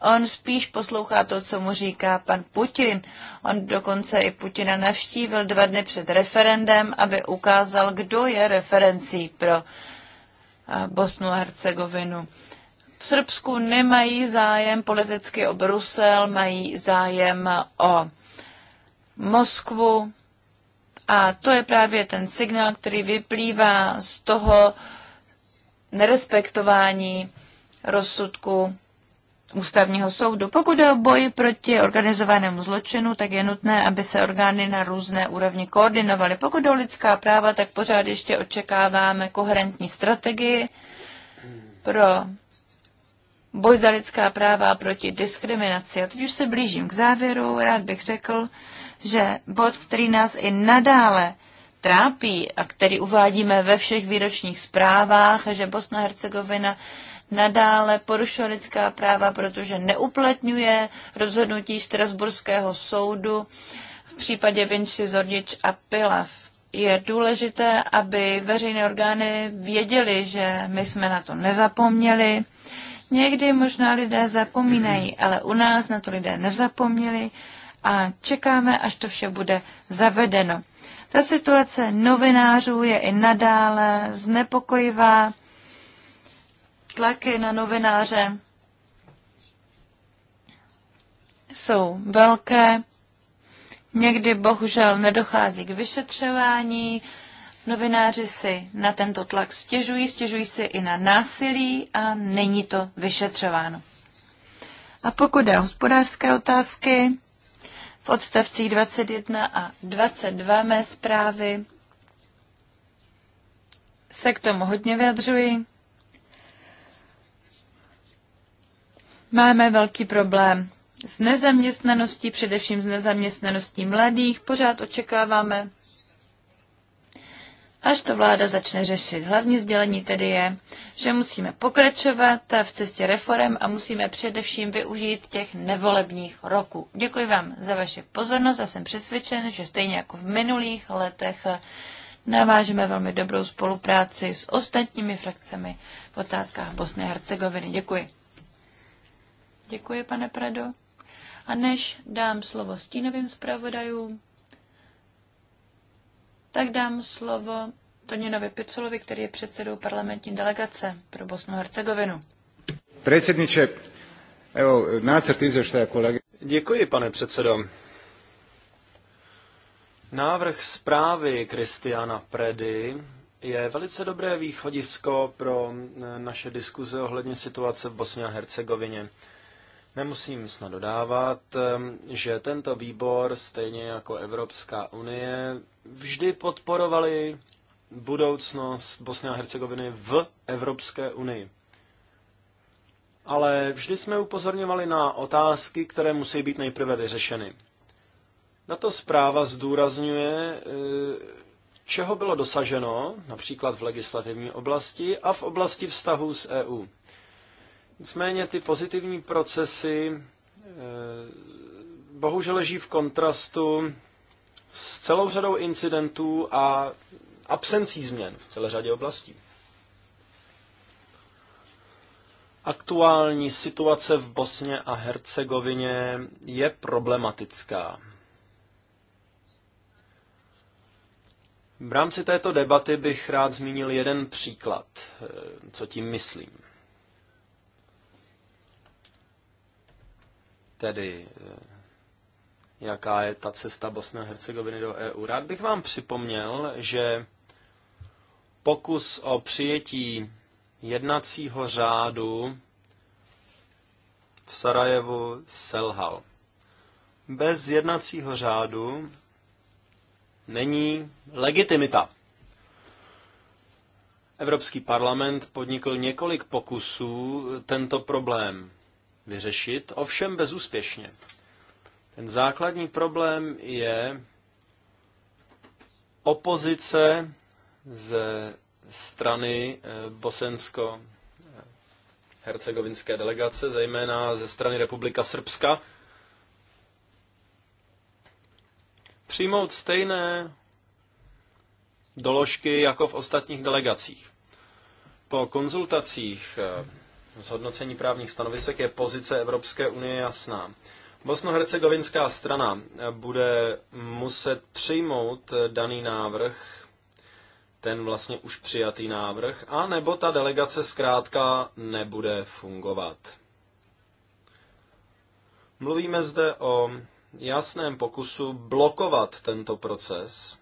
On spíš poslouchá to, co mu říká pan Putin. On dokonce i Putina navštívil dva dny před referendem, aby ukázal, kdo je referencí pro Bosnu a Hercegovinu. V Srbsku nemají zájem politicky o Brusel, mají zájem o Moskvu. A to je právě ten signál, který vyplývá z toho nerespektování rozsudku ústavního soudu. Pokud je o boji proti organizovanému zločinu, tak je nutné, aby se orgány na různé úrovni koordinovaly. Pokud je o lidská práva, tak pořád ještě očekáváme koherentní strategii pro boj za lidská práva a proti diskriminaci. A teď už se blížím k závěru. Rád bych řekl, že bod, který nás i nadále trápí a který uvádíme ve všech výročních zprávách, že Bosna-Hercegovina nadále porušuje lidská práva, protože neuplatňuje rozhodnutí Štrasburského soudu v případě Vinci Zordič a Pilav. Je důležité, aby veřejné orgány věděly, že my jsme na to nezapomněli. Někdy možná lidé zapomínají, ale u nás na to lidé nezapomněli a čekáme, až to vše bude zavedeno. Ta situace novinářů je i nadále znepokojivá tlaky na novináře jsou velké. Někdy bohužel nedochází k vyšetřování. Novináři si na tento tlak stěžují, stěžují si i na násilí a není to vyšetřováno. A pokud je hospodářské otázky, v odstavcích 21 a 22 mé zprávy se k tomu hodně vyjadřuji. Máme velký problém s nezaměstnaností, především s nezaměstnaností mladých. Pořád očekáváme, až to vláda začne řešit. Hlavní sdělení tedy je, že musíme pokračovat v cestě reform a musíme především využít těch nevolebních roků. Děkuji vám za vaši pozornost a jsem přesvědčen, že stejně jako v minulých letech navážeme velmi dobrou spolupráci s ostatními frakcemi v otázkách Bosny a Hercegoviny. Děkuji. Děkuji, pane Prado. A než dám slovo stínovým zpravodajům, tak dám slovo Toninovi Piculovi, který je předsedou parlamentní delegace pro Bosnu a Hercegovinu. Předsedniče, evo, nácrt izveštaja kolegy. Děkuji, pane předsedo. Návrh zprávy Kristiana Predy je velice dobré východisko pro naše diskuze ohledně situace v Bosně a Hercegovině. Nemusím snad dodávat, ehm, že tento výbor, stejně jako Evropská unie, vždy podporovali budoucnost Bosny a Hercegoviny v Evropské unii. Ale vždy jsme upozorňovali na otázky, které musí být nejprve vyřešeny. Tato zpráva zdůrazňuje, eh, čeho bylo dosaženo, například v legislativní oblasti a v oblasti vztahů s EU. Nicméně ty pozitivní procesy eh, bohužel leží v kontrastu s celou řadou incidentů a absencí změn v celé řadě oblastí. Aktuální situace v Bosně a Hercegovině je problematická. V rámci této debaty bych rád zmínil jeden příklad, eh, co tím myslím. Tedy, eh, jaká je ta cesta Bosny a Hercegoviny do EU? Rád bych vám připomněl, že pokus o přijetí jednacího řádu v Sarajevu selhal. Bez jednacího řádu není legitimita. Evropský parlament podnikl několik pokusů tento problém vyřešit, ovšem bezúspěšně. Ten základní problém je opozice ze strany eh, bosensko hercegovinské delegace, zejména ze strany Republika Srbska, přijmout stejné doložky jako v ostatních delegacích. Po konzultacích eh, zhodnocení právních stanovisek je pozice Evropské unie jasná. Bosnohercegovinská strana bude muset přijmout daný návrh, ten vlastně už přijatý návrh, a nebo ta delegace zkrátka nebude fungovat. Mluvíme zde o jasném pokusu blokovat tento proces,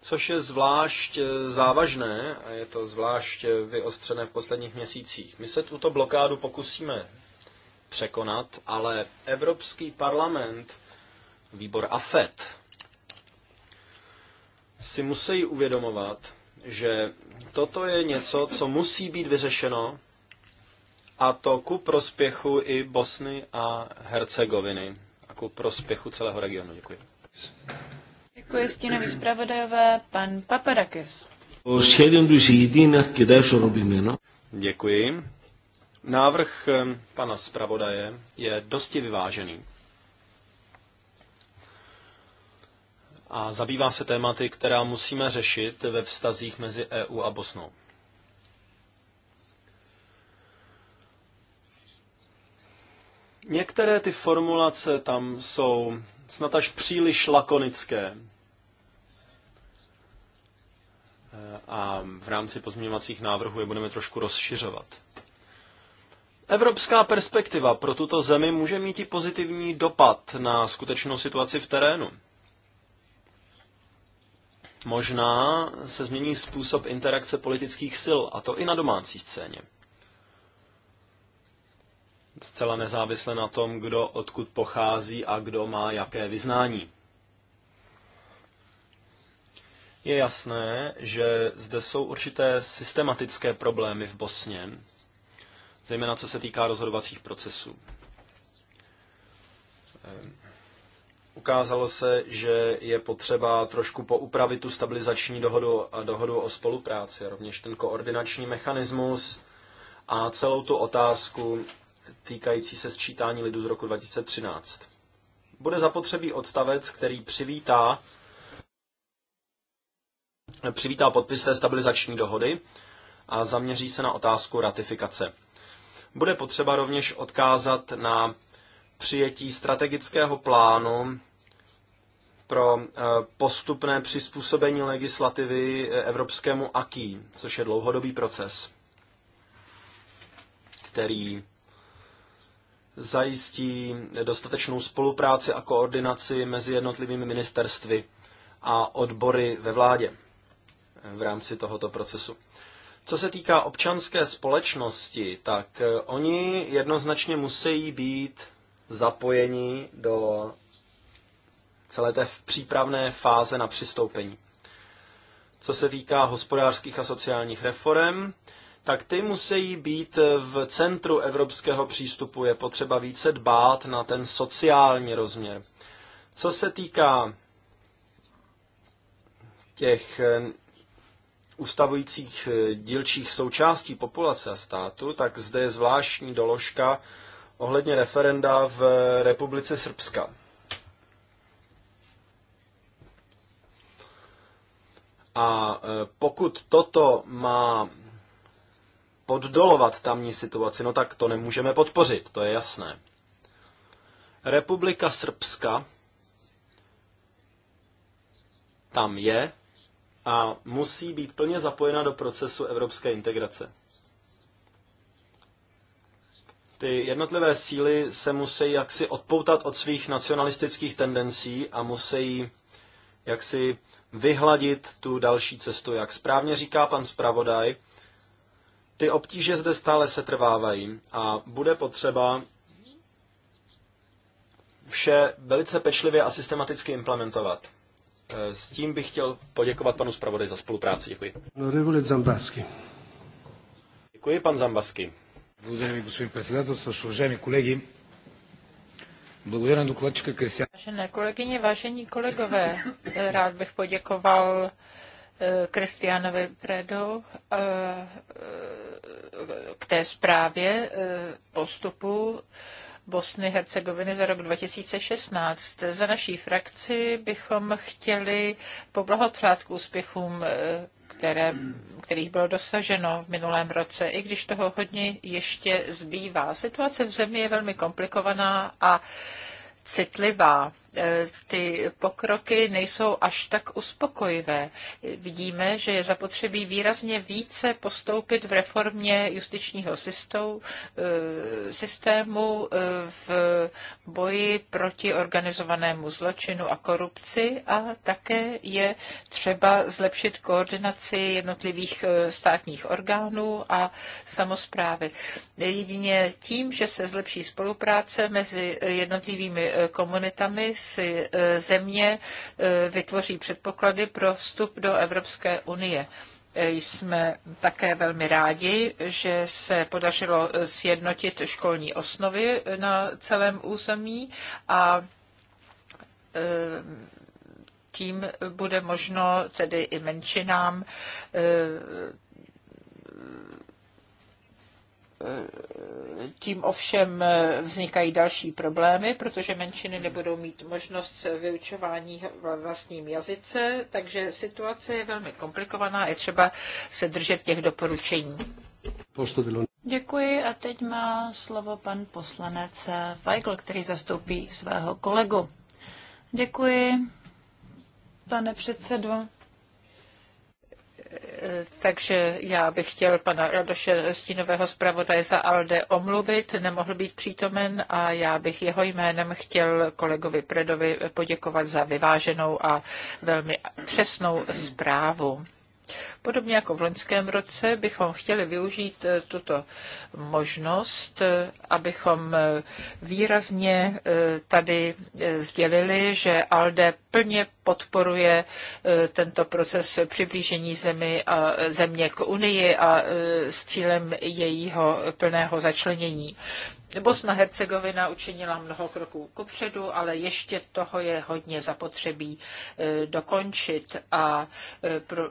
což je zvlášť eh, závažné a je to zvlášť eh, vyostřené v posledních měsících. My se tuto blokádu pokusíme překonat, ale Evropský parlament, výbor AFET, si musí uvědomovat, že toto je něco, co musí být vyřešeno a to ku prospěchu i Bosny a Hercegoviny a ku prospěchu celého regionu. Děkuji. Děkuji stínový zpravodajové, pan Papadakis. O σχέδιον του Děkuji. Návrh pana zpravodaje je dosti vyvážený. A zabývá se tématy, která musíme řešit ve vztazích mezi EU a Bosnou. Některé ty formulace tam jsou snad až příliš lakonické a v rámci pozměňovacích návrhů je budeme trošku rozšiřovat. Evropská perspektiva pro tuto zemi může mít i pozitivní dopad na skutečnou situaci v terénu. Možná se změní způsob interakce politických sil, a to i na domácí scéně. Zcela nezávisle na tom, kdo odkud pochází a kdo má jaké vyznání. Je jasné, že zde jsou určité systematické problémy v Bosně, zejména co se týká rozhodovacích procesů. Ehm, ukázalo se, že je potřeba trošku poupravit tu stabilizační dohodu a dohodu o spolupráci, rovněž ten koordinační mechanismus a celou tu otázku týkající se sčítání lidu z roku 2013. Bude zapotřebí odstavec, který přivítá přivítá podpis té stabilizační dohody a zaměří se na otázku ratifikace. Bude potřeba rovněž odkázat na přijetí strategického plánu pro eh, postupné přizpůsobení legislativy eh, evropskému AKI, což je dlouhodobý proces, který zajistí dostatečnou spolupráci a koordinaci mezi jednotlivými ministerstvy a odbory ve vládě v rámci tohoto procesu. Co se týká občanské společnosti, tak eh, oni jednoznačně musí být zapojeni do celé té přípravné fáze na přistoupení. Co se týká hospodářských a sociálních reform, tak ty musí být v centru evropského přístupu. Je potřeba více dbát na ten sociální rozměr. Co se týká těch eh, ustavujících eh, dílčích součástí populace a státu, tak zde je zvláštní doložka ohledně referenda v Republice Srbska. A eh, pokud toto má poddolovat tamní situaci, no tak to nemůžeme podpořit, to je jasné. Republika Srbska tam je a musí být plně zapojena do procesu evropské integrace. Ty jednotlivé síly se musí jaksi odpoutat od svých nacionalistických tendencí a musí jaksi vyhladit tu další cestu. Jak správně říká pan zpravodaj, ty obtíže zde stále se trvávají a bude potřeba vše velice pečlivě a systematicky implementovat. Eh, s tím bych chtěl poděkovat panu zpravodaj za spolupráci. Děkuji. Děkuji, pan Zambasky. Благодаря господин председателстващ. Уважаеми колеги, благодаря на докладчика Крисян. Vážené kolegyně, vážení kolegové, eh, rád bych poděkoval eh, Kristianovi Predu k té zprávě postupu Bosny Hercegoviny za rok 2016. Za naší frakci bychom chtěli poblahopřát k úspěchům eh, které, kterých bylo dosaženo v minulém roce, i když toho hodně ještě zbývá. Situace v zemi je velmi komplikovaná a citlivá. Eh, ty pokroky nejsou až tak uspokojivé. Vidíme, že je zapotřebí výrazně více postoupit v reformě justičního eh, systému eh, v boji proti organizovanému zločinu a korupci a také je třeba zlepšit koordinaci jednotlivých státních orgánů a samozprávy. Jedině tím, že se zlepší spolupráce mezi jednotlivými komunitami, si e, země e, vytvoří předpoklady pro vstup do Evropské unie e, jsme také velmi rádi, že se podařilo sjednotit školní osnovy na celém území a tím bude možno tedy i menšinám tím ovšem vznikají další problémy, protože menšiny nebudou mít možnost vyučování v vlastním jazyce, takže situace je velmi komplikovaná, je třeba se držet těch doporučení. Děkuji a teď má slovo pan poslanec Feigl, který zastoupí svého kolegu. Děkuji, pane předsedo takže já bych chtěl pana Radoše Stínového zpravodaje za ALDE omluvit, nemohl být přítomen a já bych jeho jménem chtěl kolegovi Predovi poděkovat za vyváženou a velmi přesnou zprávu. Podobně jako v loňském roce bychom chtěli využít eh, tuto možnost, eh, abychom eh, výrazně tady sdělili, že ALDE plně podporuje tento proces přiblížení zemi a země k Unii a s cílem jejího plného začlenění. Bosna Hercegovina učinila mnoho kroků kupředu, ale ještě toho je hodně zapotřebí eh, dokončit a eh, pro,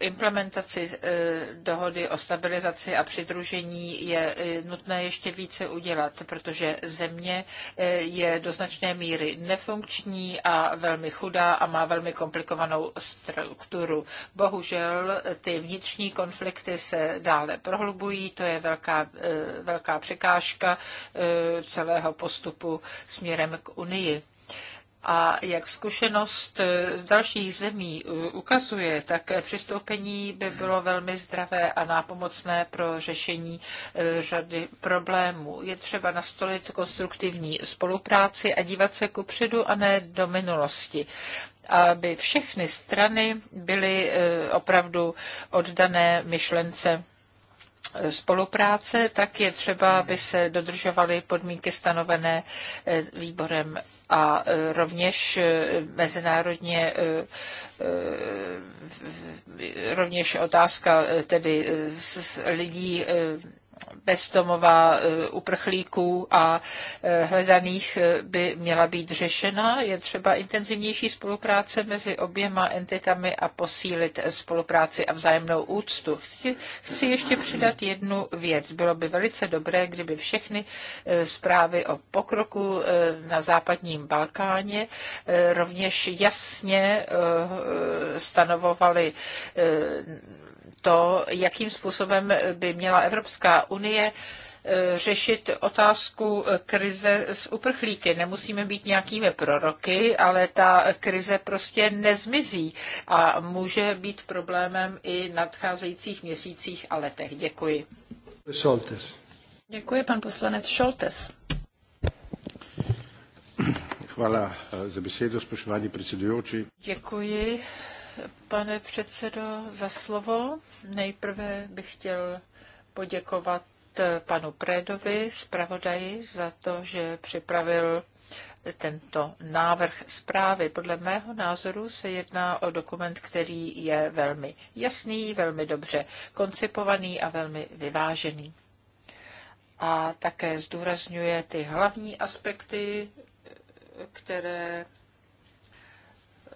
implementaci eh, dohody o stabilizaci a přidružení je eh, nutné ještě více udělat, protože země eh, je do značné míry nefunkční a velmi chudá a má velmi komplikovanou strukturu. Bohužel ty vnitřní konflikty se dále prohlubují, to je velká, velká překážka celého postupu směrem k Unii. A jak zkušenost eh, z dalších zemí eh, ukazuje, tak eh, přistoupení by bylo velmi zdravé a nápomocné pro řešení řady problémů. Je třeba nastolit konstruktivní spolupráci a dívat se ku předu a ne do minulosti aby všechny strany byly opravdu oddané myšlence spolupráce, tak je třeba, aby se dodržovaly podmínky stanovené eh, výborem a eh, rovněž eh, mezinárodně rovněž otázka tedy lidí bezdomová eh, uprchlíků a eh, hledaných eh, by měla být řešena. Je třeba intenzivnější spolupráce mezi oběma entitami a posílit spolupráci a vzájemnou úctu. Chci, chci ještě přidat jednu věc. Bylo by velice dobré, kdyby všechny zprávy o pokroku na západním Balkáně rovněž jasně stanovovaly to, jakým způsobem by měla Evropská unie eh, řešit otázku eh, krize s uprchlíky. Nemusíme být nějakými proroky, ale ta krize prostě nezmizí a může být problémem i nadcházejících měsících a letech. Děkuji. Šoltes. Děkuji, pan poslanec Šoltes. Hvala eh, za besedo, spoštovani predsedujoči. Děkuji, pane předsedo, za slovo. Nejprve bych chtěl poděkovat eh, panu Prédovi, zpravodaji, za to, že připravil tento návrh zprávy. Podle mého názoru se jedná o dokument, který je velmi jasný, velmi dobře koncipovaný a velmi vyvážený. A také zdůrazňuje ty hlavní aspekty, eh, které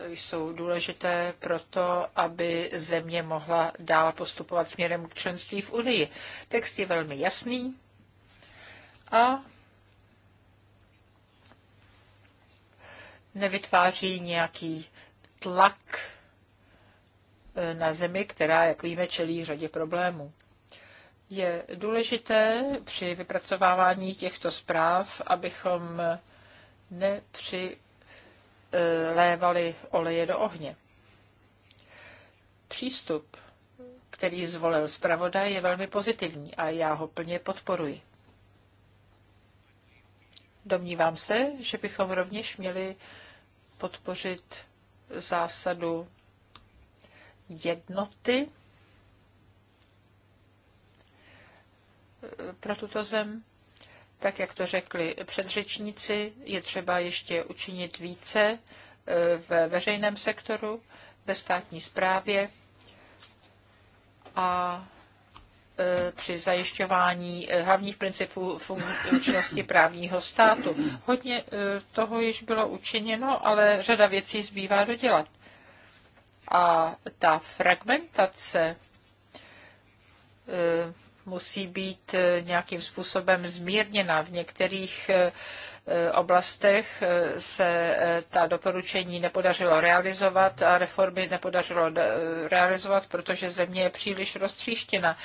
jsou důležité pro to, aby země mohla dál postupovat směrem k členství v Unii. Text je velmi jasný a nevytváří nějaký tlak e, na zemi, která, jak víme, čelí řadě problémů. Je důležité při vypracovávání těchto zpráv, abychom nepřipravili lévali oleje do ohně. Přístup, který zvolil zpravodaj, je velmi pozitivní a já ho plně podporuji. Domnívám se, že bychom rovněž měli podpořit zásadu jednoty pro tuto zem tak, jak to řekli předřečníci, je třeba ještě učinit více eh, ve veřejném sektoru, ve státní správě a eh, při zajišťování eh, hlavních principů funkčnosti právního státu. Hodně toho již bylo učiněno, ale řada věcí zbývá dodělat. A ta fragmentace musí být eh, nějakým způsobem zmírněna. V některých eh, eh, oblastech se ta doporučení nepodařilo realizovat a reformy nepodařilo realizovat, protože země je příliš roztříštěna.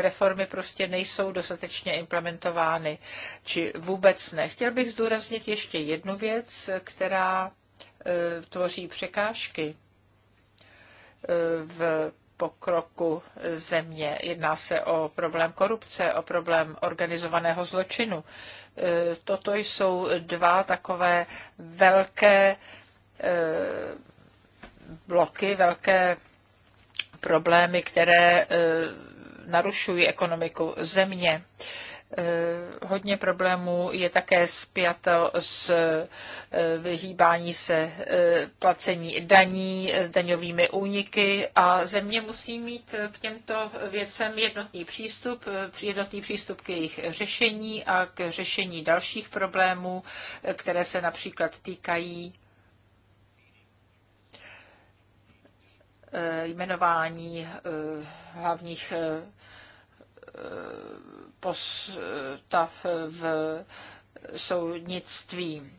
Reformy prostě nejsou dostatečně implementovány, či vůbec ne. Chtěl bych zdůraznit ještě jednu věc, která tvoří překážky v pokroku země. Jedná se o problém korupce, o problém organizovaného zločinu. E, toto jsou dva takové velké e, bloky, velké problémy, které e, narušují ekonomiku země. Eh, hodně problémů je také zpěto s eh, vyhýbání se eh, placení daní, s daňovými úniky a země musí mít k těmto věcem jednotný přístup, jednotný přístup k jejich řešení a k řešení dalších problémů, které se například týkají jmenování hlavních postav v soudnictví.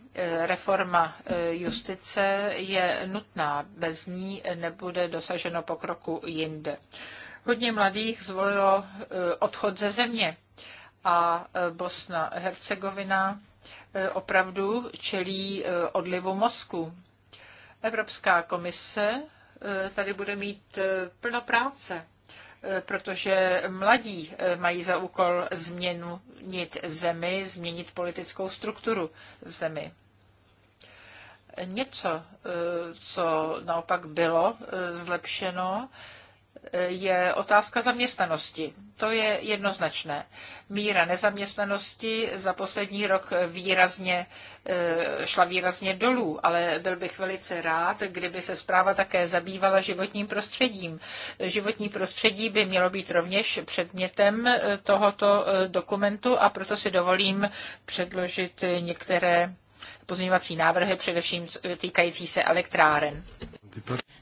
Reforma justice je nutná, bez ní nebude dosaženo pokroku jinde. Hodně mladých zvolilo eh, odchod ze země a eh, Bosna Hercegovina eh, opravdu čelí odlivu mozku. Evropská komise tady bude mít plno práce Eh, protože mladí eh, mají za úkol změnit zemi, změnit politickou strukturu v zemi. Něco, eh, co naopak bylo zlepšeno, je otázka zaměstnanosti. To je jednoznačné. Míra nezaměstnanosti za poslední rok výrazně, eh, šla výrazně dolů, ale byl bych velice rád, kdyby se zpráva také zabývala životním prostředím. Životní prostředí by mělo být rovněž předmětem eh, tohoto eh, dokumentu a proto si dovolím předložit některé pozměňovací návrhy, především týkající se elektráren.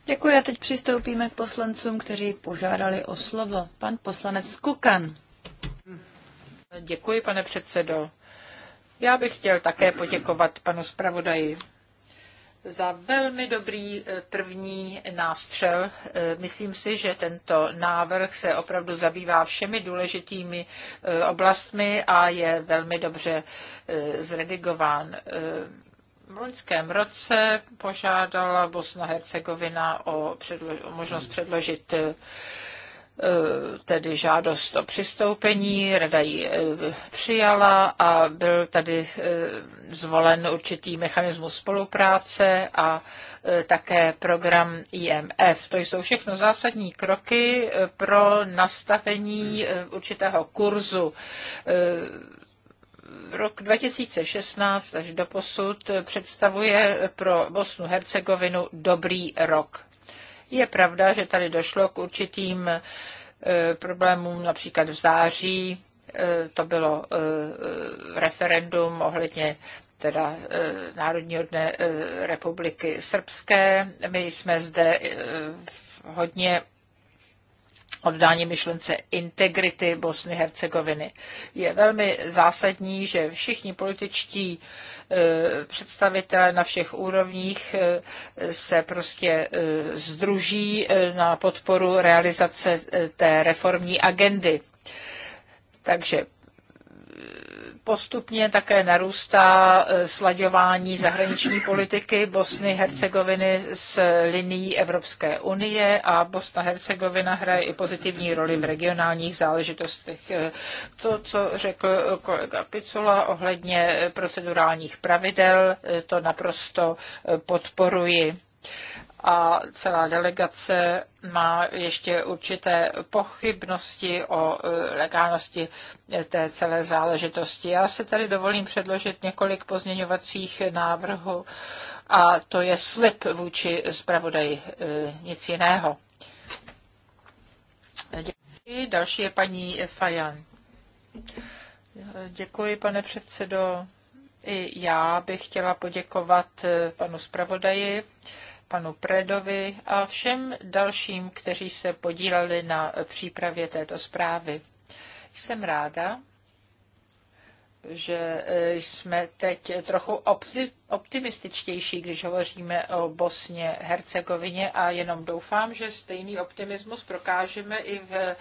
Děkuji a teď přistoupíme k poslancům, kteří požádali o slovo. Pan poslanec Kukan. Děkuji, pane předsedo. Já bych chtěl také poděkovat panu zpravodaji za velmi dobrý eh, první nástřel. Eh, myslím si, že tento návrh se opravdu zabývá všemi důležitými eh, oblastmi a je velmi dobře zredigován. V loňském roce požádala Bosna-Hercegovina o, předlo- o možnost předložit eh, tedy žádost o přistoupení, rada ji eh, přijala a byl tady eh, zvolen určitý mechanismus spolupráce a také program IMF. To jsou všechno zásadní kroky pro nastavení určitého kurzu rok 2016 až do posud představuje pro Bosnu Hercegovinu dobrý rok. Je pravda, že tady došlo k určitým e, problémům, například v září e, to bylo e, referendum ohledně teda Národního dne republiky srbské. My jsme zde hodně oddání myšlence integrity Bosny Hercegoviny. Je velmi zásadní, že všichni političtí e, představitelé na všech úrovních e, se prostě e, združí na podporu realizace té reformní agendy. Takže postupně také narůstá eh, slaďování zahraniční politiky Bosny Hercegoviny s linií Evropské unie a Bosna Hercegovina hraje i pozitivní roli v regionálních záležitostech. Eh, to, co řekl kolega Picula ohledně eh, procedurálních pravidel, to naprosto podporuji a celá delegace má ještě určité pochybnosti o e, legálnosti e, té celé záležitosti. Já se tady dovolím předložit několik pozměňovacích návrhů a to je slib vůči zpravodaji, e, nic jiného. Děkuji. Další je paní Fajan. Děkuji, pane předsedo. I já bych chtěla poděkovat panu zpravodaji panu Predovi a všem dalším, kteří se podíleli na přípravě této zprávy. Jsem ráda, že e, jsme teď trochu optimističtější, když hovoříme o Bosně, Hercegovině a jenom doufám, že stejný optimismus prokážeme i v e,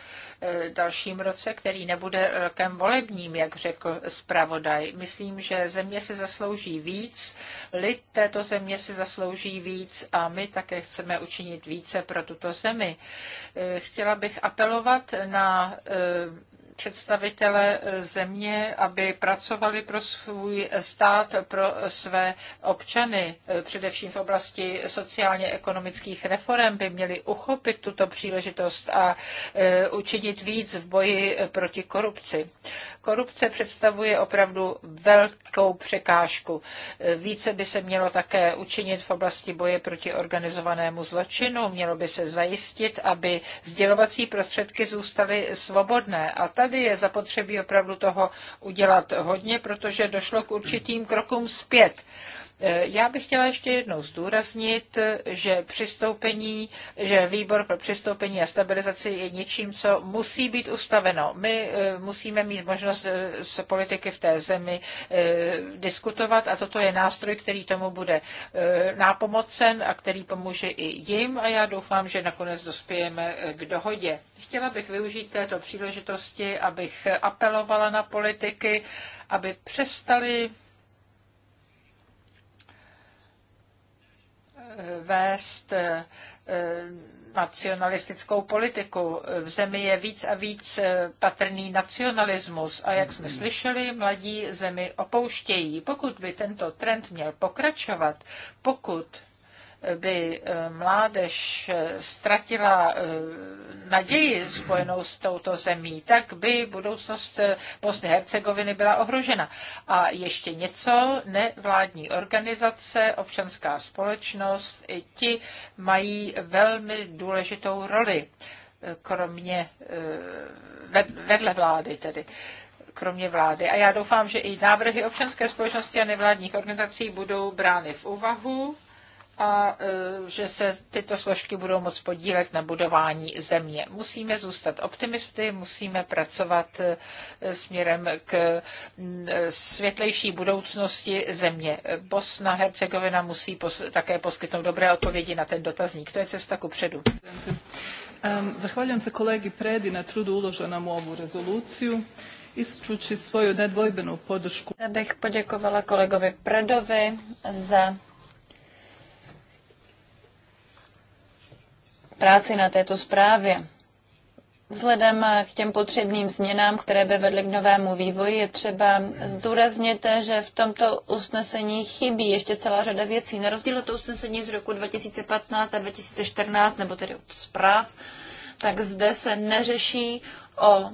dalším roce, který nebude rokem volebním, jak řekl zpravodaj. Myslím, že země se zaslouží víc, lid této země se zaslouží víc a my také chceme učinit více pro tuto zemi. E, chtěla bych apelovat na představitele eh, země, aby pracovali pro svůj stát, pro své občany, eh, především v oblasti sociálně-ekonomických reform, by měli uchopit tuto příležitost a eh, učinit víc v boji proti korupci. Korupce představuje opravdu velkou překážku. Více by se mělo také učinit v oblasti boje proti organizovanému zločinu, mělo by se zajistit, aby sdělovací prostředky zůstaly svobodné a tak tady je zapotřebí opravdu toho udělat hodně, protože došlo k určitým krokům zpět. Já bych chtěla ještě jednou zdůraznit, že přistoupení, že výbor pro přistoupení a stabilizaci je něčím, co musí být ustaveno. My eh, musíme mít možnost eh, s politiky v té zemi eh, diskutovat a toto je nástroj, který tomu bude nápomocen a který pomůže i jim a já doufám, že nakonec dospějeme k dohodě. Chtěla bych využít této příležitosti, abych apelovala na politiky, aby přestali vést eh, eh, nacionalistickou politiku. V zemi je víc a víc eh, patrný nacionalismus a jak jsme slyšeli, mladí zemi opouštějí. Pokud by tento trend měl pokračovat, pokud by eh, mládež eh, ztratila eh, naději spojenou s touto zemí, tak by budoucnost Bosny Hercegoviny byla ohrožena. A ještě něco, nevládní organizace, občanská společnost, i ti mají velmi důležitou roli, kromě vedle vlády tedy kromě vlády. A já doufám, že i návrhy občanské společnosti a nevládních organizací budou brány v úvahu a e, že se tyto složky budou moc podílet na budování země. Musíme zůstat optimisty, musíme pracovat e, směrem k e, světlejší budoucnosti země. Bosna Hercegovina musí pos- také poskytnout dobré odpovědi na ten dotazník. To je cesta ku předu. Zahvaljujem se kolegi Predi na trudu uloženom u ovu rezoluciju ističući svoju nedvojbenu podršku. Já bych poděkovala kolegovi Predovi za práci na této zprávě. Vzhledem k těm potřebným změnám, které by vedly k novému vývoji, je třeba zdůraznit, že v tomto usnesení chybí ještě celá řada věcí. Na rozdíl od usnesení z roku 2015 a 2014, nebo tedy od zpráv, tak zde se neřeší o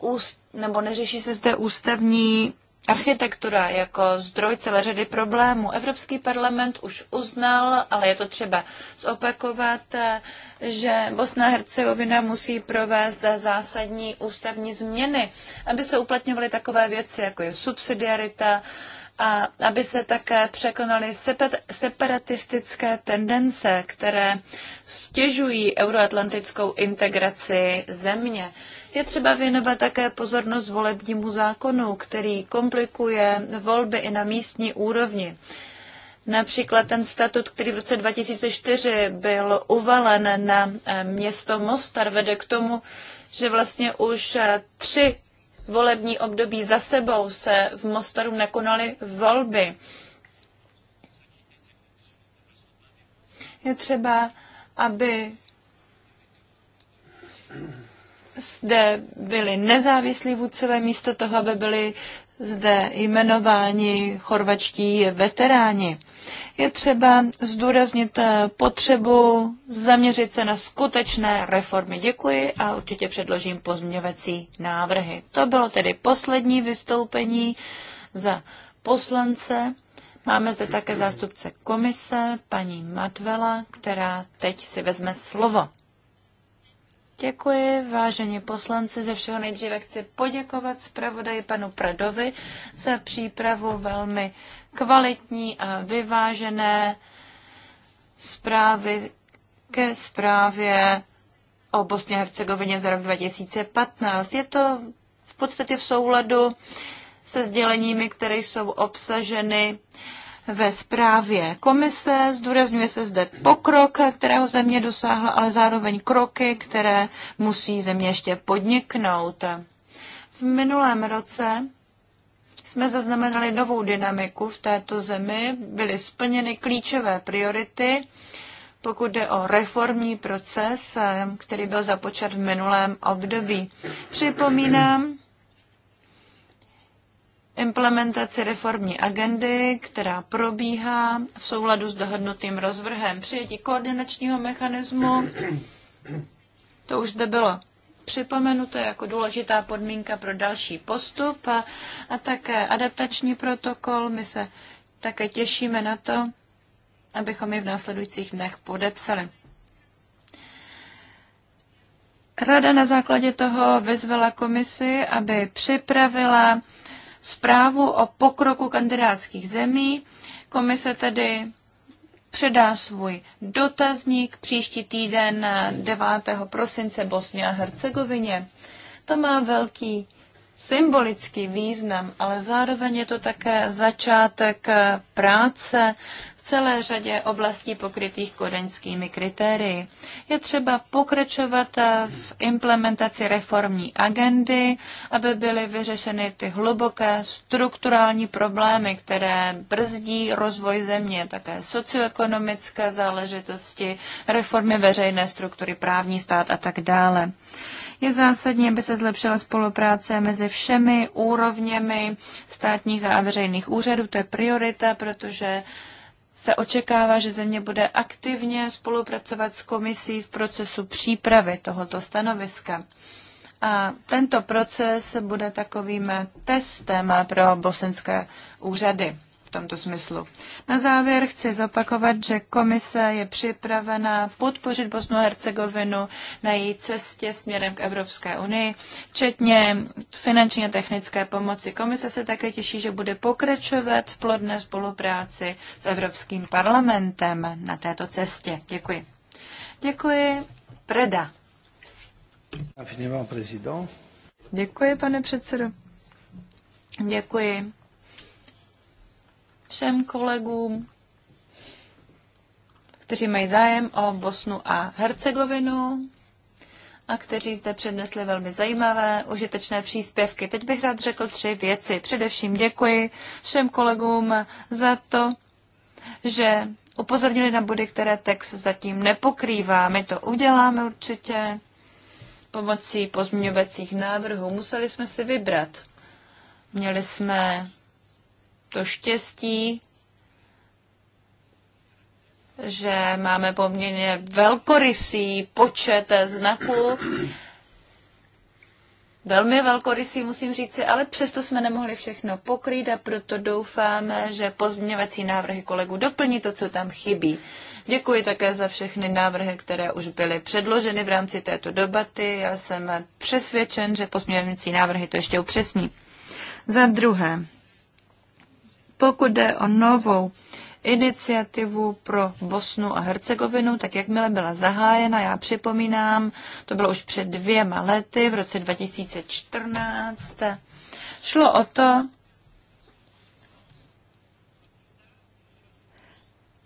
úst, nebo neřeší se zde ústavní architektura jako zdroj celé řady problémů. Evropský parlament už uznal, ale je to třeba zopakovat, že Bosna a Hercegovina musí provést zásadní ústavní změny, aby se uplatňovaly takové věci, jako je subsidiarita, a aby se také překonaly separatistické tendence, které stěžují euroatlantickou integraci země. Je třeba věnovat také pozornost volebnímu zákonu, který komplikuje volby i na místní úrovni. Například ten statut, který v roce 2004 byl uvalen na eh, město Mostar, vede k tomu, že vlastně už eh, tři volební období za sebou se v Mostaru nekonaly volby. Je třeba, aby zde byli nezávislí vůdcové místo toho, aby byli zde jmenováni chorvačtí veteráni. Je třeba zdůraznit eh, potřebu zaměřit se na skutečné reformy. Děkuji a určitě předložím pozměňovací návrhy. To bylo tedy poslední vystoupení za poslance. Máme zde také zástupce komise, paní Matvela, která teď si vezme slovo. Děkuji, vážení poslanci. Ze všeho nejdříve chci poděkovat zpravodaji panu Pradovi za přípravu velmi kvalitní a vyvážené zprávy ke zprávě o Bosně a Hercegovině za rok 2015. Je to v podstatě v souladu se sděleními, které jsou obsaženy uh, ve zprávě komise. Zdůrazňuje se zde pokrok, kterého země dosáhla, ale zároveň kroky, které musí země ještě podniknout. V minulém roce jsme zaznamenali novou dynamiku v této zemi, byly splněny klíčové priority, pokud jde o reformní proces, eh, který byl započat v minulém období. Připomínám, implementaci reformní agendy, která probíhá v souladu s dohodnutým rozvrhem přijetí koordinačního mechanismu. To už zde bylo připomenuto jako důležitá podmínka pro další postup a, a také adaptační protokol. My se také těšíme na to, abychom ji v následujících dnech podepsali. Rada na základě toho vyzvala komisi, aby připravila zprávu o pokroku kandidátských zemí. Komise tedy předá svůj dotazník příští týden 9. Eh, prosince Bosně a Hercegovině. To má velký symbolický význam, ale zároveň je to také začátek eh, práce v celé řadě oblastí pokrytých kodeňskými kritérii. Je třeba pokračovat eh, v implementaci reformní agendy, aby byly vyřešeny ty hluboké strukturální problémy, které brzdí rozvoj země, také socioekonomické záležitosti, reformy veřejné struktury, právní stát a tak dále. Je zásadní, aby se zlepšila spolupráce mezi všemi úrovněmi státních a veřejných úřadů. To je priorita, protože se očekává, že země bude aktivně spolupracovat s komisí v procesu přípravy tohoto stanoviska. A tento proces bude takovým testem pro bosenské úřady tomto smyslu. Na závěr chci zopakovat, že komise je připravena podpořit Bosnu a Hercegovinu na její cestě směrem k Evropské unii, včetně a technické pomoci. Komise se také těší, že bude pokračovat v plodné spolupráci s Evropským parlamentem na této cestě. Děkuji. Děkuji. Preda. Děkuji, pane předsedo. Děkuji všem kolegům, kteří mají zájem o Bosnu a Hercegovinu a kteří zde přednesli velmi zajímavé, užitečné příspěvky. Teď bych rád řekl tři věci. Především děkuji všem kolegům za to, že upozornili na body, které text zatím nepokrývá. My to uděláme určitě pomocí pozměňovacích návrhů. Museli jsme si vybrat. Měli jsme to štěstí, že máme poměrně velkorysý počet znaků. Velmi velkorysý, musím říci, ale přesto jsme nemohli všechno pokrýt a proto doufáme, že pozměňovací návrhy kolegů doplní to, co tam chybí. Děkuji také za všechny návrhy, které už byly předloženy v rámci této debaty. Já jsem přesvědčen, že pozměňovací návrhy to ještě upřesní. Za druhé, pokud jde o novou iniciativu pro Bosnu a Hercegovinu, tak jakmile byla zahájena, já připomínám, to bylo už před dvěma lety, v roce 2014, šlo o to,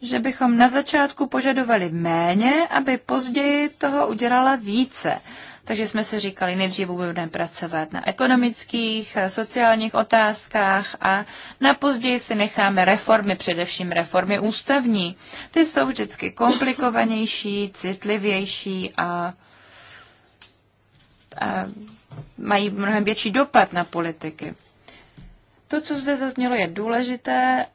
že bychom na začátku požadovali méně, aby později toho udělala více. Takže jsme se říkali, nejdříve budeme pracovat na ekonomických, sociálních otázkách a na později si necháme reformy, především reformy ústavní. Ty jsou vždycky komplikovanější, citlivější a, a mají mnohem větší dopad na politiky. To, co zde zaznělo, je důležité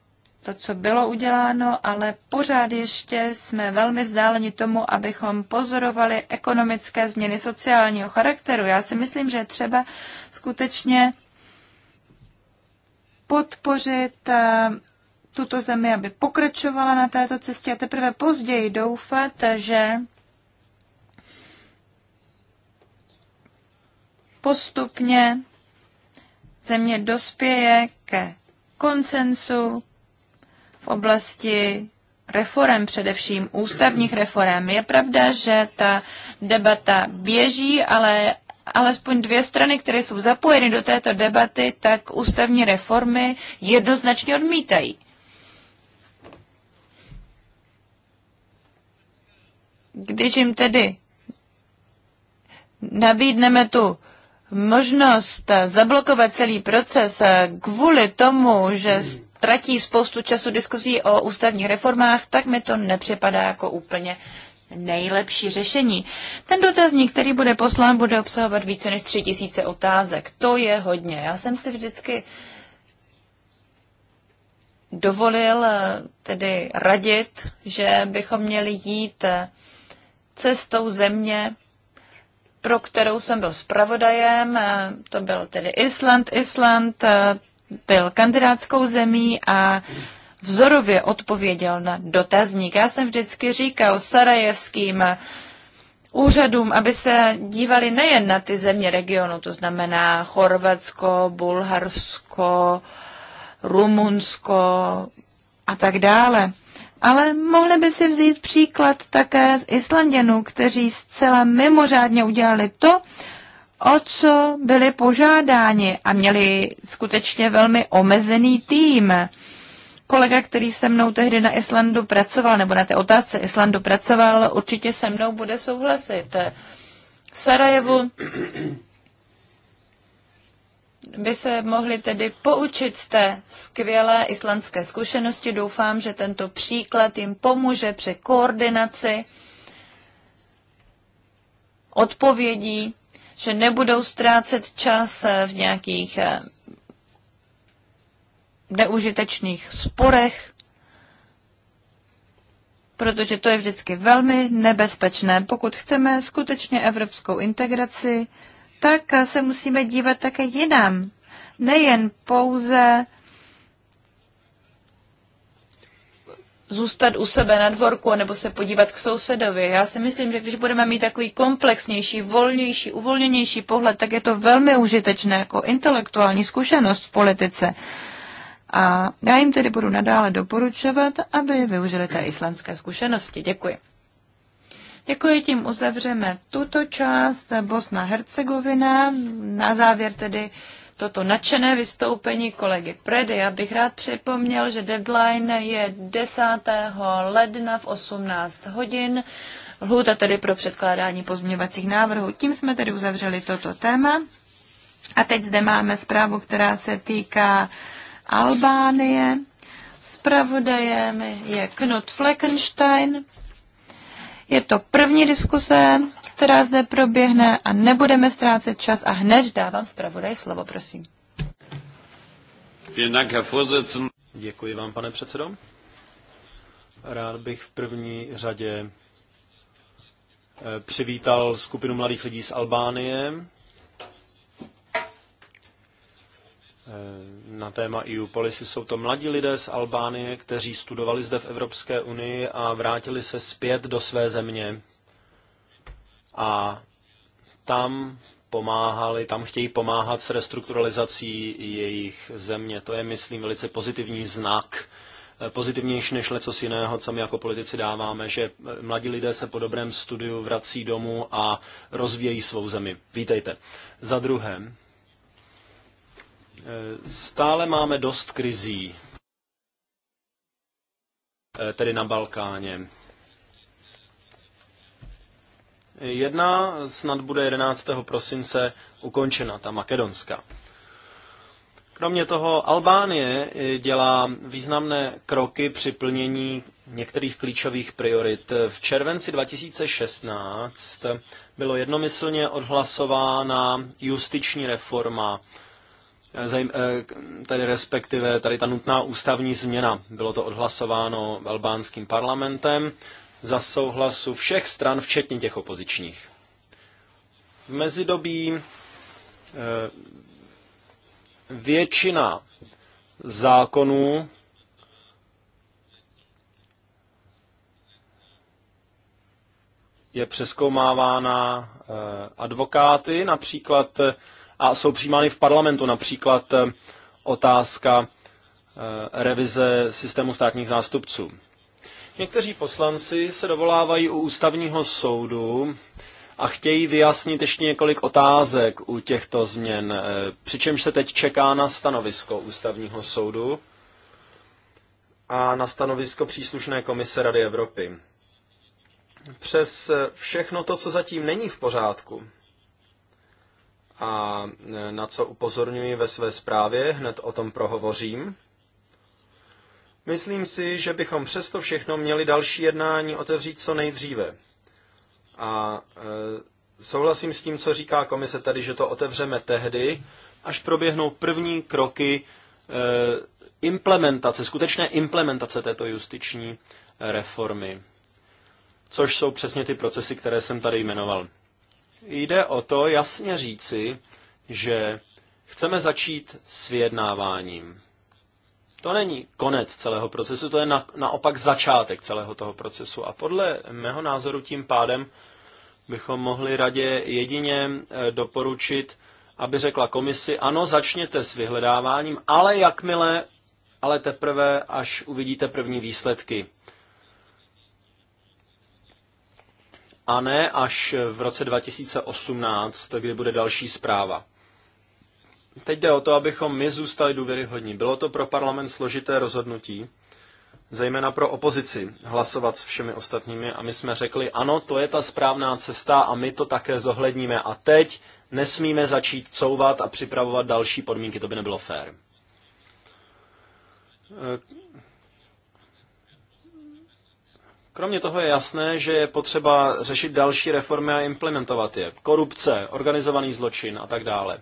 to, co bylo uděláno, ale pořád ještě jsme velmi vzdáleni tomu, abychom pozorovali ekonomické změny sociálního charakteru. Já si myslím, že třeba skutečně podpořit eh, tuto zemi, aby pokračovala na této cestě a teprve později doufat, že postupně země dospěje ke konsensu, v oblasti reform, především ústavních reform. Je pravda, že ta debata běží, ale alespoň dvě strany, které jsou zapojeny do této debaty, tak ústavní reformy jednoznačně odmítají. Když jim tedy nabídneme tu možnost zablokovat celý proces kvůli tomu, že tratí spoustu času diskuzí o ústavních reformách, tak mi to nepřipadá jako úplně nejlepší řešení. Ten dotazník, který bude poslán, bude obsahovat více než tři tisíce otázek. To je hodně. Já jsem si vždycky dovolil eh, tedy radit, že bychom měli jít eh, cestou země, pro kterou jsem byl zpravodajem. Eh, to byl tedy Island. Island byl kandidátskou zemí a vzorově odpověděl na dotazník. Já jsem vždycky říkal sarajevským úřadům, aby se dívali nejen na ty země regionu, to znamená Chorvatsko, Bulharsko, Rumunsko a tak dále. Ale mohli by si vzít příklad také z Islanděnů, kteří zcela mimořádně udělali to, o co byli požádáni a měli skutečně velmi omezený tým. Kolega, který se mnou tehdy na Islandu pracoval, nebo na té otázce Islandu pracoval, určitě se mnou bude souhlasit. V Sarajevu by se mohli tedy poučit z té skvělé islandské zkušenosti. Doufám, že tento příklad jim pomůže při koordinaci odpovědí že nebudou ztrácet čas eh, v nějakých eh, neužitečných sporech, protože to je vždycky velmi nebezpečné. Pokud chceme skutečně evropskou integraci, tak eh, se musíme dívat také jinam. Nejen pouze zůstat u sebe na dvorku nebo se podívat k sousedovi. Já si myslím, že když budeme mít takový komplexnější, volnější, uvolněnější pohled, tak je to velmi užitečné jako intelektuální zkušenost v politice. A já jim tedy budu nadále doporučovat, aby využili té islandské zkušenosti. Děkuji. Děkuji, tím uzavřeme tuto část Bosna-Hercegovina. Na závěr tedy toto nadšené vystoupení kolegy Predy. Já bych rád připomněl, že deadline je 10. ledna v 18 hodin. Lhůta tedy pro předkládání pozměňovacích návrhů. Tím jsme tedy uzavřeli toto téma. A teď zde máme zprávu, která se týká Albánie. Zpravodajem je Knut Fleckenstein. Je to první diskuse která zde proběhne a nebudeme ztrácet čas a hned dávám zpravodaj slovo, prosím. Děkuji vám, pane předsedo. Rád bych v první řadě eh, přivítal skupinu mladých lidí z Albánie eh, na téma EU Policy. Jsou to mladí lidé z Albánie, kteří studovali zde v Evropské unii a vrátili se zpět do své země a tam pomáhali, tam chtějí pomáhat s restrukturalizací jejich země. To je, myslím, velice pozitivní znak, eh, pozitivnější než lecos jiného, co my jako politici dáváme, že eh, mladí lidé se po dobrém studiu vrací domů a rozvíjejí svou zemi. Vítejte. Za druhé, eh, stále máme dost krizí, tedy na Balkáně jedna snad bude 11. prosince ukončena, ta makedonská. Kromě toho Albánie eh, dělá významné kroky při plnění některých klíčových priorit. V červenci 2016 bylo jednomyslně odhlasována justiční reforma, eh, eh, tedy respektive tady ta nutná ústavní změna. Bylo to odhlasováno albánským parlamentem za souhlasu všech stran, včetně těch opozičních. V mezidobí eh, většina zákonů je přeskoumávána eh, advokáty například eh, a jsou přijímány v parlamentu například otázka revize systému státních zástupců. Někteří poslanci se dovolávají u ústavního soudu a chtějí vyjasnit ještě několik otázek u těchto změn, eh, přičemž se teď čeká na stanovisko ústavního soudu a na stanovisko příslušné komise Rady Evropy. Přes eh, všechno to, co zatím není v pořádku, a eh, na co upozorňuji ve své zprávě, hned o tom prohovořím, Myslím si, že bychom přesto všechno měli další jednání otevřít co nejdříve. A e, souhlasím s tím, co říká komise tady, že to otevřeme tehdy, až proběhnou první kroky e, implementace, skutečné implementace této justiční e, reformy, což jsou přesně ty procesy, které jsem tady jmenoval. Jde o to jasně říci, že chceme začít s vyjednáváním. To není konec celého procesu, to je na, naopak začátek celého toho procesu. A podle mého názoru tím pádem bychom mohli radě jedině eh, doporučit, aby řekla komisi, ano, začněte s vyhledáváním, ale jakmile, ale teprve, až uvidíte první výsledky. A ne až v roce 2018, kdy bude další zpráva. Teď jde o to, abychom my zůstali důvěryhodní. Bylo to pro parlament složité rozhodnutí, zejména pro opozici, hlasovat s všemi ostatními a my jsme řekli, ano, to je ta správná cesta a my to také zohledníme a teď nesmíme začít couvat a připravovat další podmínky, to by nebylo fér. Eh, kromě toho je jasné, že je potřeba řešit další reformy a implementovat je. Korupce, organizovaný zločin a tak dále.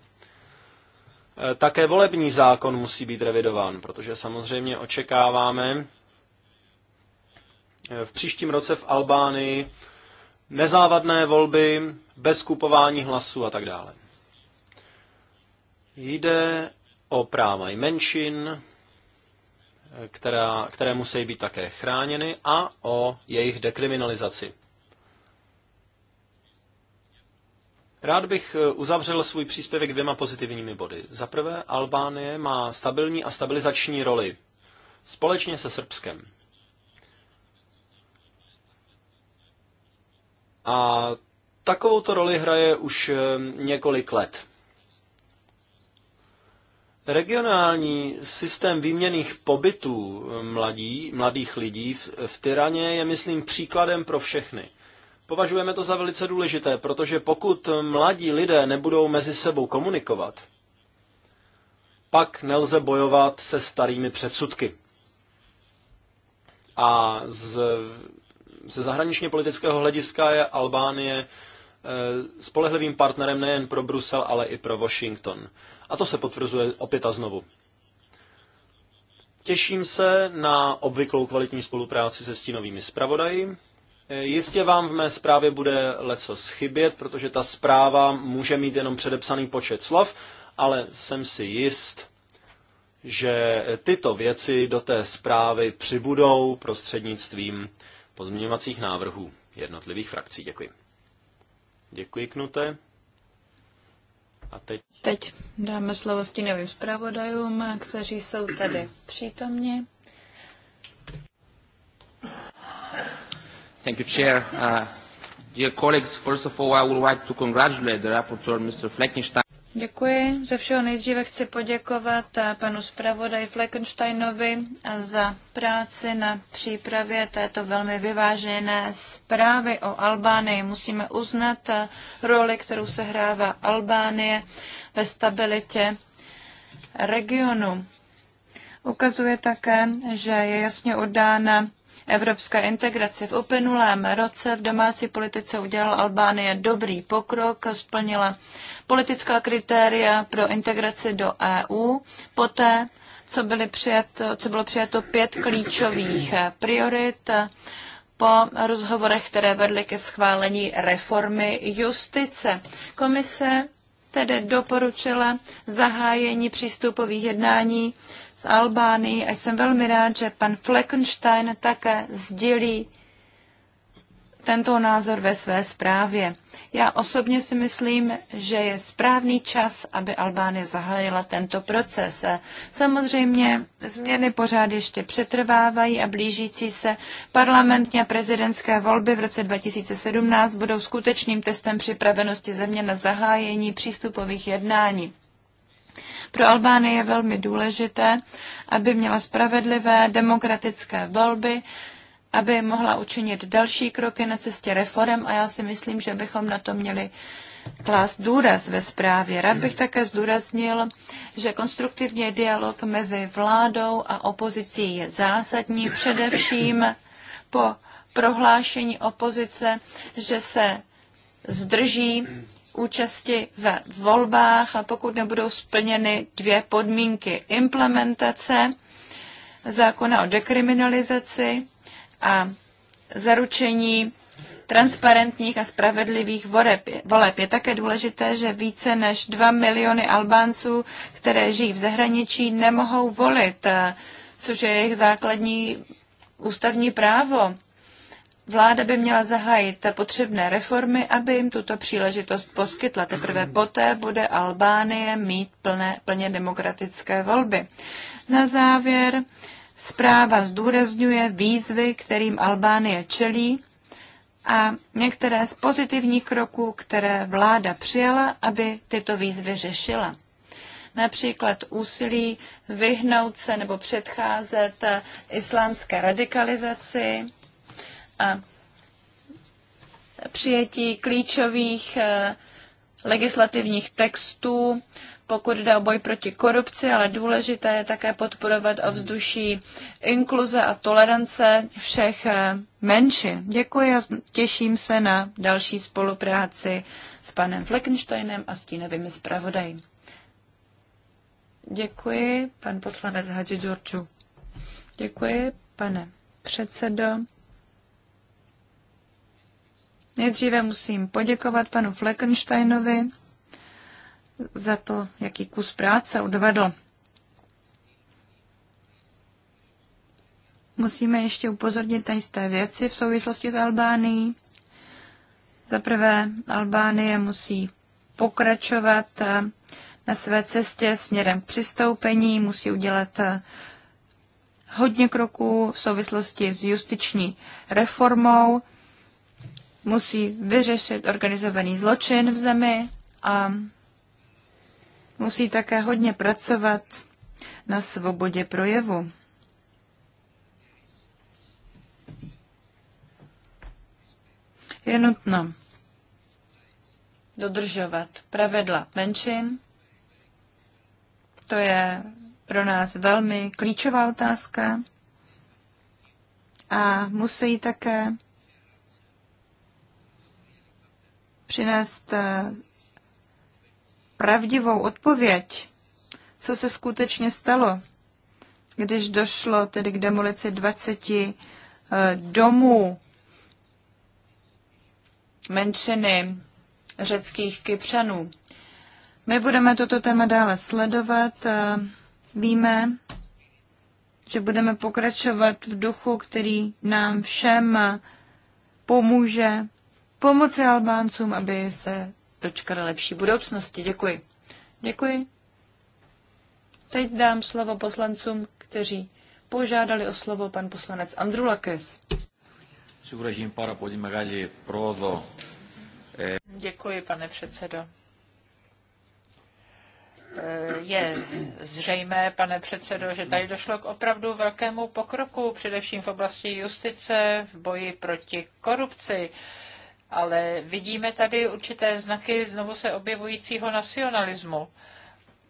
Eh, také volební zákon musí být revidován, protože samozřejmě očekáváme eh, v příštím roce v Albánii nezávadné volby, bez kupování hlasů a tak dále. Jde o práva i menšin, eh, která, které musí být také chráněny, a o jejich dekriminalizaci. Rád bych eh, uzavřel svůj příspěvek dvěma pozitivními body. Za prvé, Albánie má stabilní a stabilizační roli. Společně se Srbskem. A takovou to roli hraje už eh, několik let. Regionální systém výměných pobytů eh, mladí, mladých lidí v, v Tyraně je, myslím, příkladem pro všechny. Považujeme to za velice důležité, protože pokud mladí lidé nebudou mezi sebou komunikovat, pak nelze bojovat se starými předsudky. A z, ze zahraničně politického hlediska je Albánie eh, spolehlivým partnerem nejen pro Brusel, ale i pro Washington. A to se potvrzuje opět a znovu. Těším se na obvyklou kvalitní spolupráci se stínovými zpravodaji Jistě vám v mé zprávě bude leco schybět, protože ta zpráva může mít jenom předepsaný počet slov, ale jsem si jist, že tyto věci do té zprávy přibudou prostřednictvím pozměňovacích návrhů jednotlivých frakcí. Děkuji. Děkuji, Knute. A teď? Teď dáme slovo stínovým zpravodajům, kteří jsou tady přítomni. Thank you, Chair. Uh, dear colleagues, first of all, I would like to congratulate the rapporteur, Mr. Fleckenstein. Děkuji. Ze všeho nejdříve chci poděkovat uh, panu zpravodaji Fleckensteinovi za práci na přípravě této velmi vyvážené zprávy o Albánii. Musíme uznat uh, roli, kterou se hrává Albánie ve stabilitě regionu. Ukazuje také, že je jasně oddána evropské integraci. V uplynulém roce v domácí politice udělal Albánie dobrý pokrok, splnila politická kritéria pro integraci do EU. Poté, co, byly přijato, co bylo přijato pět klíčových priorit, po rozhovorech, které vedly ke schválení reformy justice. Komise tedy doporučila zahájení přístupových jednání s Albánií a jsem velmi rád, že pan Fleckenstein také sdělí tento názor ve své zprávě. Já osobně si myslím, že je správný čas, aby Albánie zahájila tento proces. Samozřejmě změny pořád ještě přetrvávají a blížící se parlamentní a prezidentské volby v roce 2017 budou skutečným testem připravenosti země na zahájení přístupových jednání. Pro Albány je velmi důležité, aby měla spravedlivé demokratické volby aby mohla učinit další kroky na cestě reform a já si myslím, že bychom na to měli klást důraz ve zprávě. Rád bych také zdůraznil, že konstruktivní dialog mezi vládou a opozicí je zásadní, především po prohlášení opozice, že se zdrží účasti ve volbách a pokud nebudou splněny dvě podmínky implementace zákona o dekriminalizaci a zaručení transparentních a spravedlivých voleb. Je také důležité, že více než 2 miliony Albánců, které žijí v zahraničí, nemohou volit, eh, což je jejich základní ústavní právo. Vláda by měla zahájit potřebné reformy, aby jim tuto příležitost poskytla. Teprve poté bude Albánie mít plné, plně demokratické volby. Na závěr Zpráva zdůrazňuje výzvy, kterým Albánie čelí a některé z pozitivních kroků, které vláda přijala, aby tyto výzvy řešila. Například úsilí vyhnout se nebo předcházet islámské radikalizaci a přijetí klíčových eh, legislativních textů pokud jde o boj proti korupci, ale důležité je také podporovat ovzduší inkluze a tolerance všech eh, menšin. Děkuji a těším se na další spolupráci s panem Fleckensteinem a stínovými zpravodaji. Děkuji, pan poslanec Hadži Džorču. Děkuji, pane předsedo. Nejdříve musím poděkovat panu Fleckensteinovi za to, jaký kus práce odvedl. Musíme ještě upozornit na jisté věci v souvislosti s Albánií. Za prvé, Albánie musí pokračovat eh, na své cestě směrem k přistoupení, musí udělat eh, hodně kroků v souvislosti s justiční reformou, musí vyřešit organizovaný zločin v zemi a musí také hodně pracovat na svobodě projevu. Je nutno dodržovat pravidla menšin. To je pro nás velmi klíčová otázka. A musí také přinést eh, pravdivou odpověď, co se skutečně stalo, když došlo tedy k demolici 20 eh, domů menšiny řeckých kypřanů. My budeme toto téma dále sledovat. Eh, víme, že budeme pokračovat v duchu, který nám všem pomůže pomoci Albáncům, aby se dočkali lepší budoucnosti. Děkuji. Děkuji. Teď dám slovo poslancům, kteří požádali o slovo pan poslanec Andrulakis. Eh, Děkuji, pane předsedo. Eh, je zřejmé, pane předsedo, že tady došlo k opravdu velkému pokroku, především v oblasti justice, v boji proti korupci ale vidíme tady určité znaky znovu se objevujícího nacionalismu,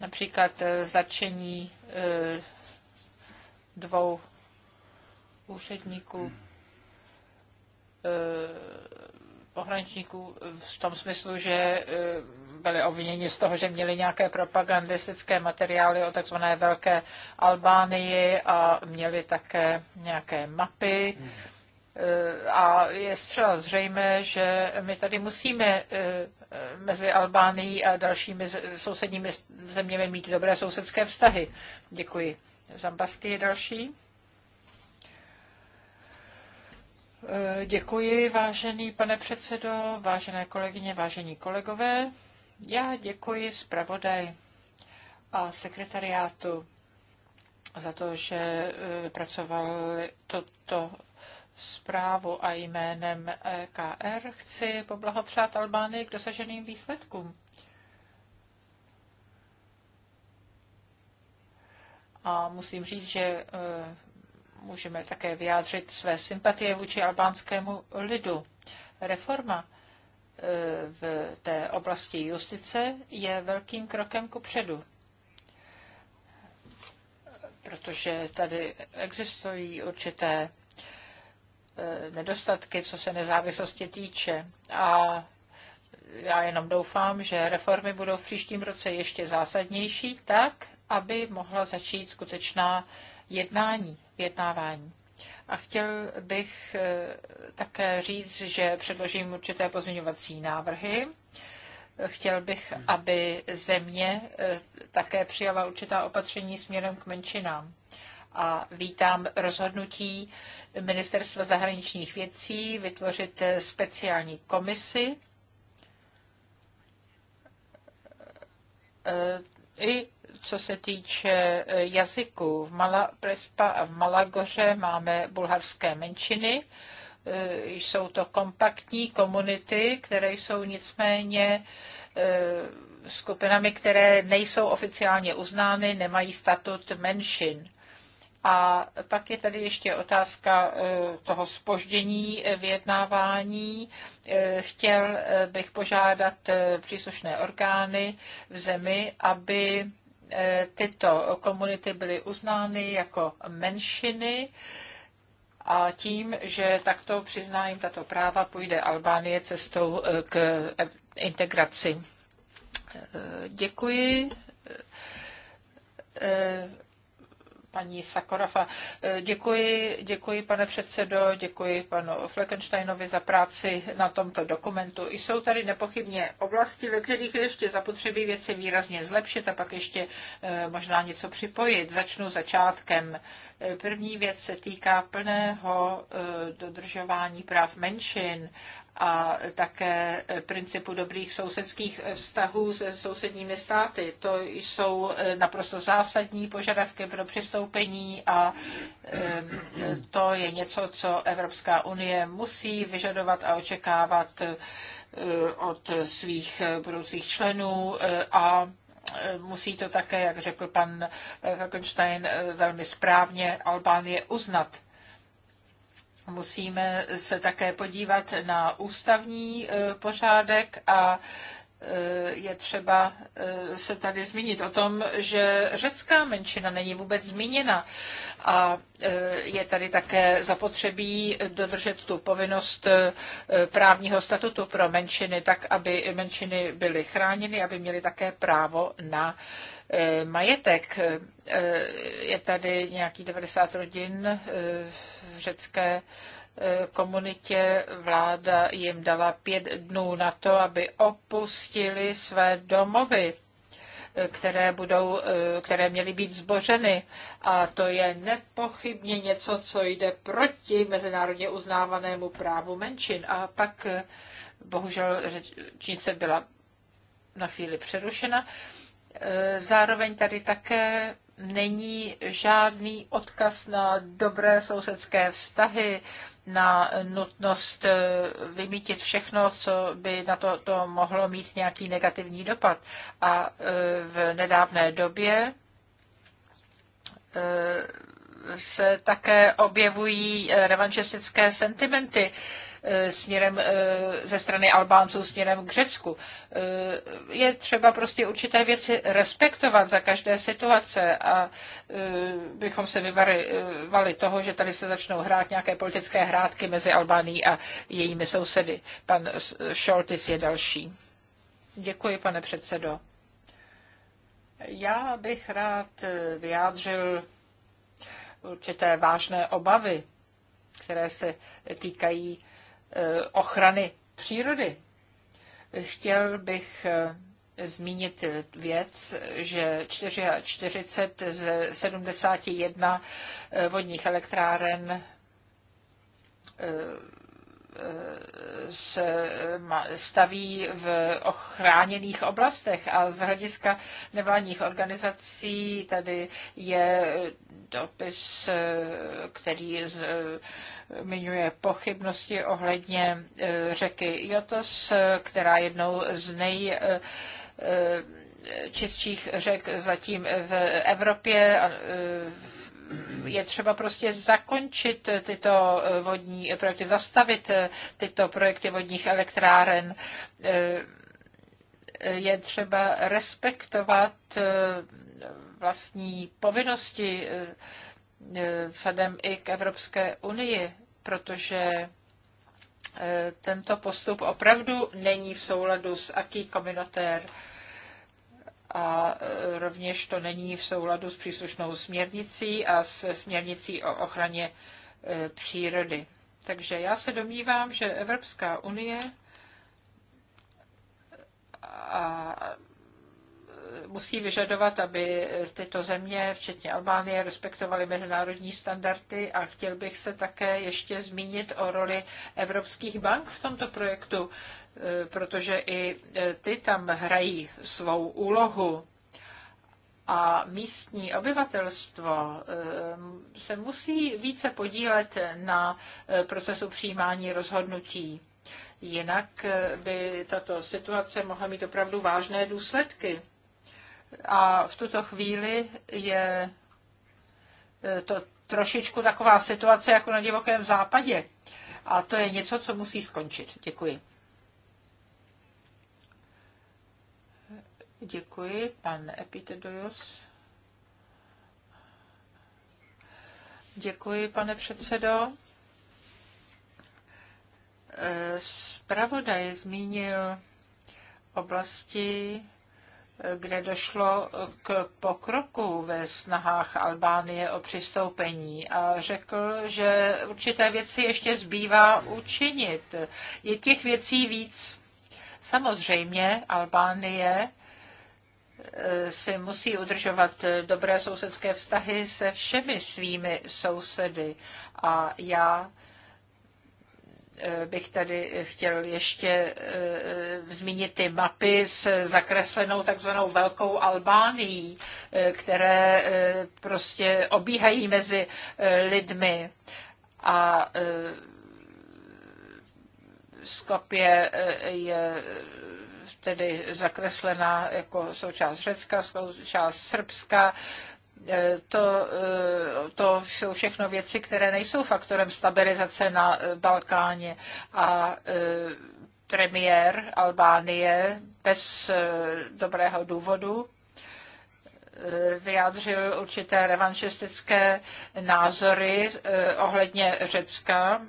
například eh, začení eh, dvou úředníků, eh, pohraničníků v tom smyslu, že byli obviněni z toho, že měli nějaké propagandistické materiály o takzvané Velké Albánii a měli také nějaké mapy Eh, a je zcela zřejmé, že my tady musíme eh, mezi Albánií a dalšími sousedními zeměmi mít dobré sousedské vztahy. Děkuji. Zambasky je další. Eh, děkuji, vážený pane předsedo, vážené kolegyně, vážení kolegové. Já děkuji zpravodaj a sekretariátu za to, že vypracoval toto zprávu a jménem e KR chci poblahopřát Albánii k dosaženým výsledkům. A musím říct, že eh, můžeme také vyjádřit své sympatie vůči albánskému lidu. Reforma eh, v té oblasti justice je velkým krokem ku předu, protože tady existují určité E, nedostatky, co se nezávislosti týče. A já jenom doufám, že reformy budou v příštím roce ještě zásadnější, tak, aby mohla začít skutečná jednání, vyjednávání. A chtěl bych e, také říct, že předložím určité pozměňovací návrhy. Chtěl bych, aby země e, také přijala určitá opatření směrem k menšinám. A vítám rozhodnutí Ministerstvo zahraničních věcí vytvořit speciální komisi eh, i co se týče eh, jazyku, v Mala, a v Malagoře máme bulharské menšiny. Eh, jsou to kompaktní komunity, které jsou nicméně skupinami, které nejsou oficiálně uznány, nemají statut menšin. A pak je tady ještě otázka eh, toho spoždění eh, vyjednávání. Eh, chtěl bych požádat příslušné orgány v zemi, aby tyto komunity byly uznány jako menšiny a tím, že takto přiznáním tato práva, půjde Albánie cestou k integraci. Děkuji paní Sakorafa. Děkuji, děkuji pane předsedo, děkuji panu Fleckensteinovi za práci na tomto dokumentu. Jsou tady nepochybně oblasti, ve kterých ještě zapotřebí věci výrazně zlepšit a pak ještě eh, možná něco připojit. Začnu začátkem. První věc se týká plného eh, dodržování práv menšin a také principu dobrých sousedských vztahů se sousedními státy. To jsou eh, naprosto zásadní požadavky pro přistoupení a eh, to je něco, co Evropská unie musí vyžadovat a očekávat eh, od svých budoucích členů a musí to také, jak řekl pan Falkenstein, velmi správně, Albánie uznat. Musíme se také podívat na ústavní e, pořádek a e, je třeba e, se tady zmínit o tom, že řecká menšina není vůbec zmíněna a je tady také zapotřebí dodržet tu povinnost právního statutu pro menšiny, tak aby menšiny byly chráněny, aby měly také právo na Eh, majetek. Eh, je tady nějaký 90 rodin eh, v řecké komunitě. Vláda jim dala pět dnů na to, aby opustili své domovy které, budou, které měly být zbořeny. A to je nepochybně něco, co jde proti mezinárodně uznávanému právu menšin. A pak bohužel řečnice byla na chvíli přerušena. Eh, zároveň tady také není žádný odkaz na dobré sousedské vztahy, na nutnost eh, vymítit všechno, co by na to, to mohlo mít nějaký negativní dopad. A eh, v nedávné době se také objevují revanšistické sentimenty E, směrem e, ze strany Albánců směrem k Řecku. E, je třeba prostě určité věci respektovat za každé situace a bychom se vyvarovali toho, že tady se začnou hrát nějaké politické hrátky mezi Albánií a jejími sousedy. Pan Šoltis je další. Děkuji, pane předsedo. Já bych rád vyjádřil určité vážné obavy, které se týkají Eh, ochrany přírody. Chtěl bych eh, zmínit věc, že 44 z 71 vodních elektráren eh, se staví v ochráněných oblastech a z hlediska nevládních organizací tady je dopis, který zmiňuje pochybnosti ohledně eh, řeky Jotos, která je jednou z nej eh, eh, čistších řek zatím v Evropě. V je třeba prostě zakončit tyto eh, vodní projekty, zastavit eh, tyto projekty vodních elektráren. Eh, je třeba respektovat vlastní povinnosti vzhledem i k Evropské unii, protože tento postup opravdu není v souladu s aký komunitér a e, rovněž to není v souladu s příslušnou směrnicí a s směrnicí o ochraně e, přírody. Takže já se domnívám, že Evropská unie a musí vyžadovat, aby tyto země, včetně Albánie, respektovaly mezinárodní standardy a chtěl bych se také ještě zmínit o roli evropských bank v tomto projektu. Eh, protože i eh, ty tam hrají svou úlohu. A místní obyvatelstvo eh, se musí více podílet na procesu přijímání rozhodnutí. Jinak by tato situace mohla mít opravdu vážné důsledky. A v tuto chvíli je to trošičku taková situace jako na divokém západě. A to je něco, co musí skončit. Děkuji. Děkuji, pan Epitedojos. Děkuji, pane předsedo. Spravodaj zmínil oblasti, kde došlo k pokroku ve snahách Albánie o přistoupení a řekl, že určité věci ještě zbývá učinit. Je těch věcí víc. Samozřejmě Albánie Eh, si musí udržovat dobré sousedské vztahy se všemi svými sousedy. A já eh, bych tady chtěl ještě eh, zmínit ty mapy s zakreslenou takzvanou Velkou Albánií, které prostě obíhají mezi lidmi. A Skopje je tedy zakreslená jako součást Řecka, součást Srbska, e, to, e, to jsou všechno věci, které nejsou faktorem stabilizace na Balkáně. A e, premiér Albánie bez dobrého důvodu vyjádřil určité revanšistické názory ohledně Řecka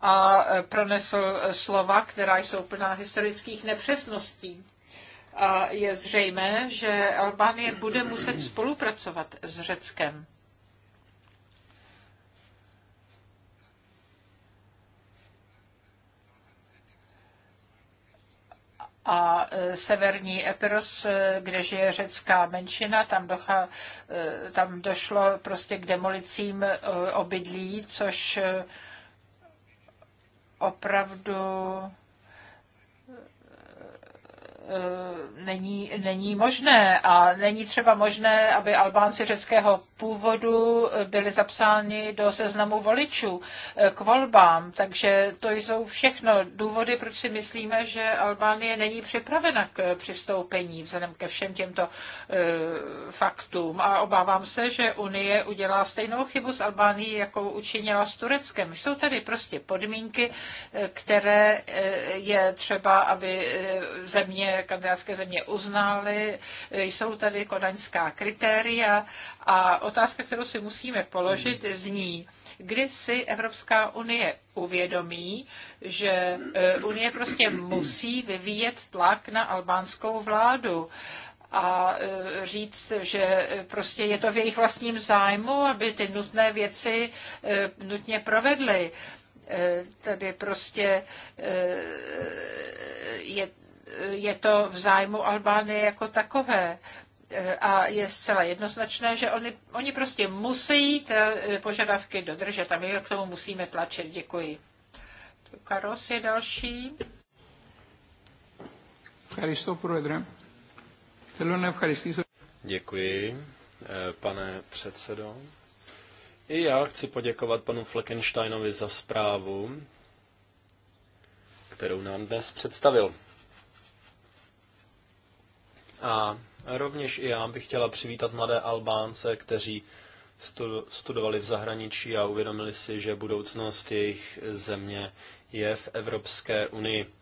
a e, pronesl e, slova, která jsou plná historických nepřesností. A je zřejmé, že Albánie bude muset spolupracovat s Řeckem. a e, severní Epiros, kde žije řecká menšina, tam, docha, tam došlo prostě k demolicím obydlí, což opravdu Eh, není, není možné a není třeba možné, aby Albánci řeckého původu byli zapsáni do seznamu voličů eh, k volbám. Takže to jsou všechno důvody, proč si myslíme, že Albánie není připravena k přistoupení vzhledem ke všem těmto eh, faktům. A obávám se, že Unie udělá stejnou chybu s Albánií, jakou učinila s Tureckem. Jsou tady prostě podmínky, které je třeba, aby země kandidátské země uznaly, jsou tady kodaňská kritéria a otázka, kterou si musíme položit, zní, kdy si Evropská unie uvědomí, že e, Unie prostě musí vyvíjet tlak na albánskou vládu a e, říct, že e, prostě je to v jejich vlastním zájmu, aby ty nutné věci nutně provedly. Tady prostě je je to v zájmu Albánie jako takové. E, a je zcela jednoznačné, že oni, oni prostě musí ty e, požadavky dodržet a my k tomu musíme tlačit. Děkuji. Karos je další. Děkuji, e, pane předsedo. I já chci poděkovat panu Fleckensteinovi za zprávu, kterou nám dnes představil. A rovněž i já bych chtěla přivítat mladé Albánce, kteří studovali v zahraničí a uvědomili si, že budoucnost jejich země je v Evropské unii.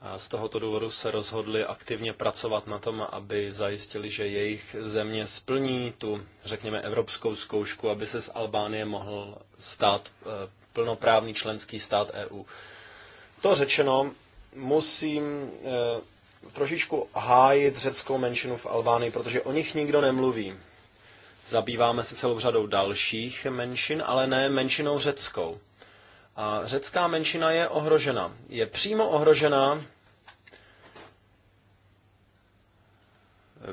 A z tohoto důvodu se rozhodli aktivně pracovat na tom, aby zajistili, že jejich země splní tu, řekněme, evropskou zkoušku, aby se z Albánie mohl stát e, plnoprávný členský stát EU. To řečeno, musím e, trošičku hájit řeckou menšinu v Albánii, protože o nich nikdo nemluví. Zabýváme se celou řadou dalších menšin, ale ne menšinou řeckou. A řecká menšina je ohrožena. Je přímo ohrožena,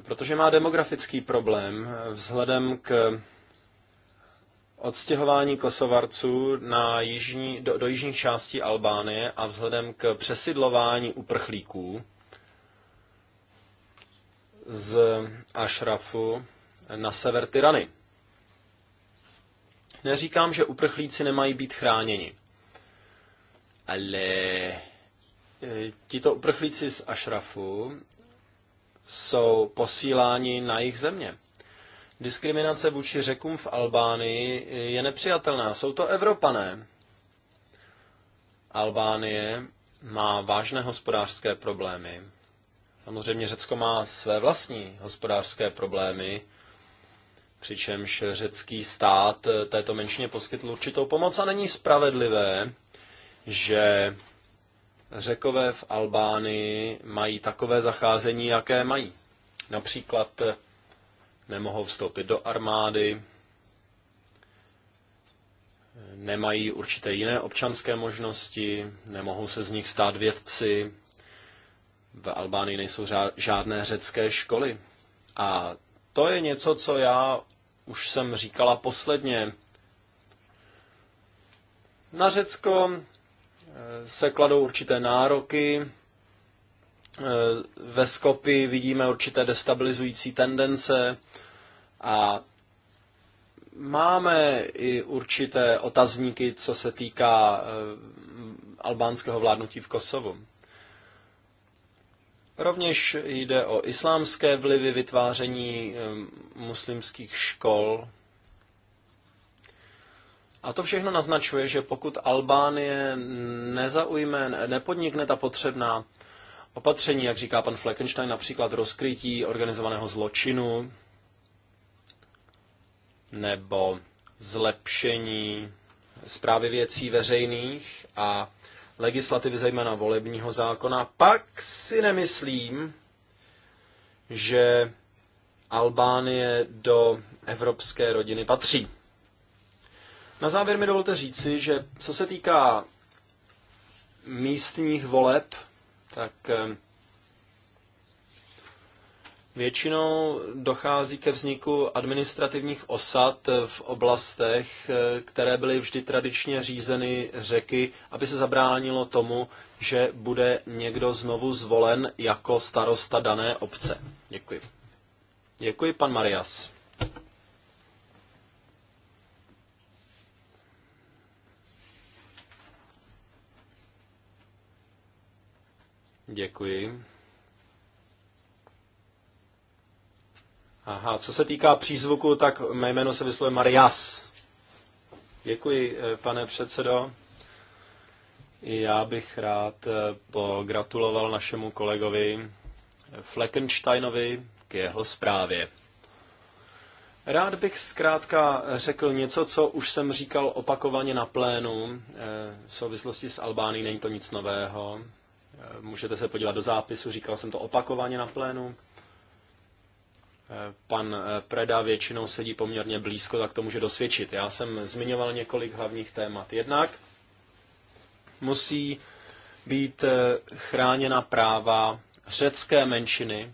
protože má demografický problém vzhledem k odstěhování kosovarců na jižní, do, do jižních částí Albánie a vzhledem k přesidlování uprchlíků z Ašrafu na sever Tyrany. Neříkám, že uprchlíci nemají být chráněni, ale e, tito uprchlíci z Ašrafu jsou posíláni na jejich země. Diskriminace vůči řekům v Albánii je nepřijatelná. Jsou to Evropané. Albánie má vážné hospodářské problémy Samozřejmě Řecko má své vlastní hospodářské problémy, přičemž řecký stát eh, této menšině poskytl určitou pomoc a není spravedlivé, že Řekové v Albánii mají takové zacházení, jaké mají. Například eh, nemohou vstoupit do armády, nemají určité jiné občanské možnosti, nemohou se z nich stát vědci, v Albánii nejsou žádné řecké školy. A to je něco, co já už jsem říkala posledně. Na Řecko eh, se kladou určité nároky, eh, ve Skopi vidíme určité destabilizující tendence a máme i určité otazníky, co se týká eh, albánského vládnutí v Kosovu. Rovněž jde o islámské vlivy vytváření muslimských škol. A to všechno naznačuje, že pokud Albánie nezaujme, nepodnikne ta potřebná opatření, jak říká pan Fleckenstein, například rozkrytí organizovaného zločinu nebo zlepšení zprávy věcí veřejných a legislativy, zejména volebního zákona, pak si nemyslím, že Albánie do evropské rodiny patří. Na závěr mi dovolte říci, že co se týká místních voleb, tak eh, Většinou dochází ke vzniku administrativních osad v oblastech, eh, které byly vždy tradičně řízeny řeky, aby se zabránilo tomu, že bude někdo znovu zvolen jako starosta dané obce. Děkuji. Děkuji, pan Marias. Děkuji. Aha, co se týká přízvuku, tak mé jméno se vyslovuje Marias. Děkuji, eh, pane předsedo. Já bych rád eh, pogratuloval našemu kolegovi eh, Fleckensteinovi k jeho zprávě. Rád bych zkrátka řekl něco, co už jsem říkal opakovaně na plénu. V souvislosti s Albánií není to nic nového. Můžete se podívat do zápisu, říkal jsem to opakovaně na plénu pan eh, Preda většinou sedí poměrně blízko, tak to může dosvědčit. Já jsem zmiňoval několik hlavních témat. Jednak musí být eh, chráněna práva řecké menšiny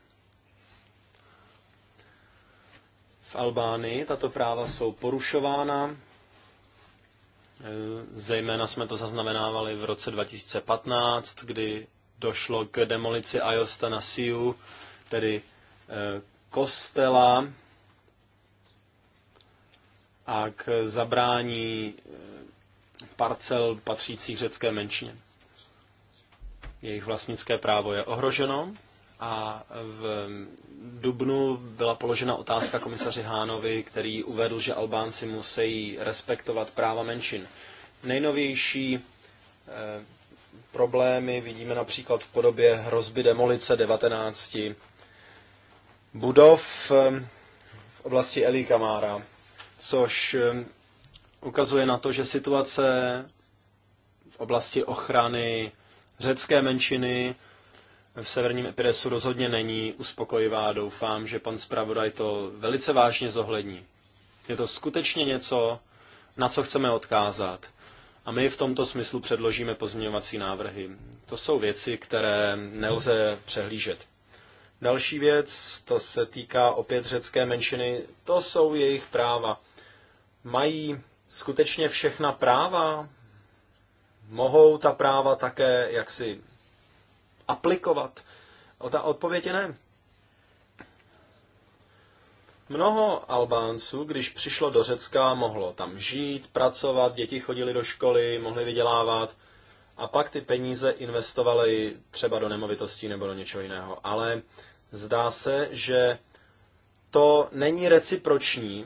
v Albánii. Tato práva jsou porušována. Eh, zejména jsme to zaznamenávali v roce 2015, kdy došlo k demolici Ajosta na Siu, tedy kostela a k zabrání eh, parcel patřících řecké menšině. Jejich vlastnické právo je ohroženo a v Dubnu byla položena otázka komisaři Hánovi, který uvedl, že Albánci musí respektovat práva menšin. Nejnovější eh, problémy vidíme například v podobě hrozby demolice 19 budov ehm, v oblasti Eli Kamára, což ehm, ukazuje na to, že situace v oblasti ochrany řecké menšiny v severním Epiresu rozhodně není uspokojivá. Doufám, že pan zpravodaj to velice vážně zohlední. Je to skutečně něco, na co chceme odkázat. A my v tomto smyslu předložíme pozměňovací návrhy. To jsou věci, které nelze přehlížet. Další věc, to se týká opět řecké menšiny, to jsou jejich práva. Mají skutečně všechna práva? Mohou ta práva také jaksi aplikovat? O ta odpověď je ne. Mnoho Albánců, když přišlo do Řecka, mohlo tam žít, pracovat, děti chodili do školy, mohli vydělávat a pak ty peníze investovali třeba do nemovitostí nebo do něčeho jiného. Ale Zdá se, že to není reciproční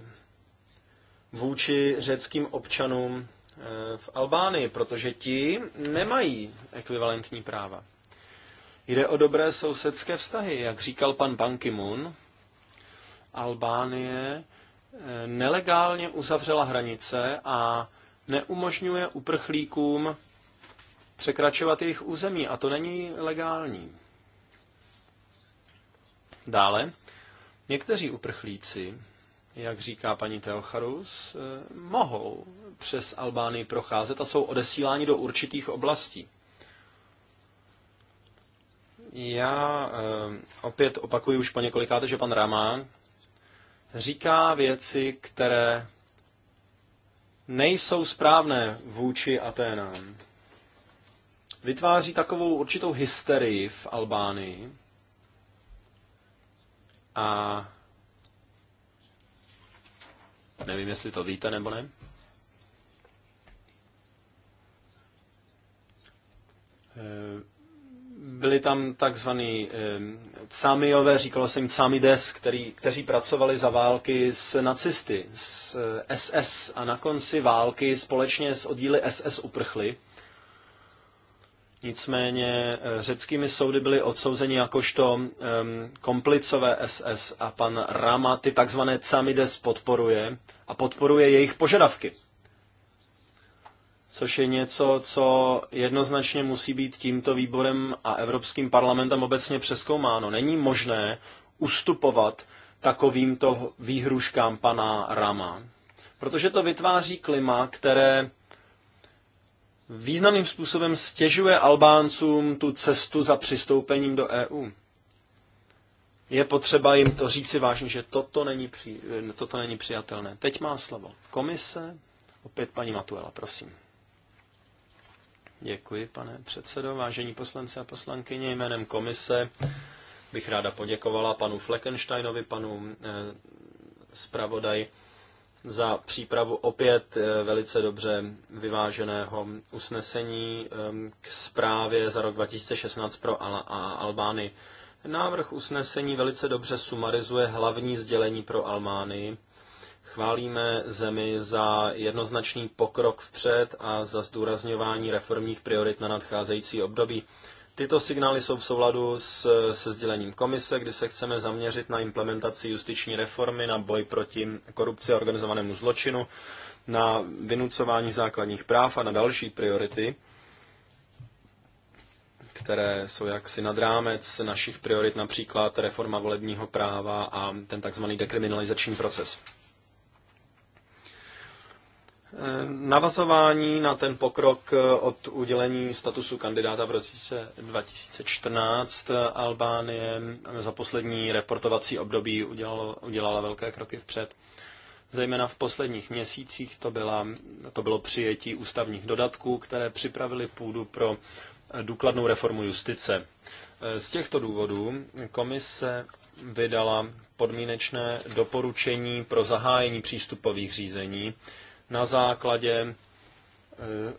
vůči řeckým občanům eh, v Albánii, protože ti nemají ekvivalentní práva. Jde o dobré sousedské vztahy. Jak říkal pan Ban Ki-moon, Albánie eh, nelegálně uzavřela hranice a neumožňuje uprchlíkům překračovat jejich území a to není legální. Dále, někteří uprchlíci, jak říká paní Teocharus, eh, mohou přes Albánii procházet a jsou odesíláni do určitých oblastí. Já eh, opět opakuji už po několikáte, že pan Rama říká věci, které nejsou správné vůči Aténám. Vytváří takovou určitou hysterii v Albánii, a nevím, jestli to víte nebo ne. Eh, byli tam takzvaný eh, camiové, říkalo se jim camides, který, kteří pracovali za války s nacisty, s SS eh, a na konci války společně s oddíly SS uprchli Nicméně eh, řeckými soudy byli odsouzeni jakožto um, komplicové SS a pan Rama ty takzvané Camides podporuje a podporuje jejich požadavky. Což je něco, co jednoznačně musí být tímto výborem a Evropským parlamentem obecně přeskoumáno. Není možné ustupovat takovýmto výhruškám pana Rama. Protože to vytváří klima, které významným způsobem stěžuje Albáncům tu cestu za přistoupením do EU. Je potřeba jim to říci vážně, že toto není, při, toto není přijatelné. Teď má slovo komise, opět paní Matuela, prosím. Děkuji, pane předsedo. Vážení poslanci a poslankyně, jménem komise bych ráda poděkovala panu Fleckensteinovi, panu eh, zpravodaj za přípravu opět eh, velice dobře vyváženého usnesení ehm, k zprávě za rok 2016 pro Al- Albány. Návrh usnesení velice dobře sumarizuje hlavní sdělení pro Almány. Chválíme zemi za jednoznačný pokrok vpřed a za zdůrazňování reformních priorit na nadcházející období. Tyto signály jsou v souladu s, se sdělením komise, kdy se chceme zaměřit na implementaci justiční reformy, na boj proti korupci a organizovanému zločinu, na vynucování základních práv a na další priority, které jsou jaksi nad rámec našich priorit, například reforma volebního práva a ten tzv. dekriminalizační proces. Eh, navazování na ten pokrok eh, od udělení statusu kandidáta v roce 2014 eh, Albánie za poslední reportovací období udělalo, udělala velké kroky vpřed. Zejména v posledních měsících to, byla, to bylo přijetí ústavních dodatků, které připravili půdu pro důkladnou reformu justice. Z těchto důvodů komise vydala podmínečné doporučení pro zahájení přístupových řízení, na základě eh,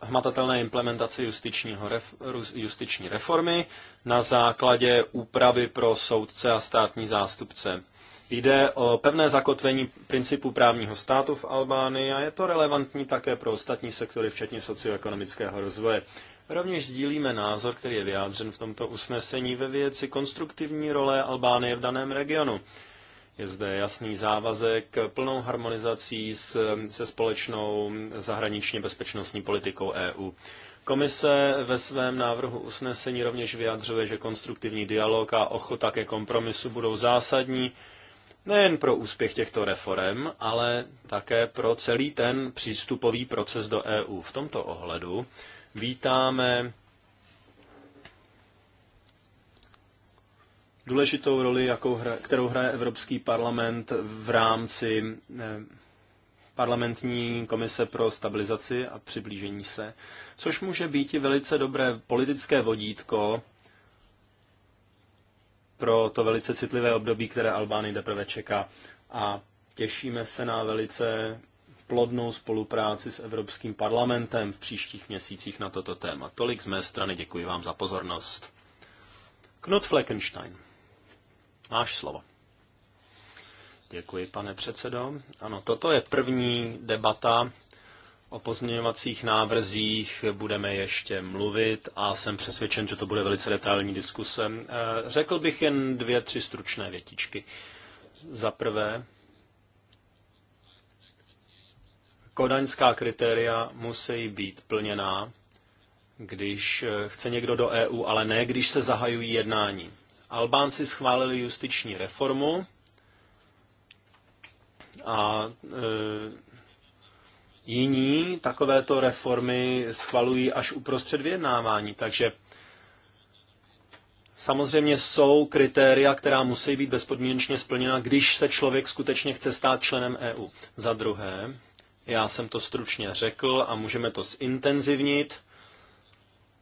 hmatatelné implementace justičního ref, justiční reformy na základě úpravy pro soudce a státní zástupce. Jde o pevné zakotvení principu právního státu v Albánii a je to relevantní také pro ostatní sektory, včetně socioekonomického rozvoje. Rovněž sdílíme názor, který je vyjádřen v tomto usnesení ve věci konstruktivní role Albánie v daném regionu. Je zde jasný závazek plnou harmonizací s, se společnou zahraničně bezpečnostní politikou EU. Komise ve svém návrhu usnesení rovněž vyjadřuje, že konstruktivní dialog a ochota ke kompromisu budou zásadní nejen pro úspěch těchto reform, ale také pro celý ten přístupový proces do EU. V tomto ohledu vítáme důležitou roli, jakou hra, kterou hraje Evropský parlament v rámci eh, parlamentní komise pro stabilizaci a přiblížení se, což může být i velice dobré politické vodítko pro to velice citlivé období, které Albány teprve čeká. A těšíme se na velice plodnou spolupráci s Evropským parlamentem v příštích měsících na toto téma. Tolik z mé strany, děkuji vám za pozornost. Knut Fleckenstein. Máš slovo. Děkuji, pane předsedo. Ano, toto je první debata o pozměňovacích návrzích. Budeme ještě mluvit a jsem přesvědčen, že to bude velice detailní diskuse. Eh, řekl bych jen dvě, tři stručné větičky. Za prvé, kodaňská kritéria musí být plněná, když eh, chce někdo do EU, ale ne když se zahajují jednání. Albánci schválili justiční reformu a e, jiní takovéto reformy schvalují až uprostřed vyjednávání. Takže samozřejmě jsou kritéria, která musí být bezpodmínečně splněna, když se člověk skutečně chce stát členem EU. Za druhé, já jsem to stručně řekl a můžeme to zintenzivnit.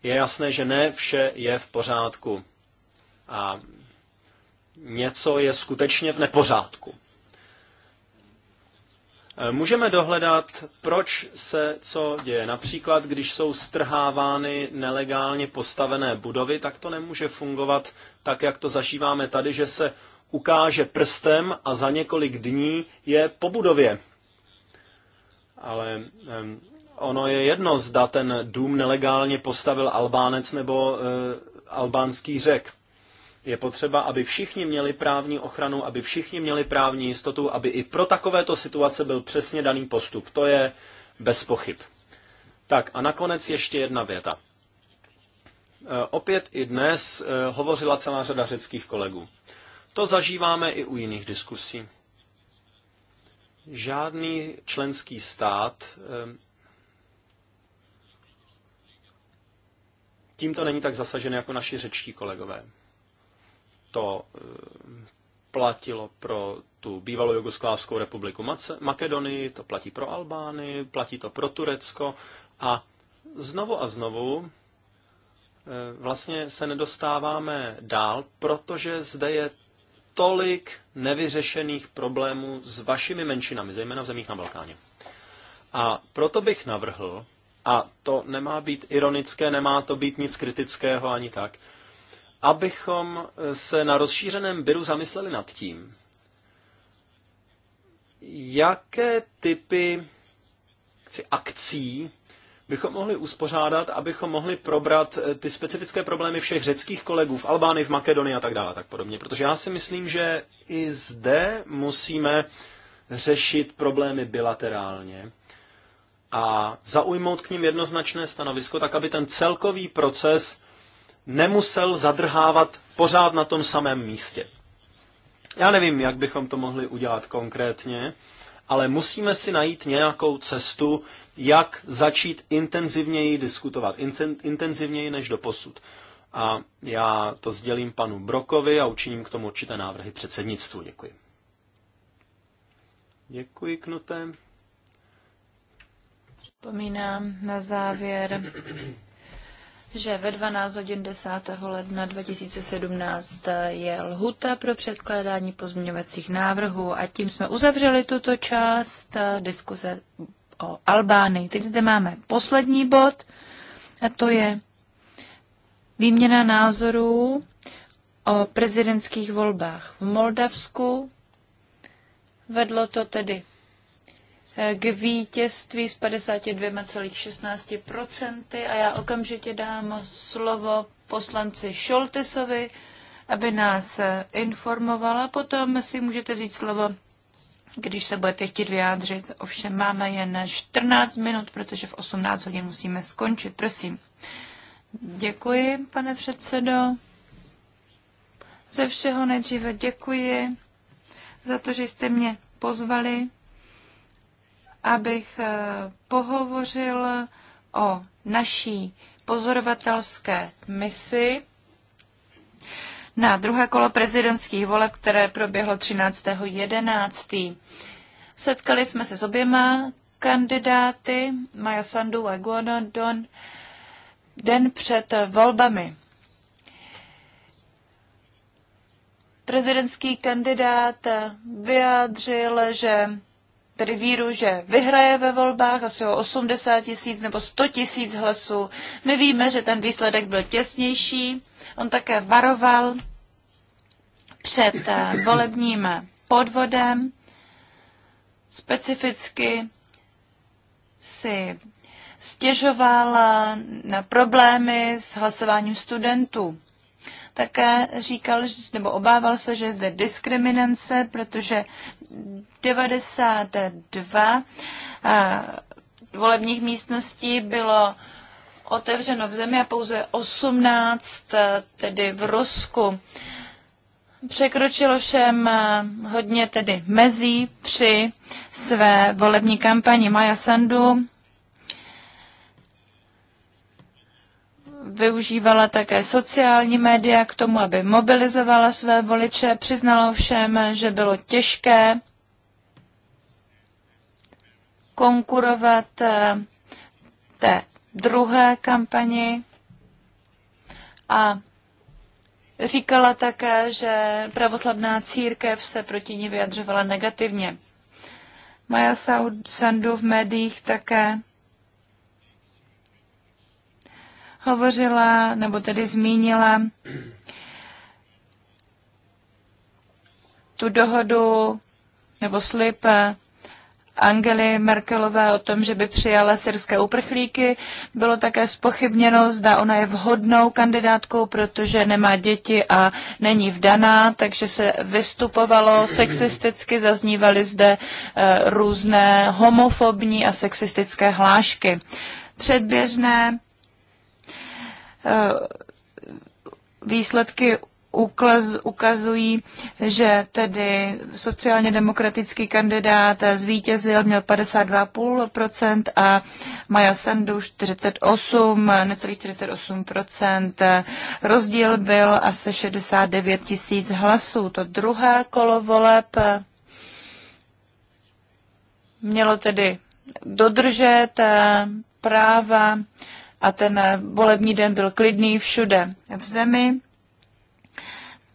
Je jasné, že ne vše je v pořádku a něco je skutečně v nepořádku. E, můžeme dohledat, proč se co děje. Například, když jsou strhávány nelegálně postavené budovy, tak to nemůže fungovat tak, jak to zažíváme tady, že se ukáže prstem a za několik dní je po budově. Ale ono je jedno, zda ten dům nelegálně postavil Albánec nebo e, albánský řek. Je potřeba, aby všichni měli právní ochranu, aby všichni měli právní jistotu, aby i pro takovéto situace byl přesně daný postup. To je bez pochyb. Tak a nakonec ještě jedna věta. E, opět i dnes e, hovořila celá řada řeckých kolegů. To zažíváme i u jiných diskusí. Žádný členský stát e, tímto není tak zasažen jako naši řečtí kolegové to eh, platilo pro tu bývalou Jugoslávskou republiku Makedonii, to platí pro Albány, platí to pro Turecko a znovu a znovu eh, vlastně se nedostáváme dál, protože zde je tolik nevyřešených problémů s vašimi menšinami, zejména v zemích na Balkáně. A proto bych navrhl, a to nemá být ironické, nemá to být nic kritického ani tak, abychom eh, se na rozšířeném byru zamysleli nad tím, jaké typy akcí bychom mohli uspořádat, abychom mohli probrat eh, ty specifické problémy všech řeckých kolegů v Albánii, v Makedonii a tak dále, tak podobně. Protože já si myslím, že i zde musíme řešit problémy bilaterálně a zaujmout k ním jednoznačné stanovisko, tak aby ten celkový proces nemusel zadrhávat pořád na tom samém místě. Já nevím, jak bychom to mohli udělat konkrétně, ale musíme si najít nějakou cestu, jak začít intenzivněji diskutovat, intenzivněji než do posud. A já to sdělím panu Brokovi a učiním k tomu určité návrhy předsednictvu. Děkuji. Děkuji, Knute. Vzpomínám na závěr že ve 12 hodin 10. ledna 2017 je lhuta pro předkládání pozměňovacích návrhů a tím jsme uzavřeli tuto část eh, diskuze o Albánii. Teď zde máme poslední bod a to je výměna názorů o prezidentských volbách v Moldavsku. Vedlo to tedy k vítězství s 52,16% a já okamžitě dám slovo poslanci Šoltesovi, aby nás informovala. Potom si můžete vzít slovo, když se budete chtít vyjádřit. Ovšem máme jen 14 minut, protože v 18 hodin musíme skončit. Prosím. Děkuji, pane předsedo. Ze všeho nejdříve děkuji za to, že jste mě pozvali abych eh, pohovořil o naší pozorovatelské misi na druhé kolo prezidentských voleb, které proběhlo 13.11. Setkali jsme se s oběma kandidáty, Maja Sandu a Guanadon, den před volbami. Prezidentský kandidát vyjádřil, že tedy víru, že vyhraje ve volbách asi o 80 tisíc nebo 100 tisíc hlasů. My víme, že ten výsledek byl těsnější. On také varoval před eh, volebním podvodem. Specificky si stěžoval eh, na problémy s hlasováním studentů také říkal, nebo obával se, že je zde diskriminace, protože 92 eh, volebních místností bylo otevřeno v zemi a pouze 18, eh, tedy v Rusku. Překročilo všem eh, hodně tedy mezí při své volební kampani Maja Sandu využívala také sociální média k tomu, aby mobilizovala své voliče. Přiznala všem, že bylo těžké konkurovat eh, té druhé kampani a říkala také, že pravoslavná církev se proti ní vyjadřovala negativně. Maja Sandu v médiích také hovořila, nebo tedy zmínila tu dohodu nebo slib Angely Merkelové o tom, že by přijala syrské uprchlíky. Bylo také spochybněno, zda ona je vhodnou kandidátkou, protože nemá děti a není vdaná, takže se vystupovalo sexisticky, zaznívaly zde eh, různé homofobní a sexistické hlášky. Předběžné Eh, výsledky ukazují, že tedy sociálně demokratický kandidát zvítězil, měl 52,5% a Maja Sandu 48, necelých 48%. Rozdíl byl asi 69 tisíc hlasů. To druhé kolo voleb mělo tedy dodržet eh, práva a ten eh, volební den byl klidný všude v zemi.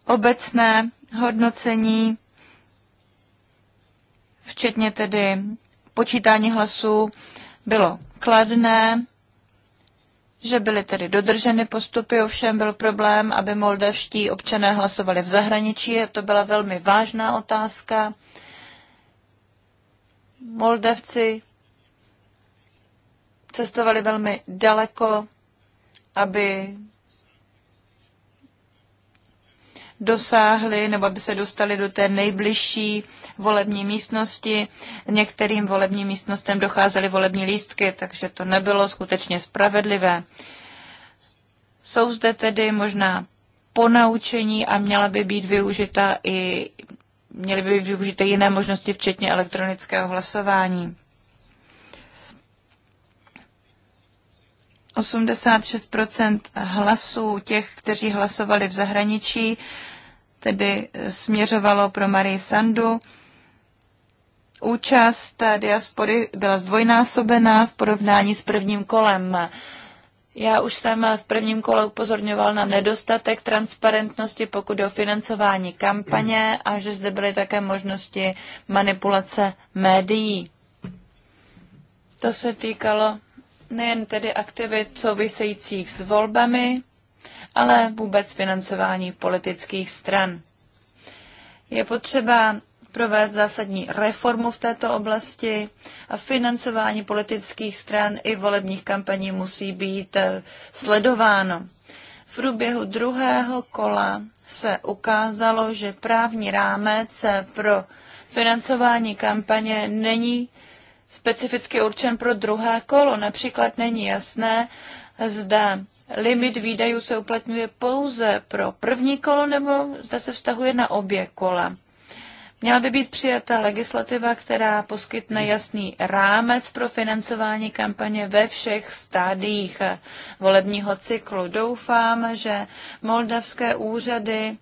Obecné hodnocení, včetně tedy počítání hlasů, bylo kladné, že byly tedy dodrženy postupy, ovšem byl problém, aby moldavští občané hlasovali v zahraničí. To byla velmi vážná otázka. Moldavci cestovali velmi daleko, aby dosáhli nebo aby se dostali do té nejbližší volební místnosti. Některým volebním místnostem docházely volební lístky, takže to nebylo skutečně spravedlivé. Jsou zde tedy možná ponaučení a měla by být využita i měly by být využity jiné možnosti, včetně elektronického hlasování. 86 hlasů těch, kteří hlasovali v zahraničí, tedy směřovalo pro Marie Sandu. Účast diaspory byla zdvojnásobená v porovnání s prvním kolem. Já už jsem v prvním kole upozorňoval na nedostatek transparentnosti, pokud o financování kampaně a že zde byly také možnosti manipulace médií. To se týkalo nejen tedy aktivit souvisejících s volbami, ale vůbec financování politických stran. Je potřeba provést zásadní reformu v této oblasti a financování politických stran i volebních kampaní musí být eh, sledováno. V průběhu druhého kola se ukázalo, že právní rámec eh, pro financování kampaně není specificky určen pro druhé kolo. Například není jasné, zda limit výdajů se uplatňuje pouze pro první kolo nebo zda se vztahuje na obě kola. Měla by být přijata legislativa, která poskytne jasný rámec pro financování kampaně ve všech stádiích volebního cyklu. Doufám, že moldavské úřady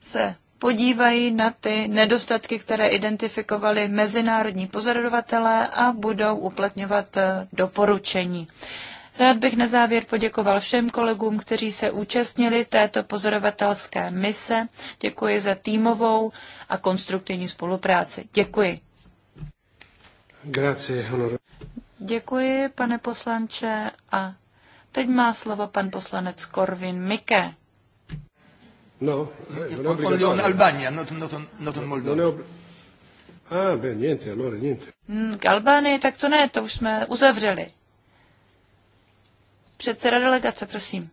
se podívají na ty nedostatky, které identifikovali mezinárodní pozorovatelé a budou uplatňovat eh, doporučení. Rád bych na závěr poděkoval všem kolegům, kteří se účastnili této pozorovatelské mise. Děkuji za týmovou a konstruktivní spolupráci. Děkuji. Grazie, honor. Děkuji, pane poslanče. A teď má slovo pan poslanec Korvin Mike. No, eh, non è obbligatorio. On, no, on Albania, not, not, no, no, Moldova. Non è ob... Ah, beh, niente, allora niente. Mm, k Albánii, tak to ne, to už jsme uzavřeli. Předseda delegace, prosím.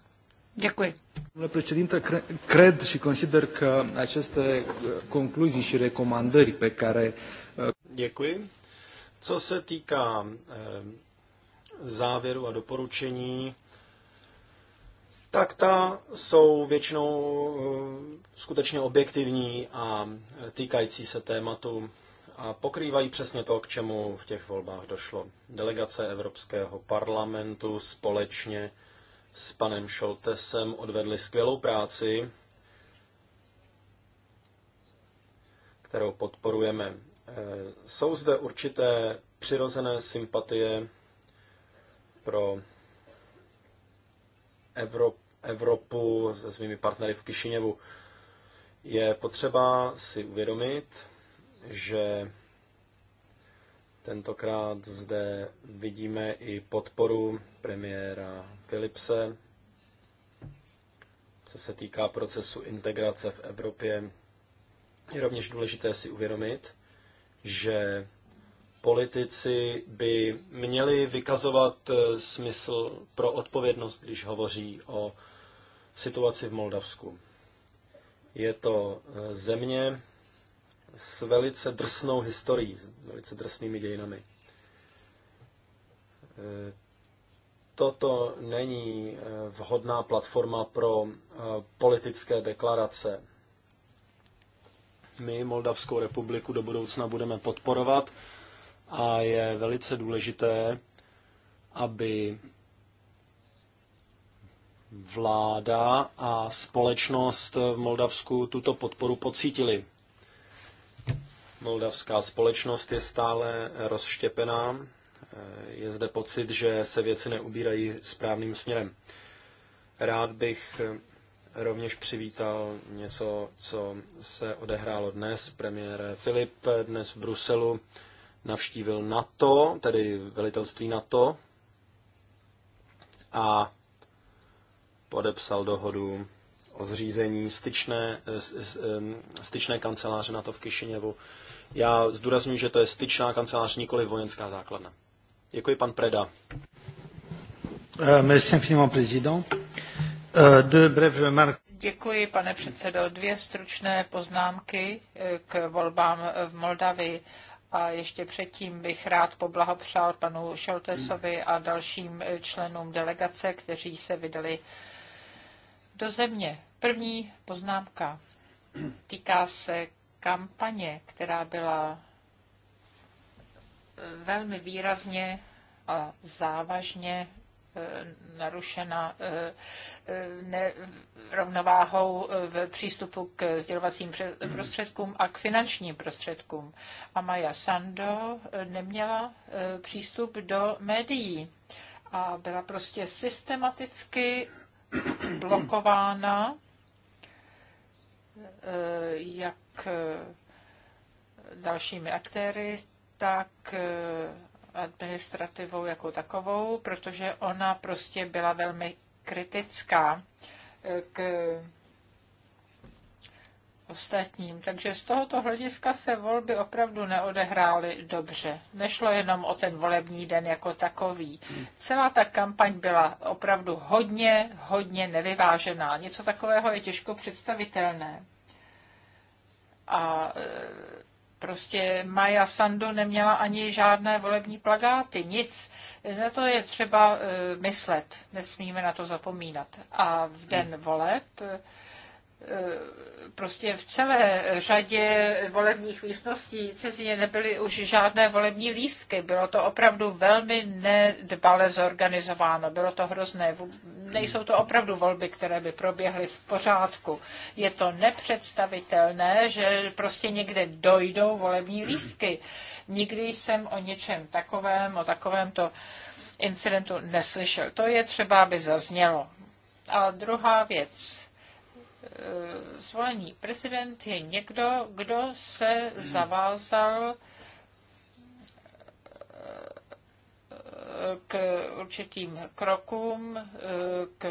Děkuji. Domnule președinte, cred și consider că aceste eh, concluzii și recomandări pe care... Eh, Děkuji. Co se týká eh, závěru a doporučení, tak ta jsou většinou eh, skutečně objektivní a týkající se tématu a pokrývají přesně to, k čemu v těch volbách došlo. Delegace Evropského parlamentu společně s panem Šoltesem odvedli skvělou práci, kterou podporujeme. Eh, jsou zde určité přirozené sympatie pro Evropu se svými partnery v Kišiněvu. Je potřeba si uvědomit, že tentokrát zde vidíme i podporu premiéra Philipse, co se týká procesu integrace v Evropě. Je rovněž důležité si uvědomit, že politici by měli vykazovat eh, smysl pro odpovědnost, když hovoří o situaci v Moldavsku. Je to eh, země s velice drsnou historií, s velice drsnými dějinami. Eh, toto není vhodná platforma pro politické deklarace. My Moldavskou republiku do budoucna budeme podporovat a je velice důležité, aby vláda a společnost v Moldavsku tuto podporu pocítili. Moldavská společnost je stále rozštěpená. Je zde pocit, že se věci neubírají správným směrem. Rád bych rovněž přivítal něco, co se odehrálo dnes. Premiér Filip dnes v Bruselu navštívil NATO, tedy velitelství NATO, a podepsal dohodu o zřízení styčné, styčné kanceláře NATO v Kišiněvu. Já zdůraznuju, že to je styčná kancelář, nikoli vojenská základna. Děkuji, pan Preda. Euh, merci infiniment, président. Euh, Děkuji, pane předsedo. Dvě stručné poznámky eh, k volbám v Moldavii. A ještě předtím bych rád poblahopřál panu Šeltesovi a dalším členům delegace, kteří se vydali do země. První poznámka týká se kampaně, která byla velmi výrazně a závažně Eh, narušena eh, eh, rovnováhou v přístupu k sdělovacím prostředkům a k finančním prostředkům. A Maja Sando neměla přístup do médií a byla prostě systematicky *clears throat* blokována, jak dalšími aktéry, tak administrativou jako takovou, protože ona prostě byla velmi kritická eh, k ostatním. Takže z tohoto hlediska se volby opravdu neodehrály dobře. Nešlo jenom o ten volební den jako takový. Celá ta kampaň byla opravdu hodně, hodně nevyvážená. Něco takového je těžko představitelné. A eh, Prostě Maja Sandu neměla ani žádné volební plagáty, nic. Na to je třeba eh, myslet, nesmíme na to zapomínat. A v den voleb eh, E, prostě v celé řadě volebních místností cizině nebyly už žádné volební lístky. Bylo to opravdu velmi nedbale zorganizováno. Bylo to hrozné. Nejsou to opravdu volby, které by proběhly v pořádku. Je to nepředstavitelné, že prostě někde dojdou volební lístky. Nikdy jsem o něčem takovém, o takovémto incidentu neslyšel. To je třeba, aby zaznělo. A druhá věc Eh, zvolený prezident je někdo, kdo se zavázal eh, k určitým krokům, eh, k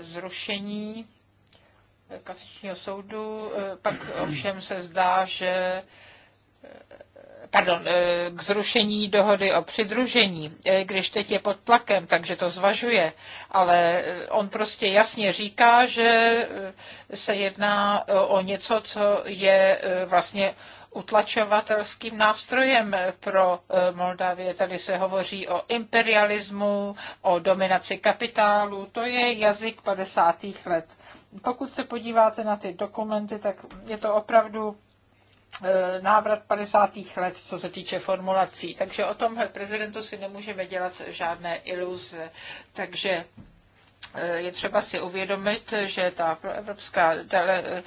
zrušení kasičního soudu. Pak ovšem se zdá, že pardon, eh, k zrušení dohody o přidružení, eh, když teď je pod tlakem, takže to zvažuje, ale eh, on prostě jasně říká, že se jedná o něco, co je vlastně utlačovatelským nástrojem pro Moldavie. Tady se hovoří o imperialismu, o dominaci kapitálu. To je jazyk 50. let. Pokud se podíváte na ty dokumenty, tak je to opravdu E, návrat 50. let, co se týče formulací. Takže o tomhle prezidentu si nemůžeme dělat žádné iluze. Takže e, je třeba si uvědomit, že ta evropská dele,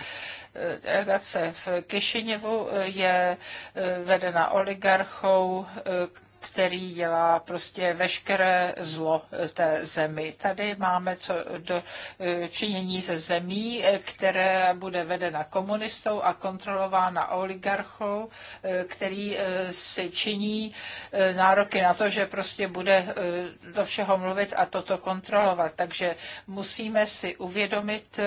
e, delegace v Kišiněvu je vedena oligarchou, který dělá prostě veškeré zlo eh, té zemi. Tady máme co do eh, činění ze zemí, eh, které bude vedena komunistou a kontrolována oligarchou, který si činí nároky na to, že prostě bude do všeho mluvit a toto kontrolovat. Takže musíme si uvědomit,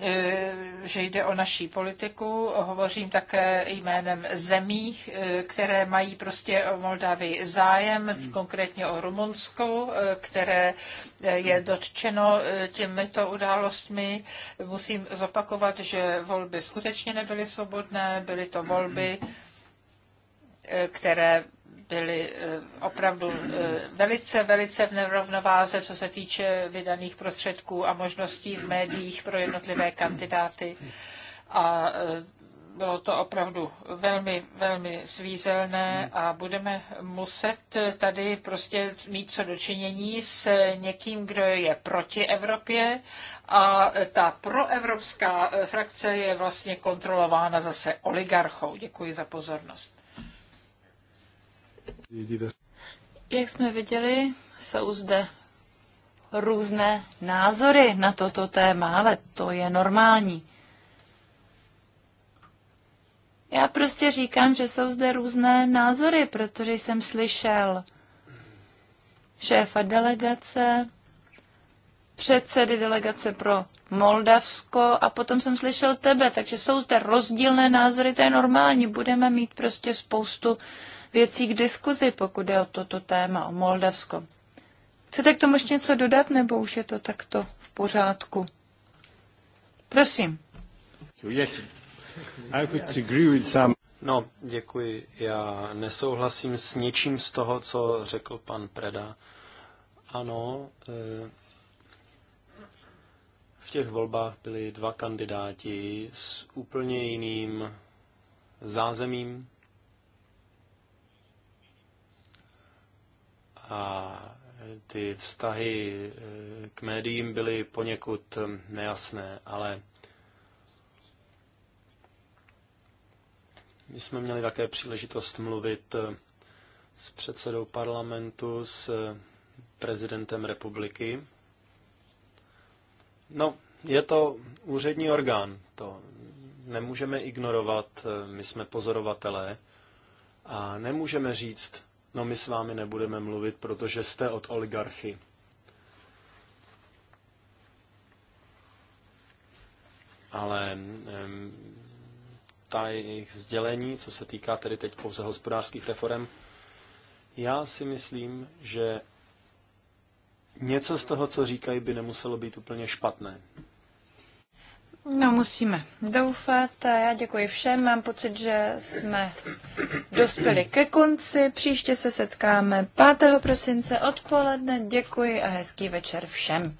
Eh, že jde o naší politiku. Hovořím také jménem zemí, eh, které mají prostě o Moldávii zájem, hmm. konkrétně o Rumunsku, eh, které je hmm. dotčeno těmito událostmi. Musím zopakovat, že volby skutečně nebyly svobodné, byly to volby, hmm. které byly eh, opravdu eh, velice, velice v nerovnováze, co se týče vydaných prostředků a možností v médiích pro jednotlivé kandidáty. A eh, bylo to opravdu velmi, velmi svízelné a budeme muset tady prostě mít co dočinění s někým, kdo je proti Evropě a ta proevropská frakce je vlastně kontrolována zase oligarchou. Děkuji za pozornost. Jak jsme viděli, jsou zde různé názory na toto téma, ale to je normální. Já prostě říkám, že jsou zde různé názory, protože jsem slyšel šéfa delegace, předsedy delegace pro Moldavsko a potom jsem slyšel tebe, takže jsou zde rozdílné názory, to je normální, budeme mít prostě spoustu věcí k diskuzi, pokud je o toto téma, o Moldavsko. Chcete k tomu ještě něco dodat, nebo už je to takto v pořádku? Prosím. No, děkuji. Já nesouhlasím s ničím z toho, co řekl pan Preda. Ano, eh, v těch volbách byli dva kandidáti s úplně jiným zázemím, a ty vztahy eh, k médiím byly poněkud eh, nejasné, ale my jsme měli také příležitost mluvit eh, s předsedou parlamentu, s prezidentem republiky. No, je to úřední orgán, to nemůžeme ignorovat, my jsme pozorovatelé a nemůžeme říct, no my s vámi nebudeme mluvit, protože jste od oligarchy. Ale ta jejich sdělení, co se týká tedy teď pouze hospodářských reform, já si myslím, že něco z toho, co říkají, by nemuselo být úplně špatné. No, musíme doufat. Já děkuji všem. Mám pocit, že jsme dospěli ke konci. Příště se setkáme 5. prosince odpoledne. Děkuji a hezký večer všem.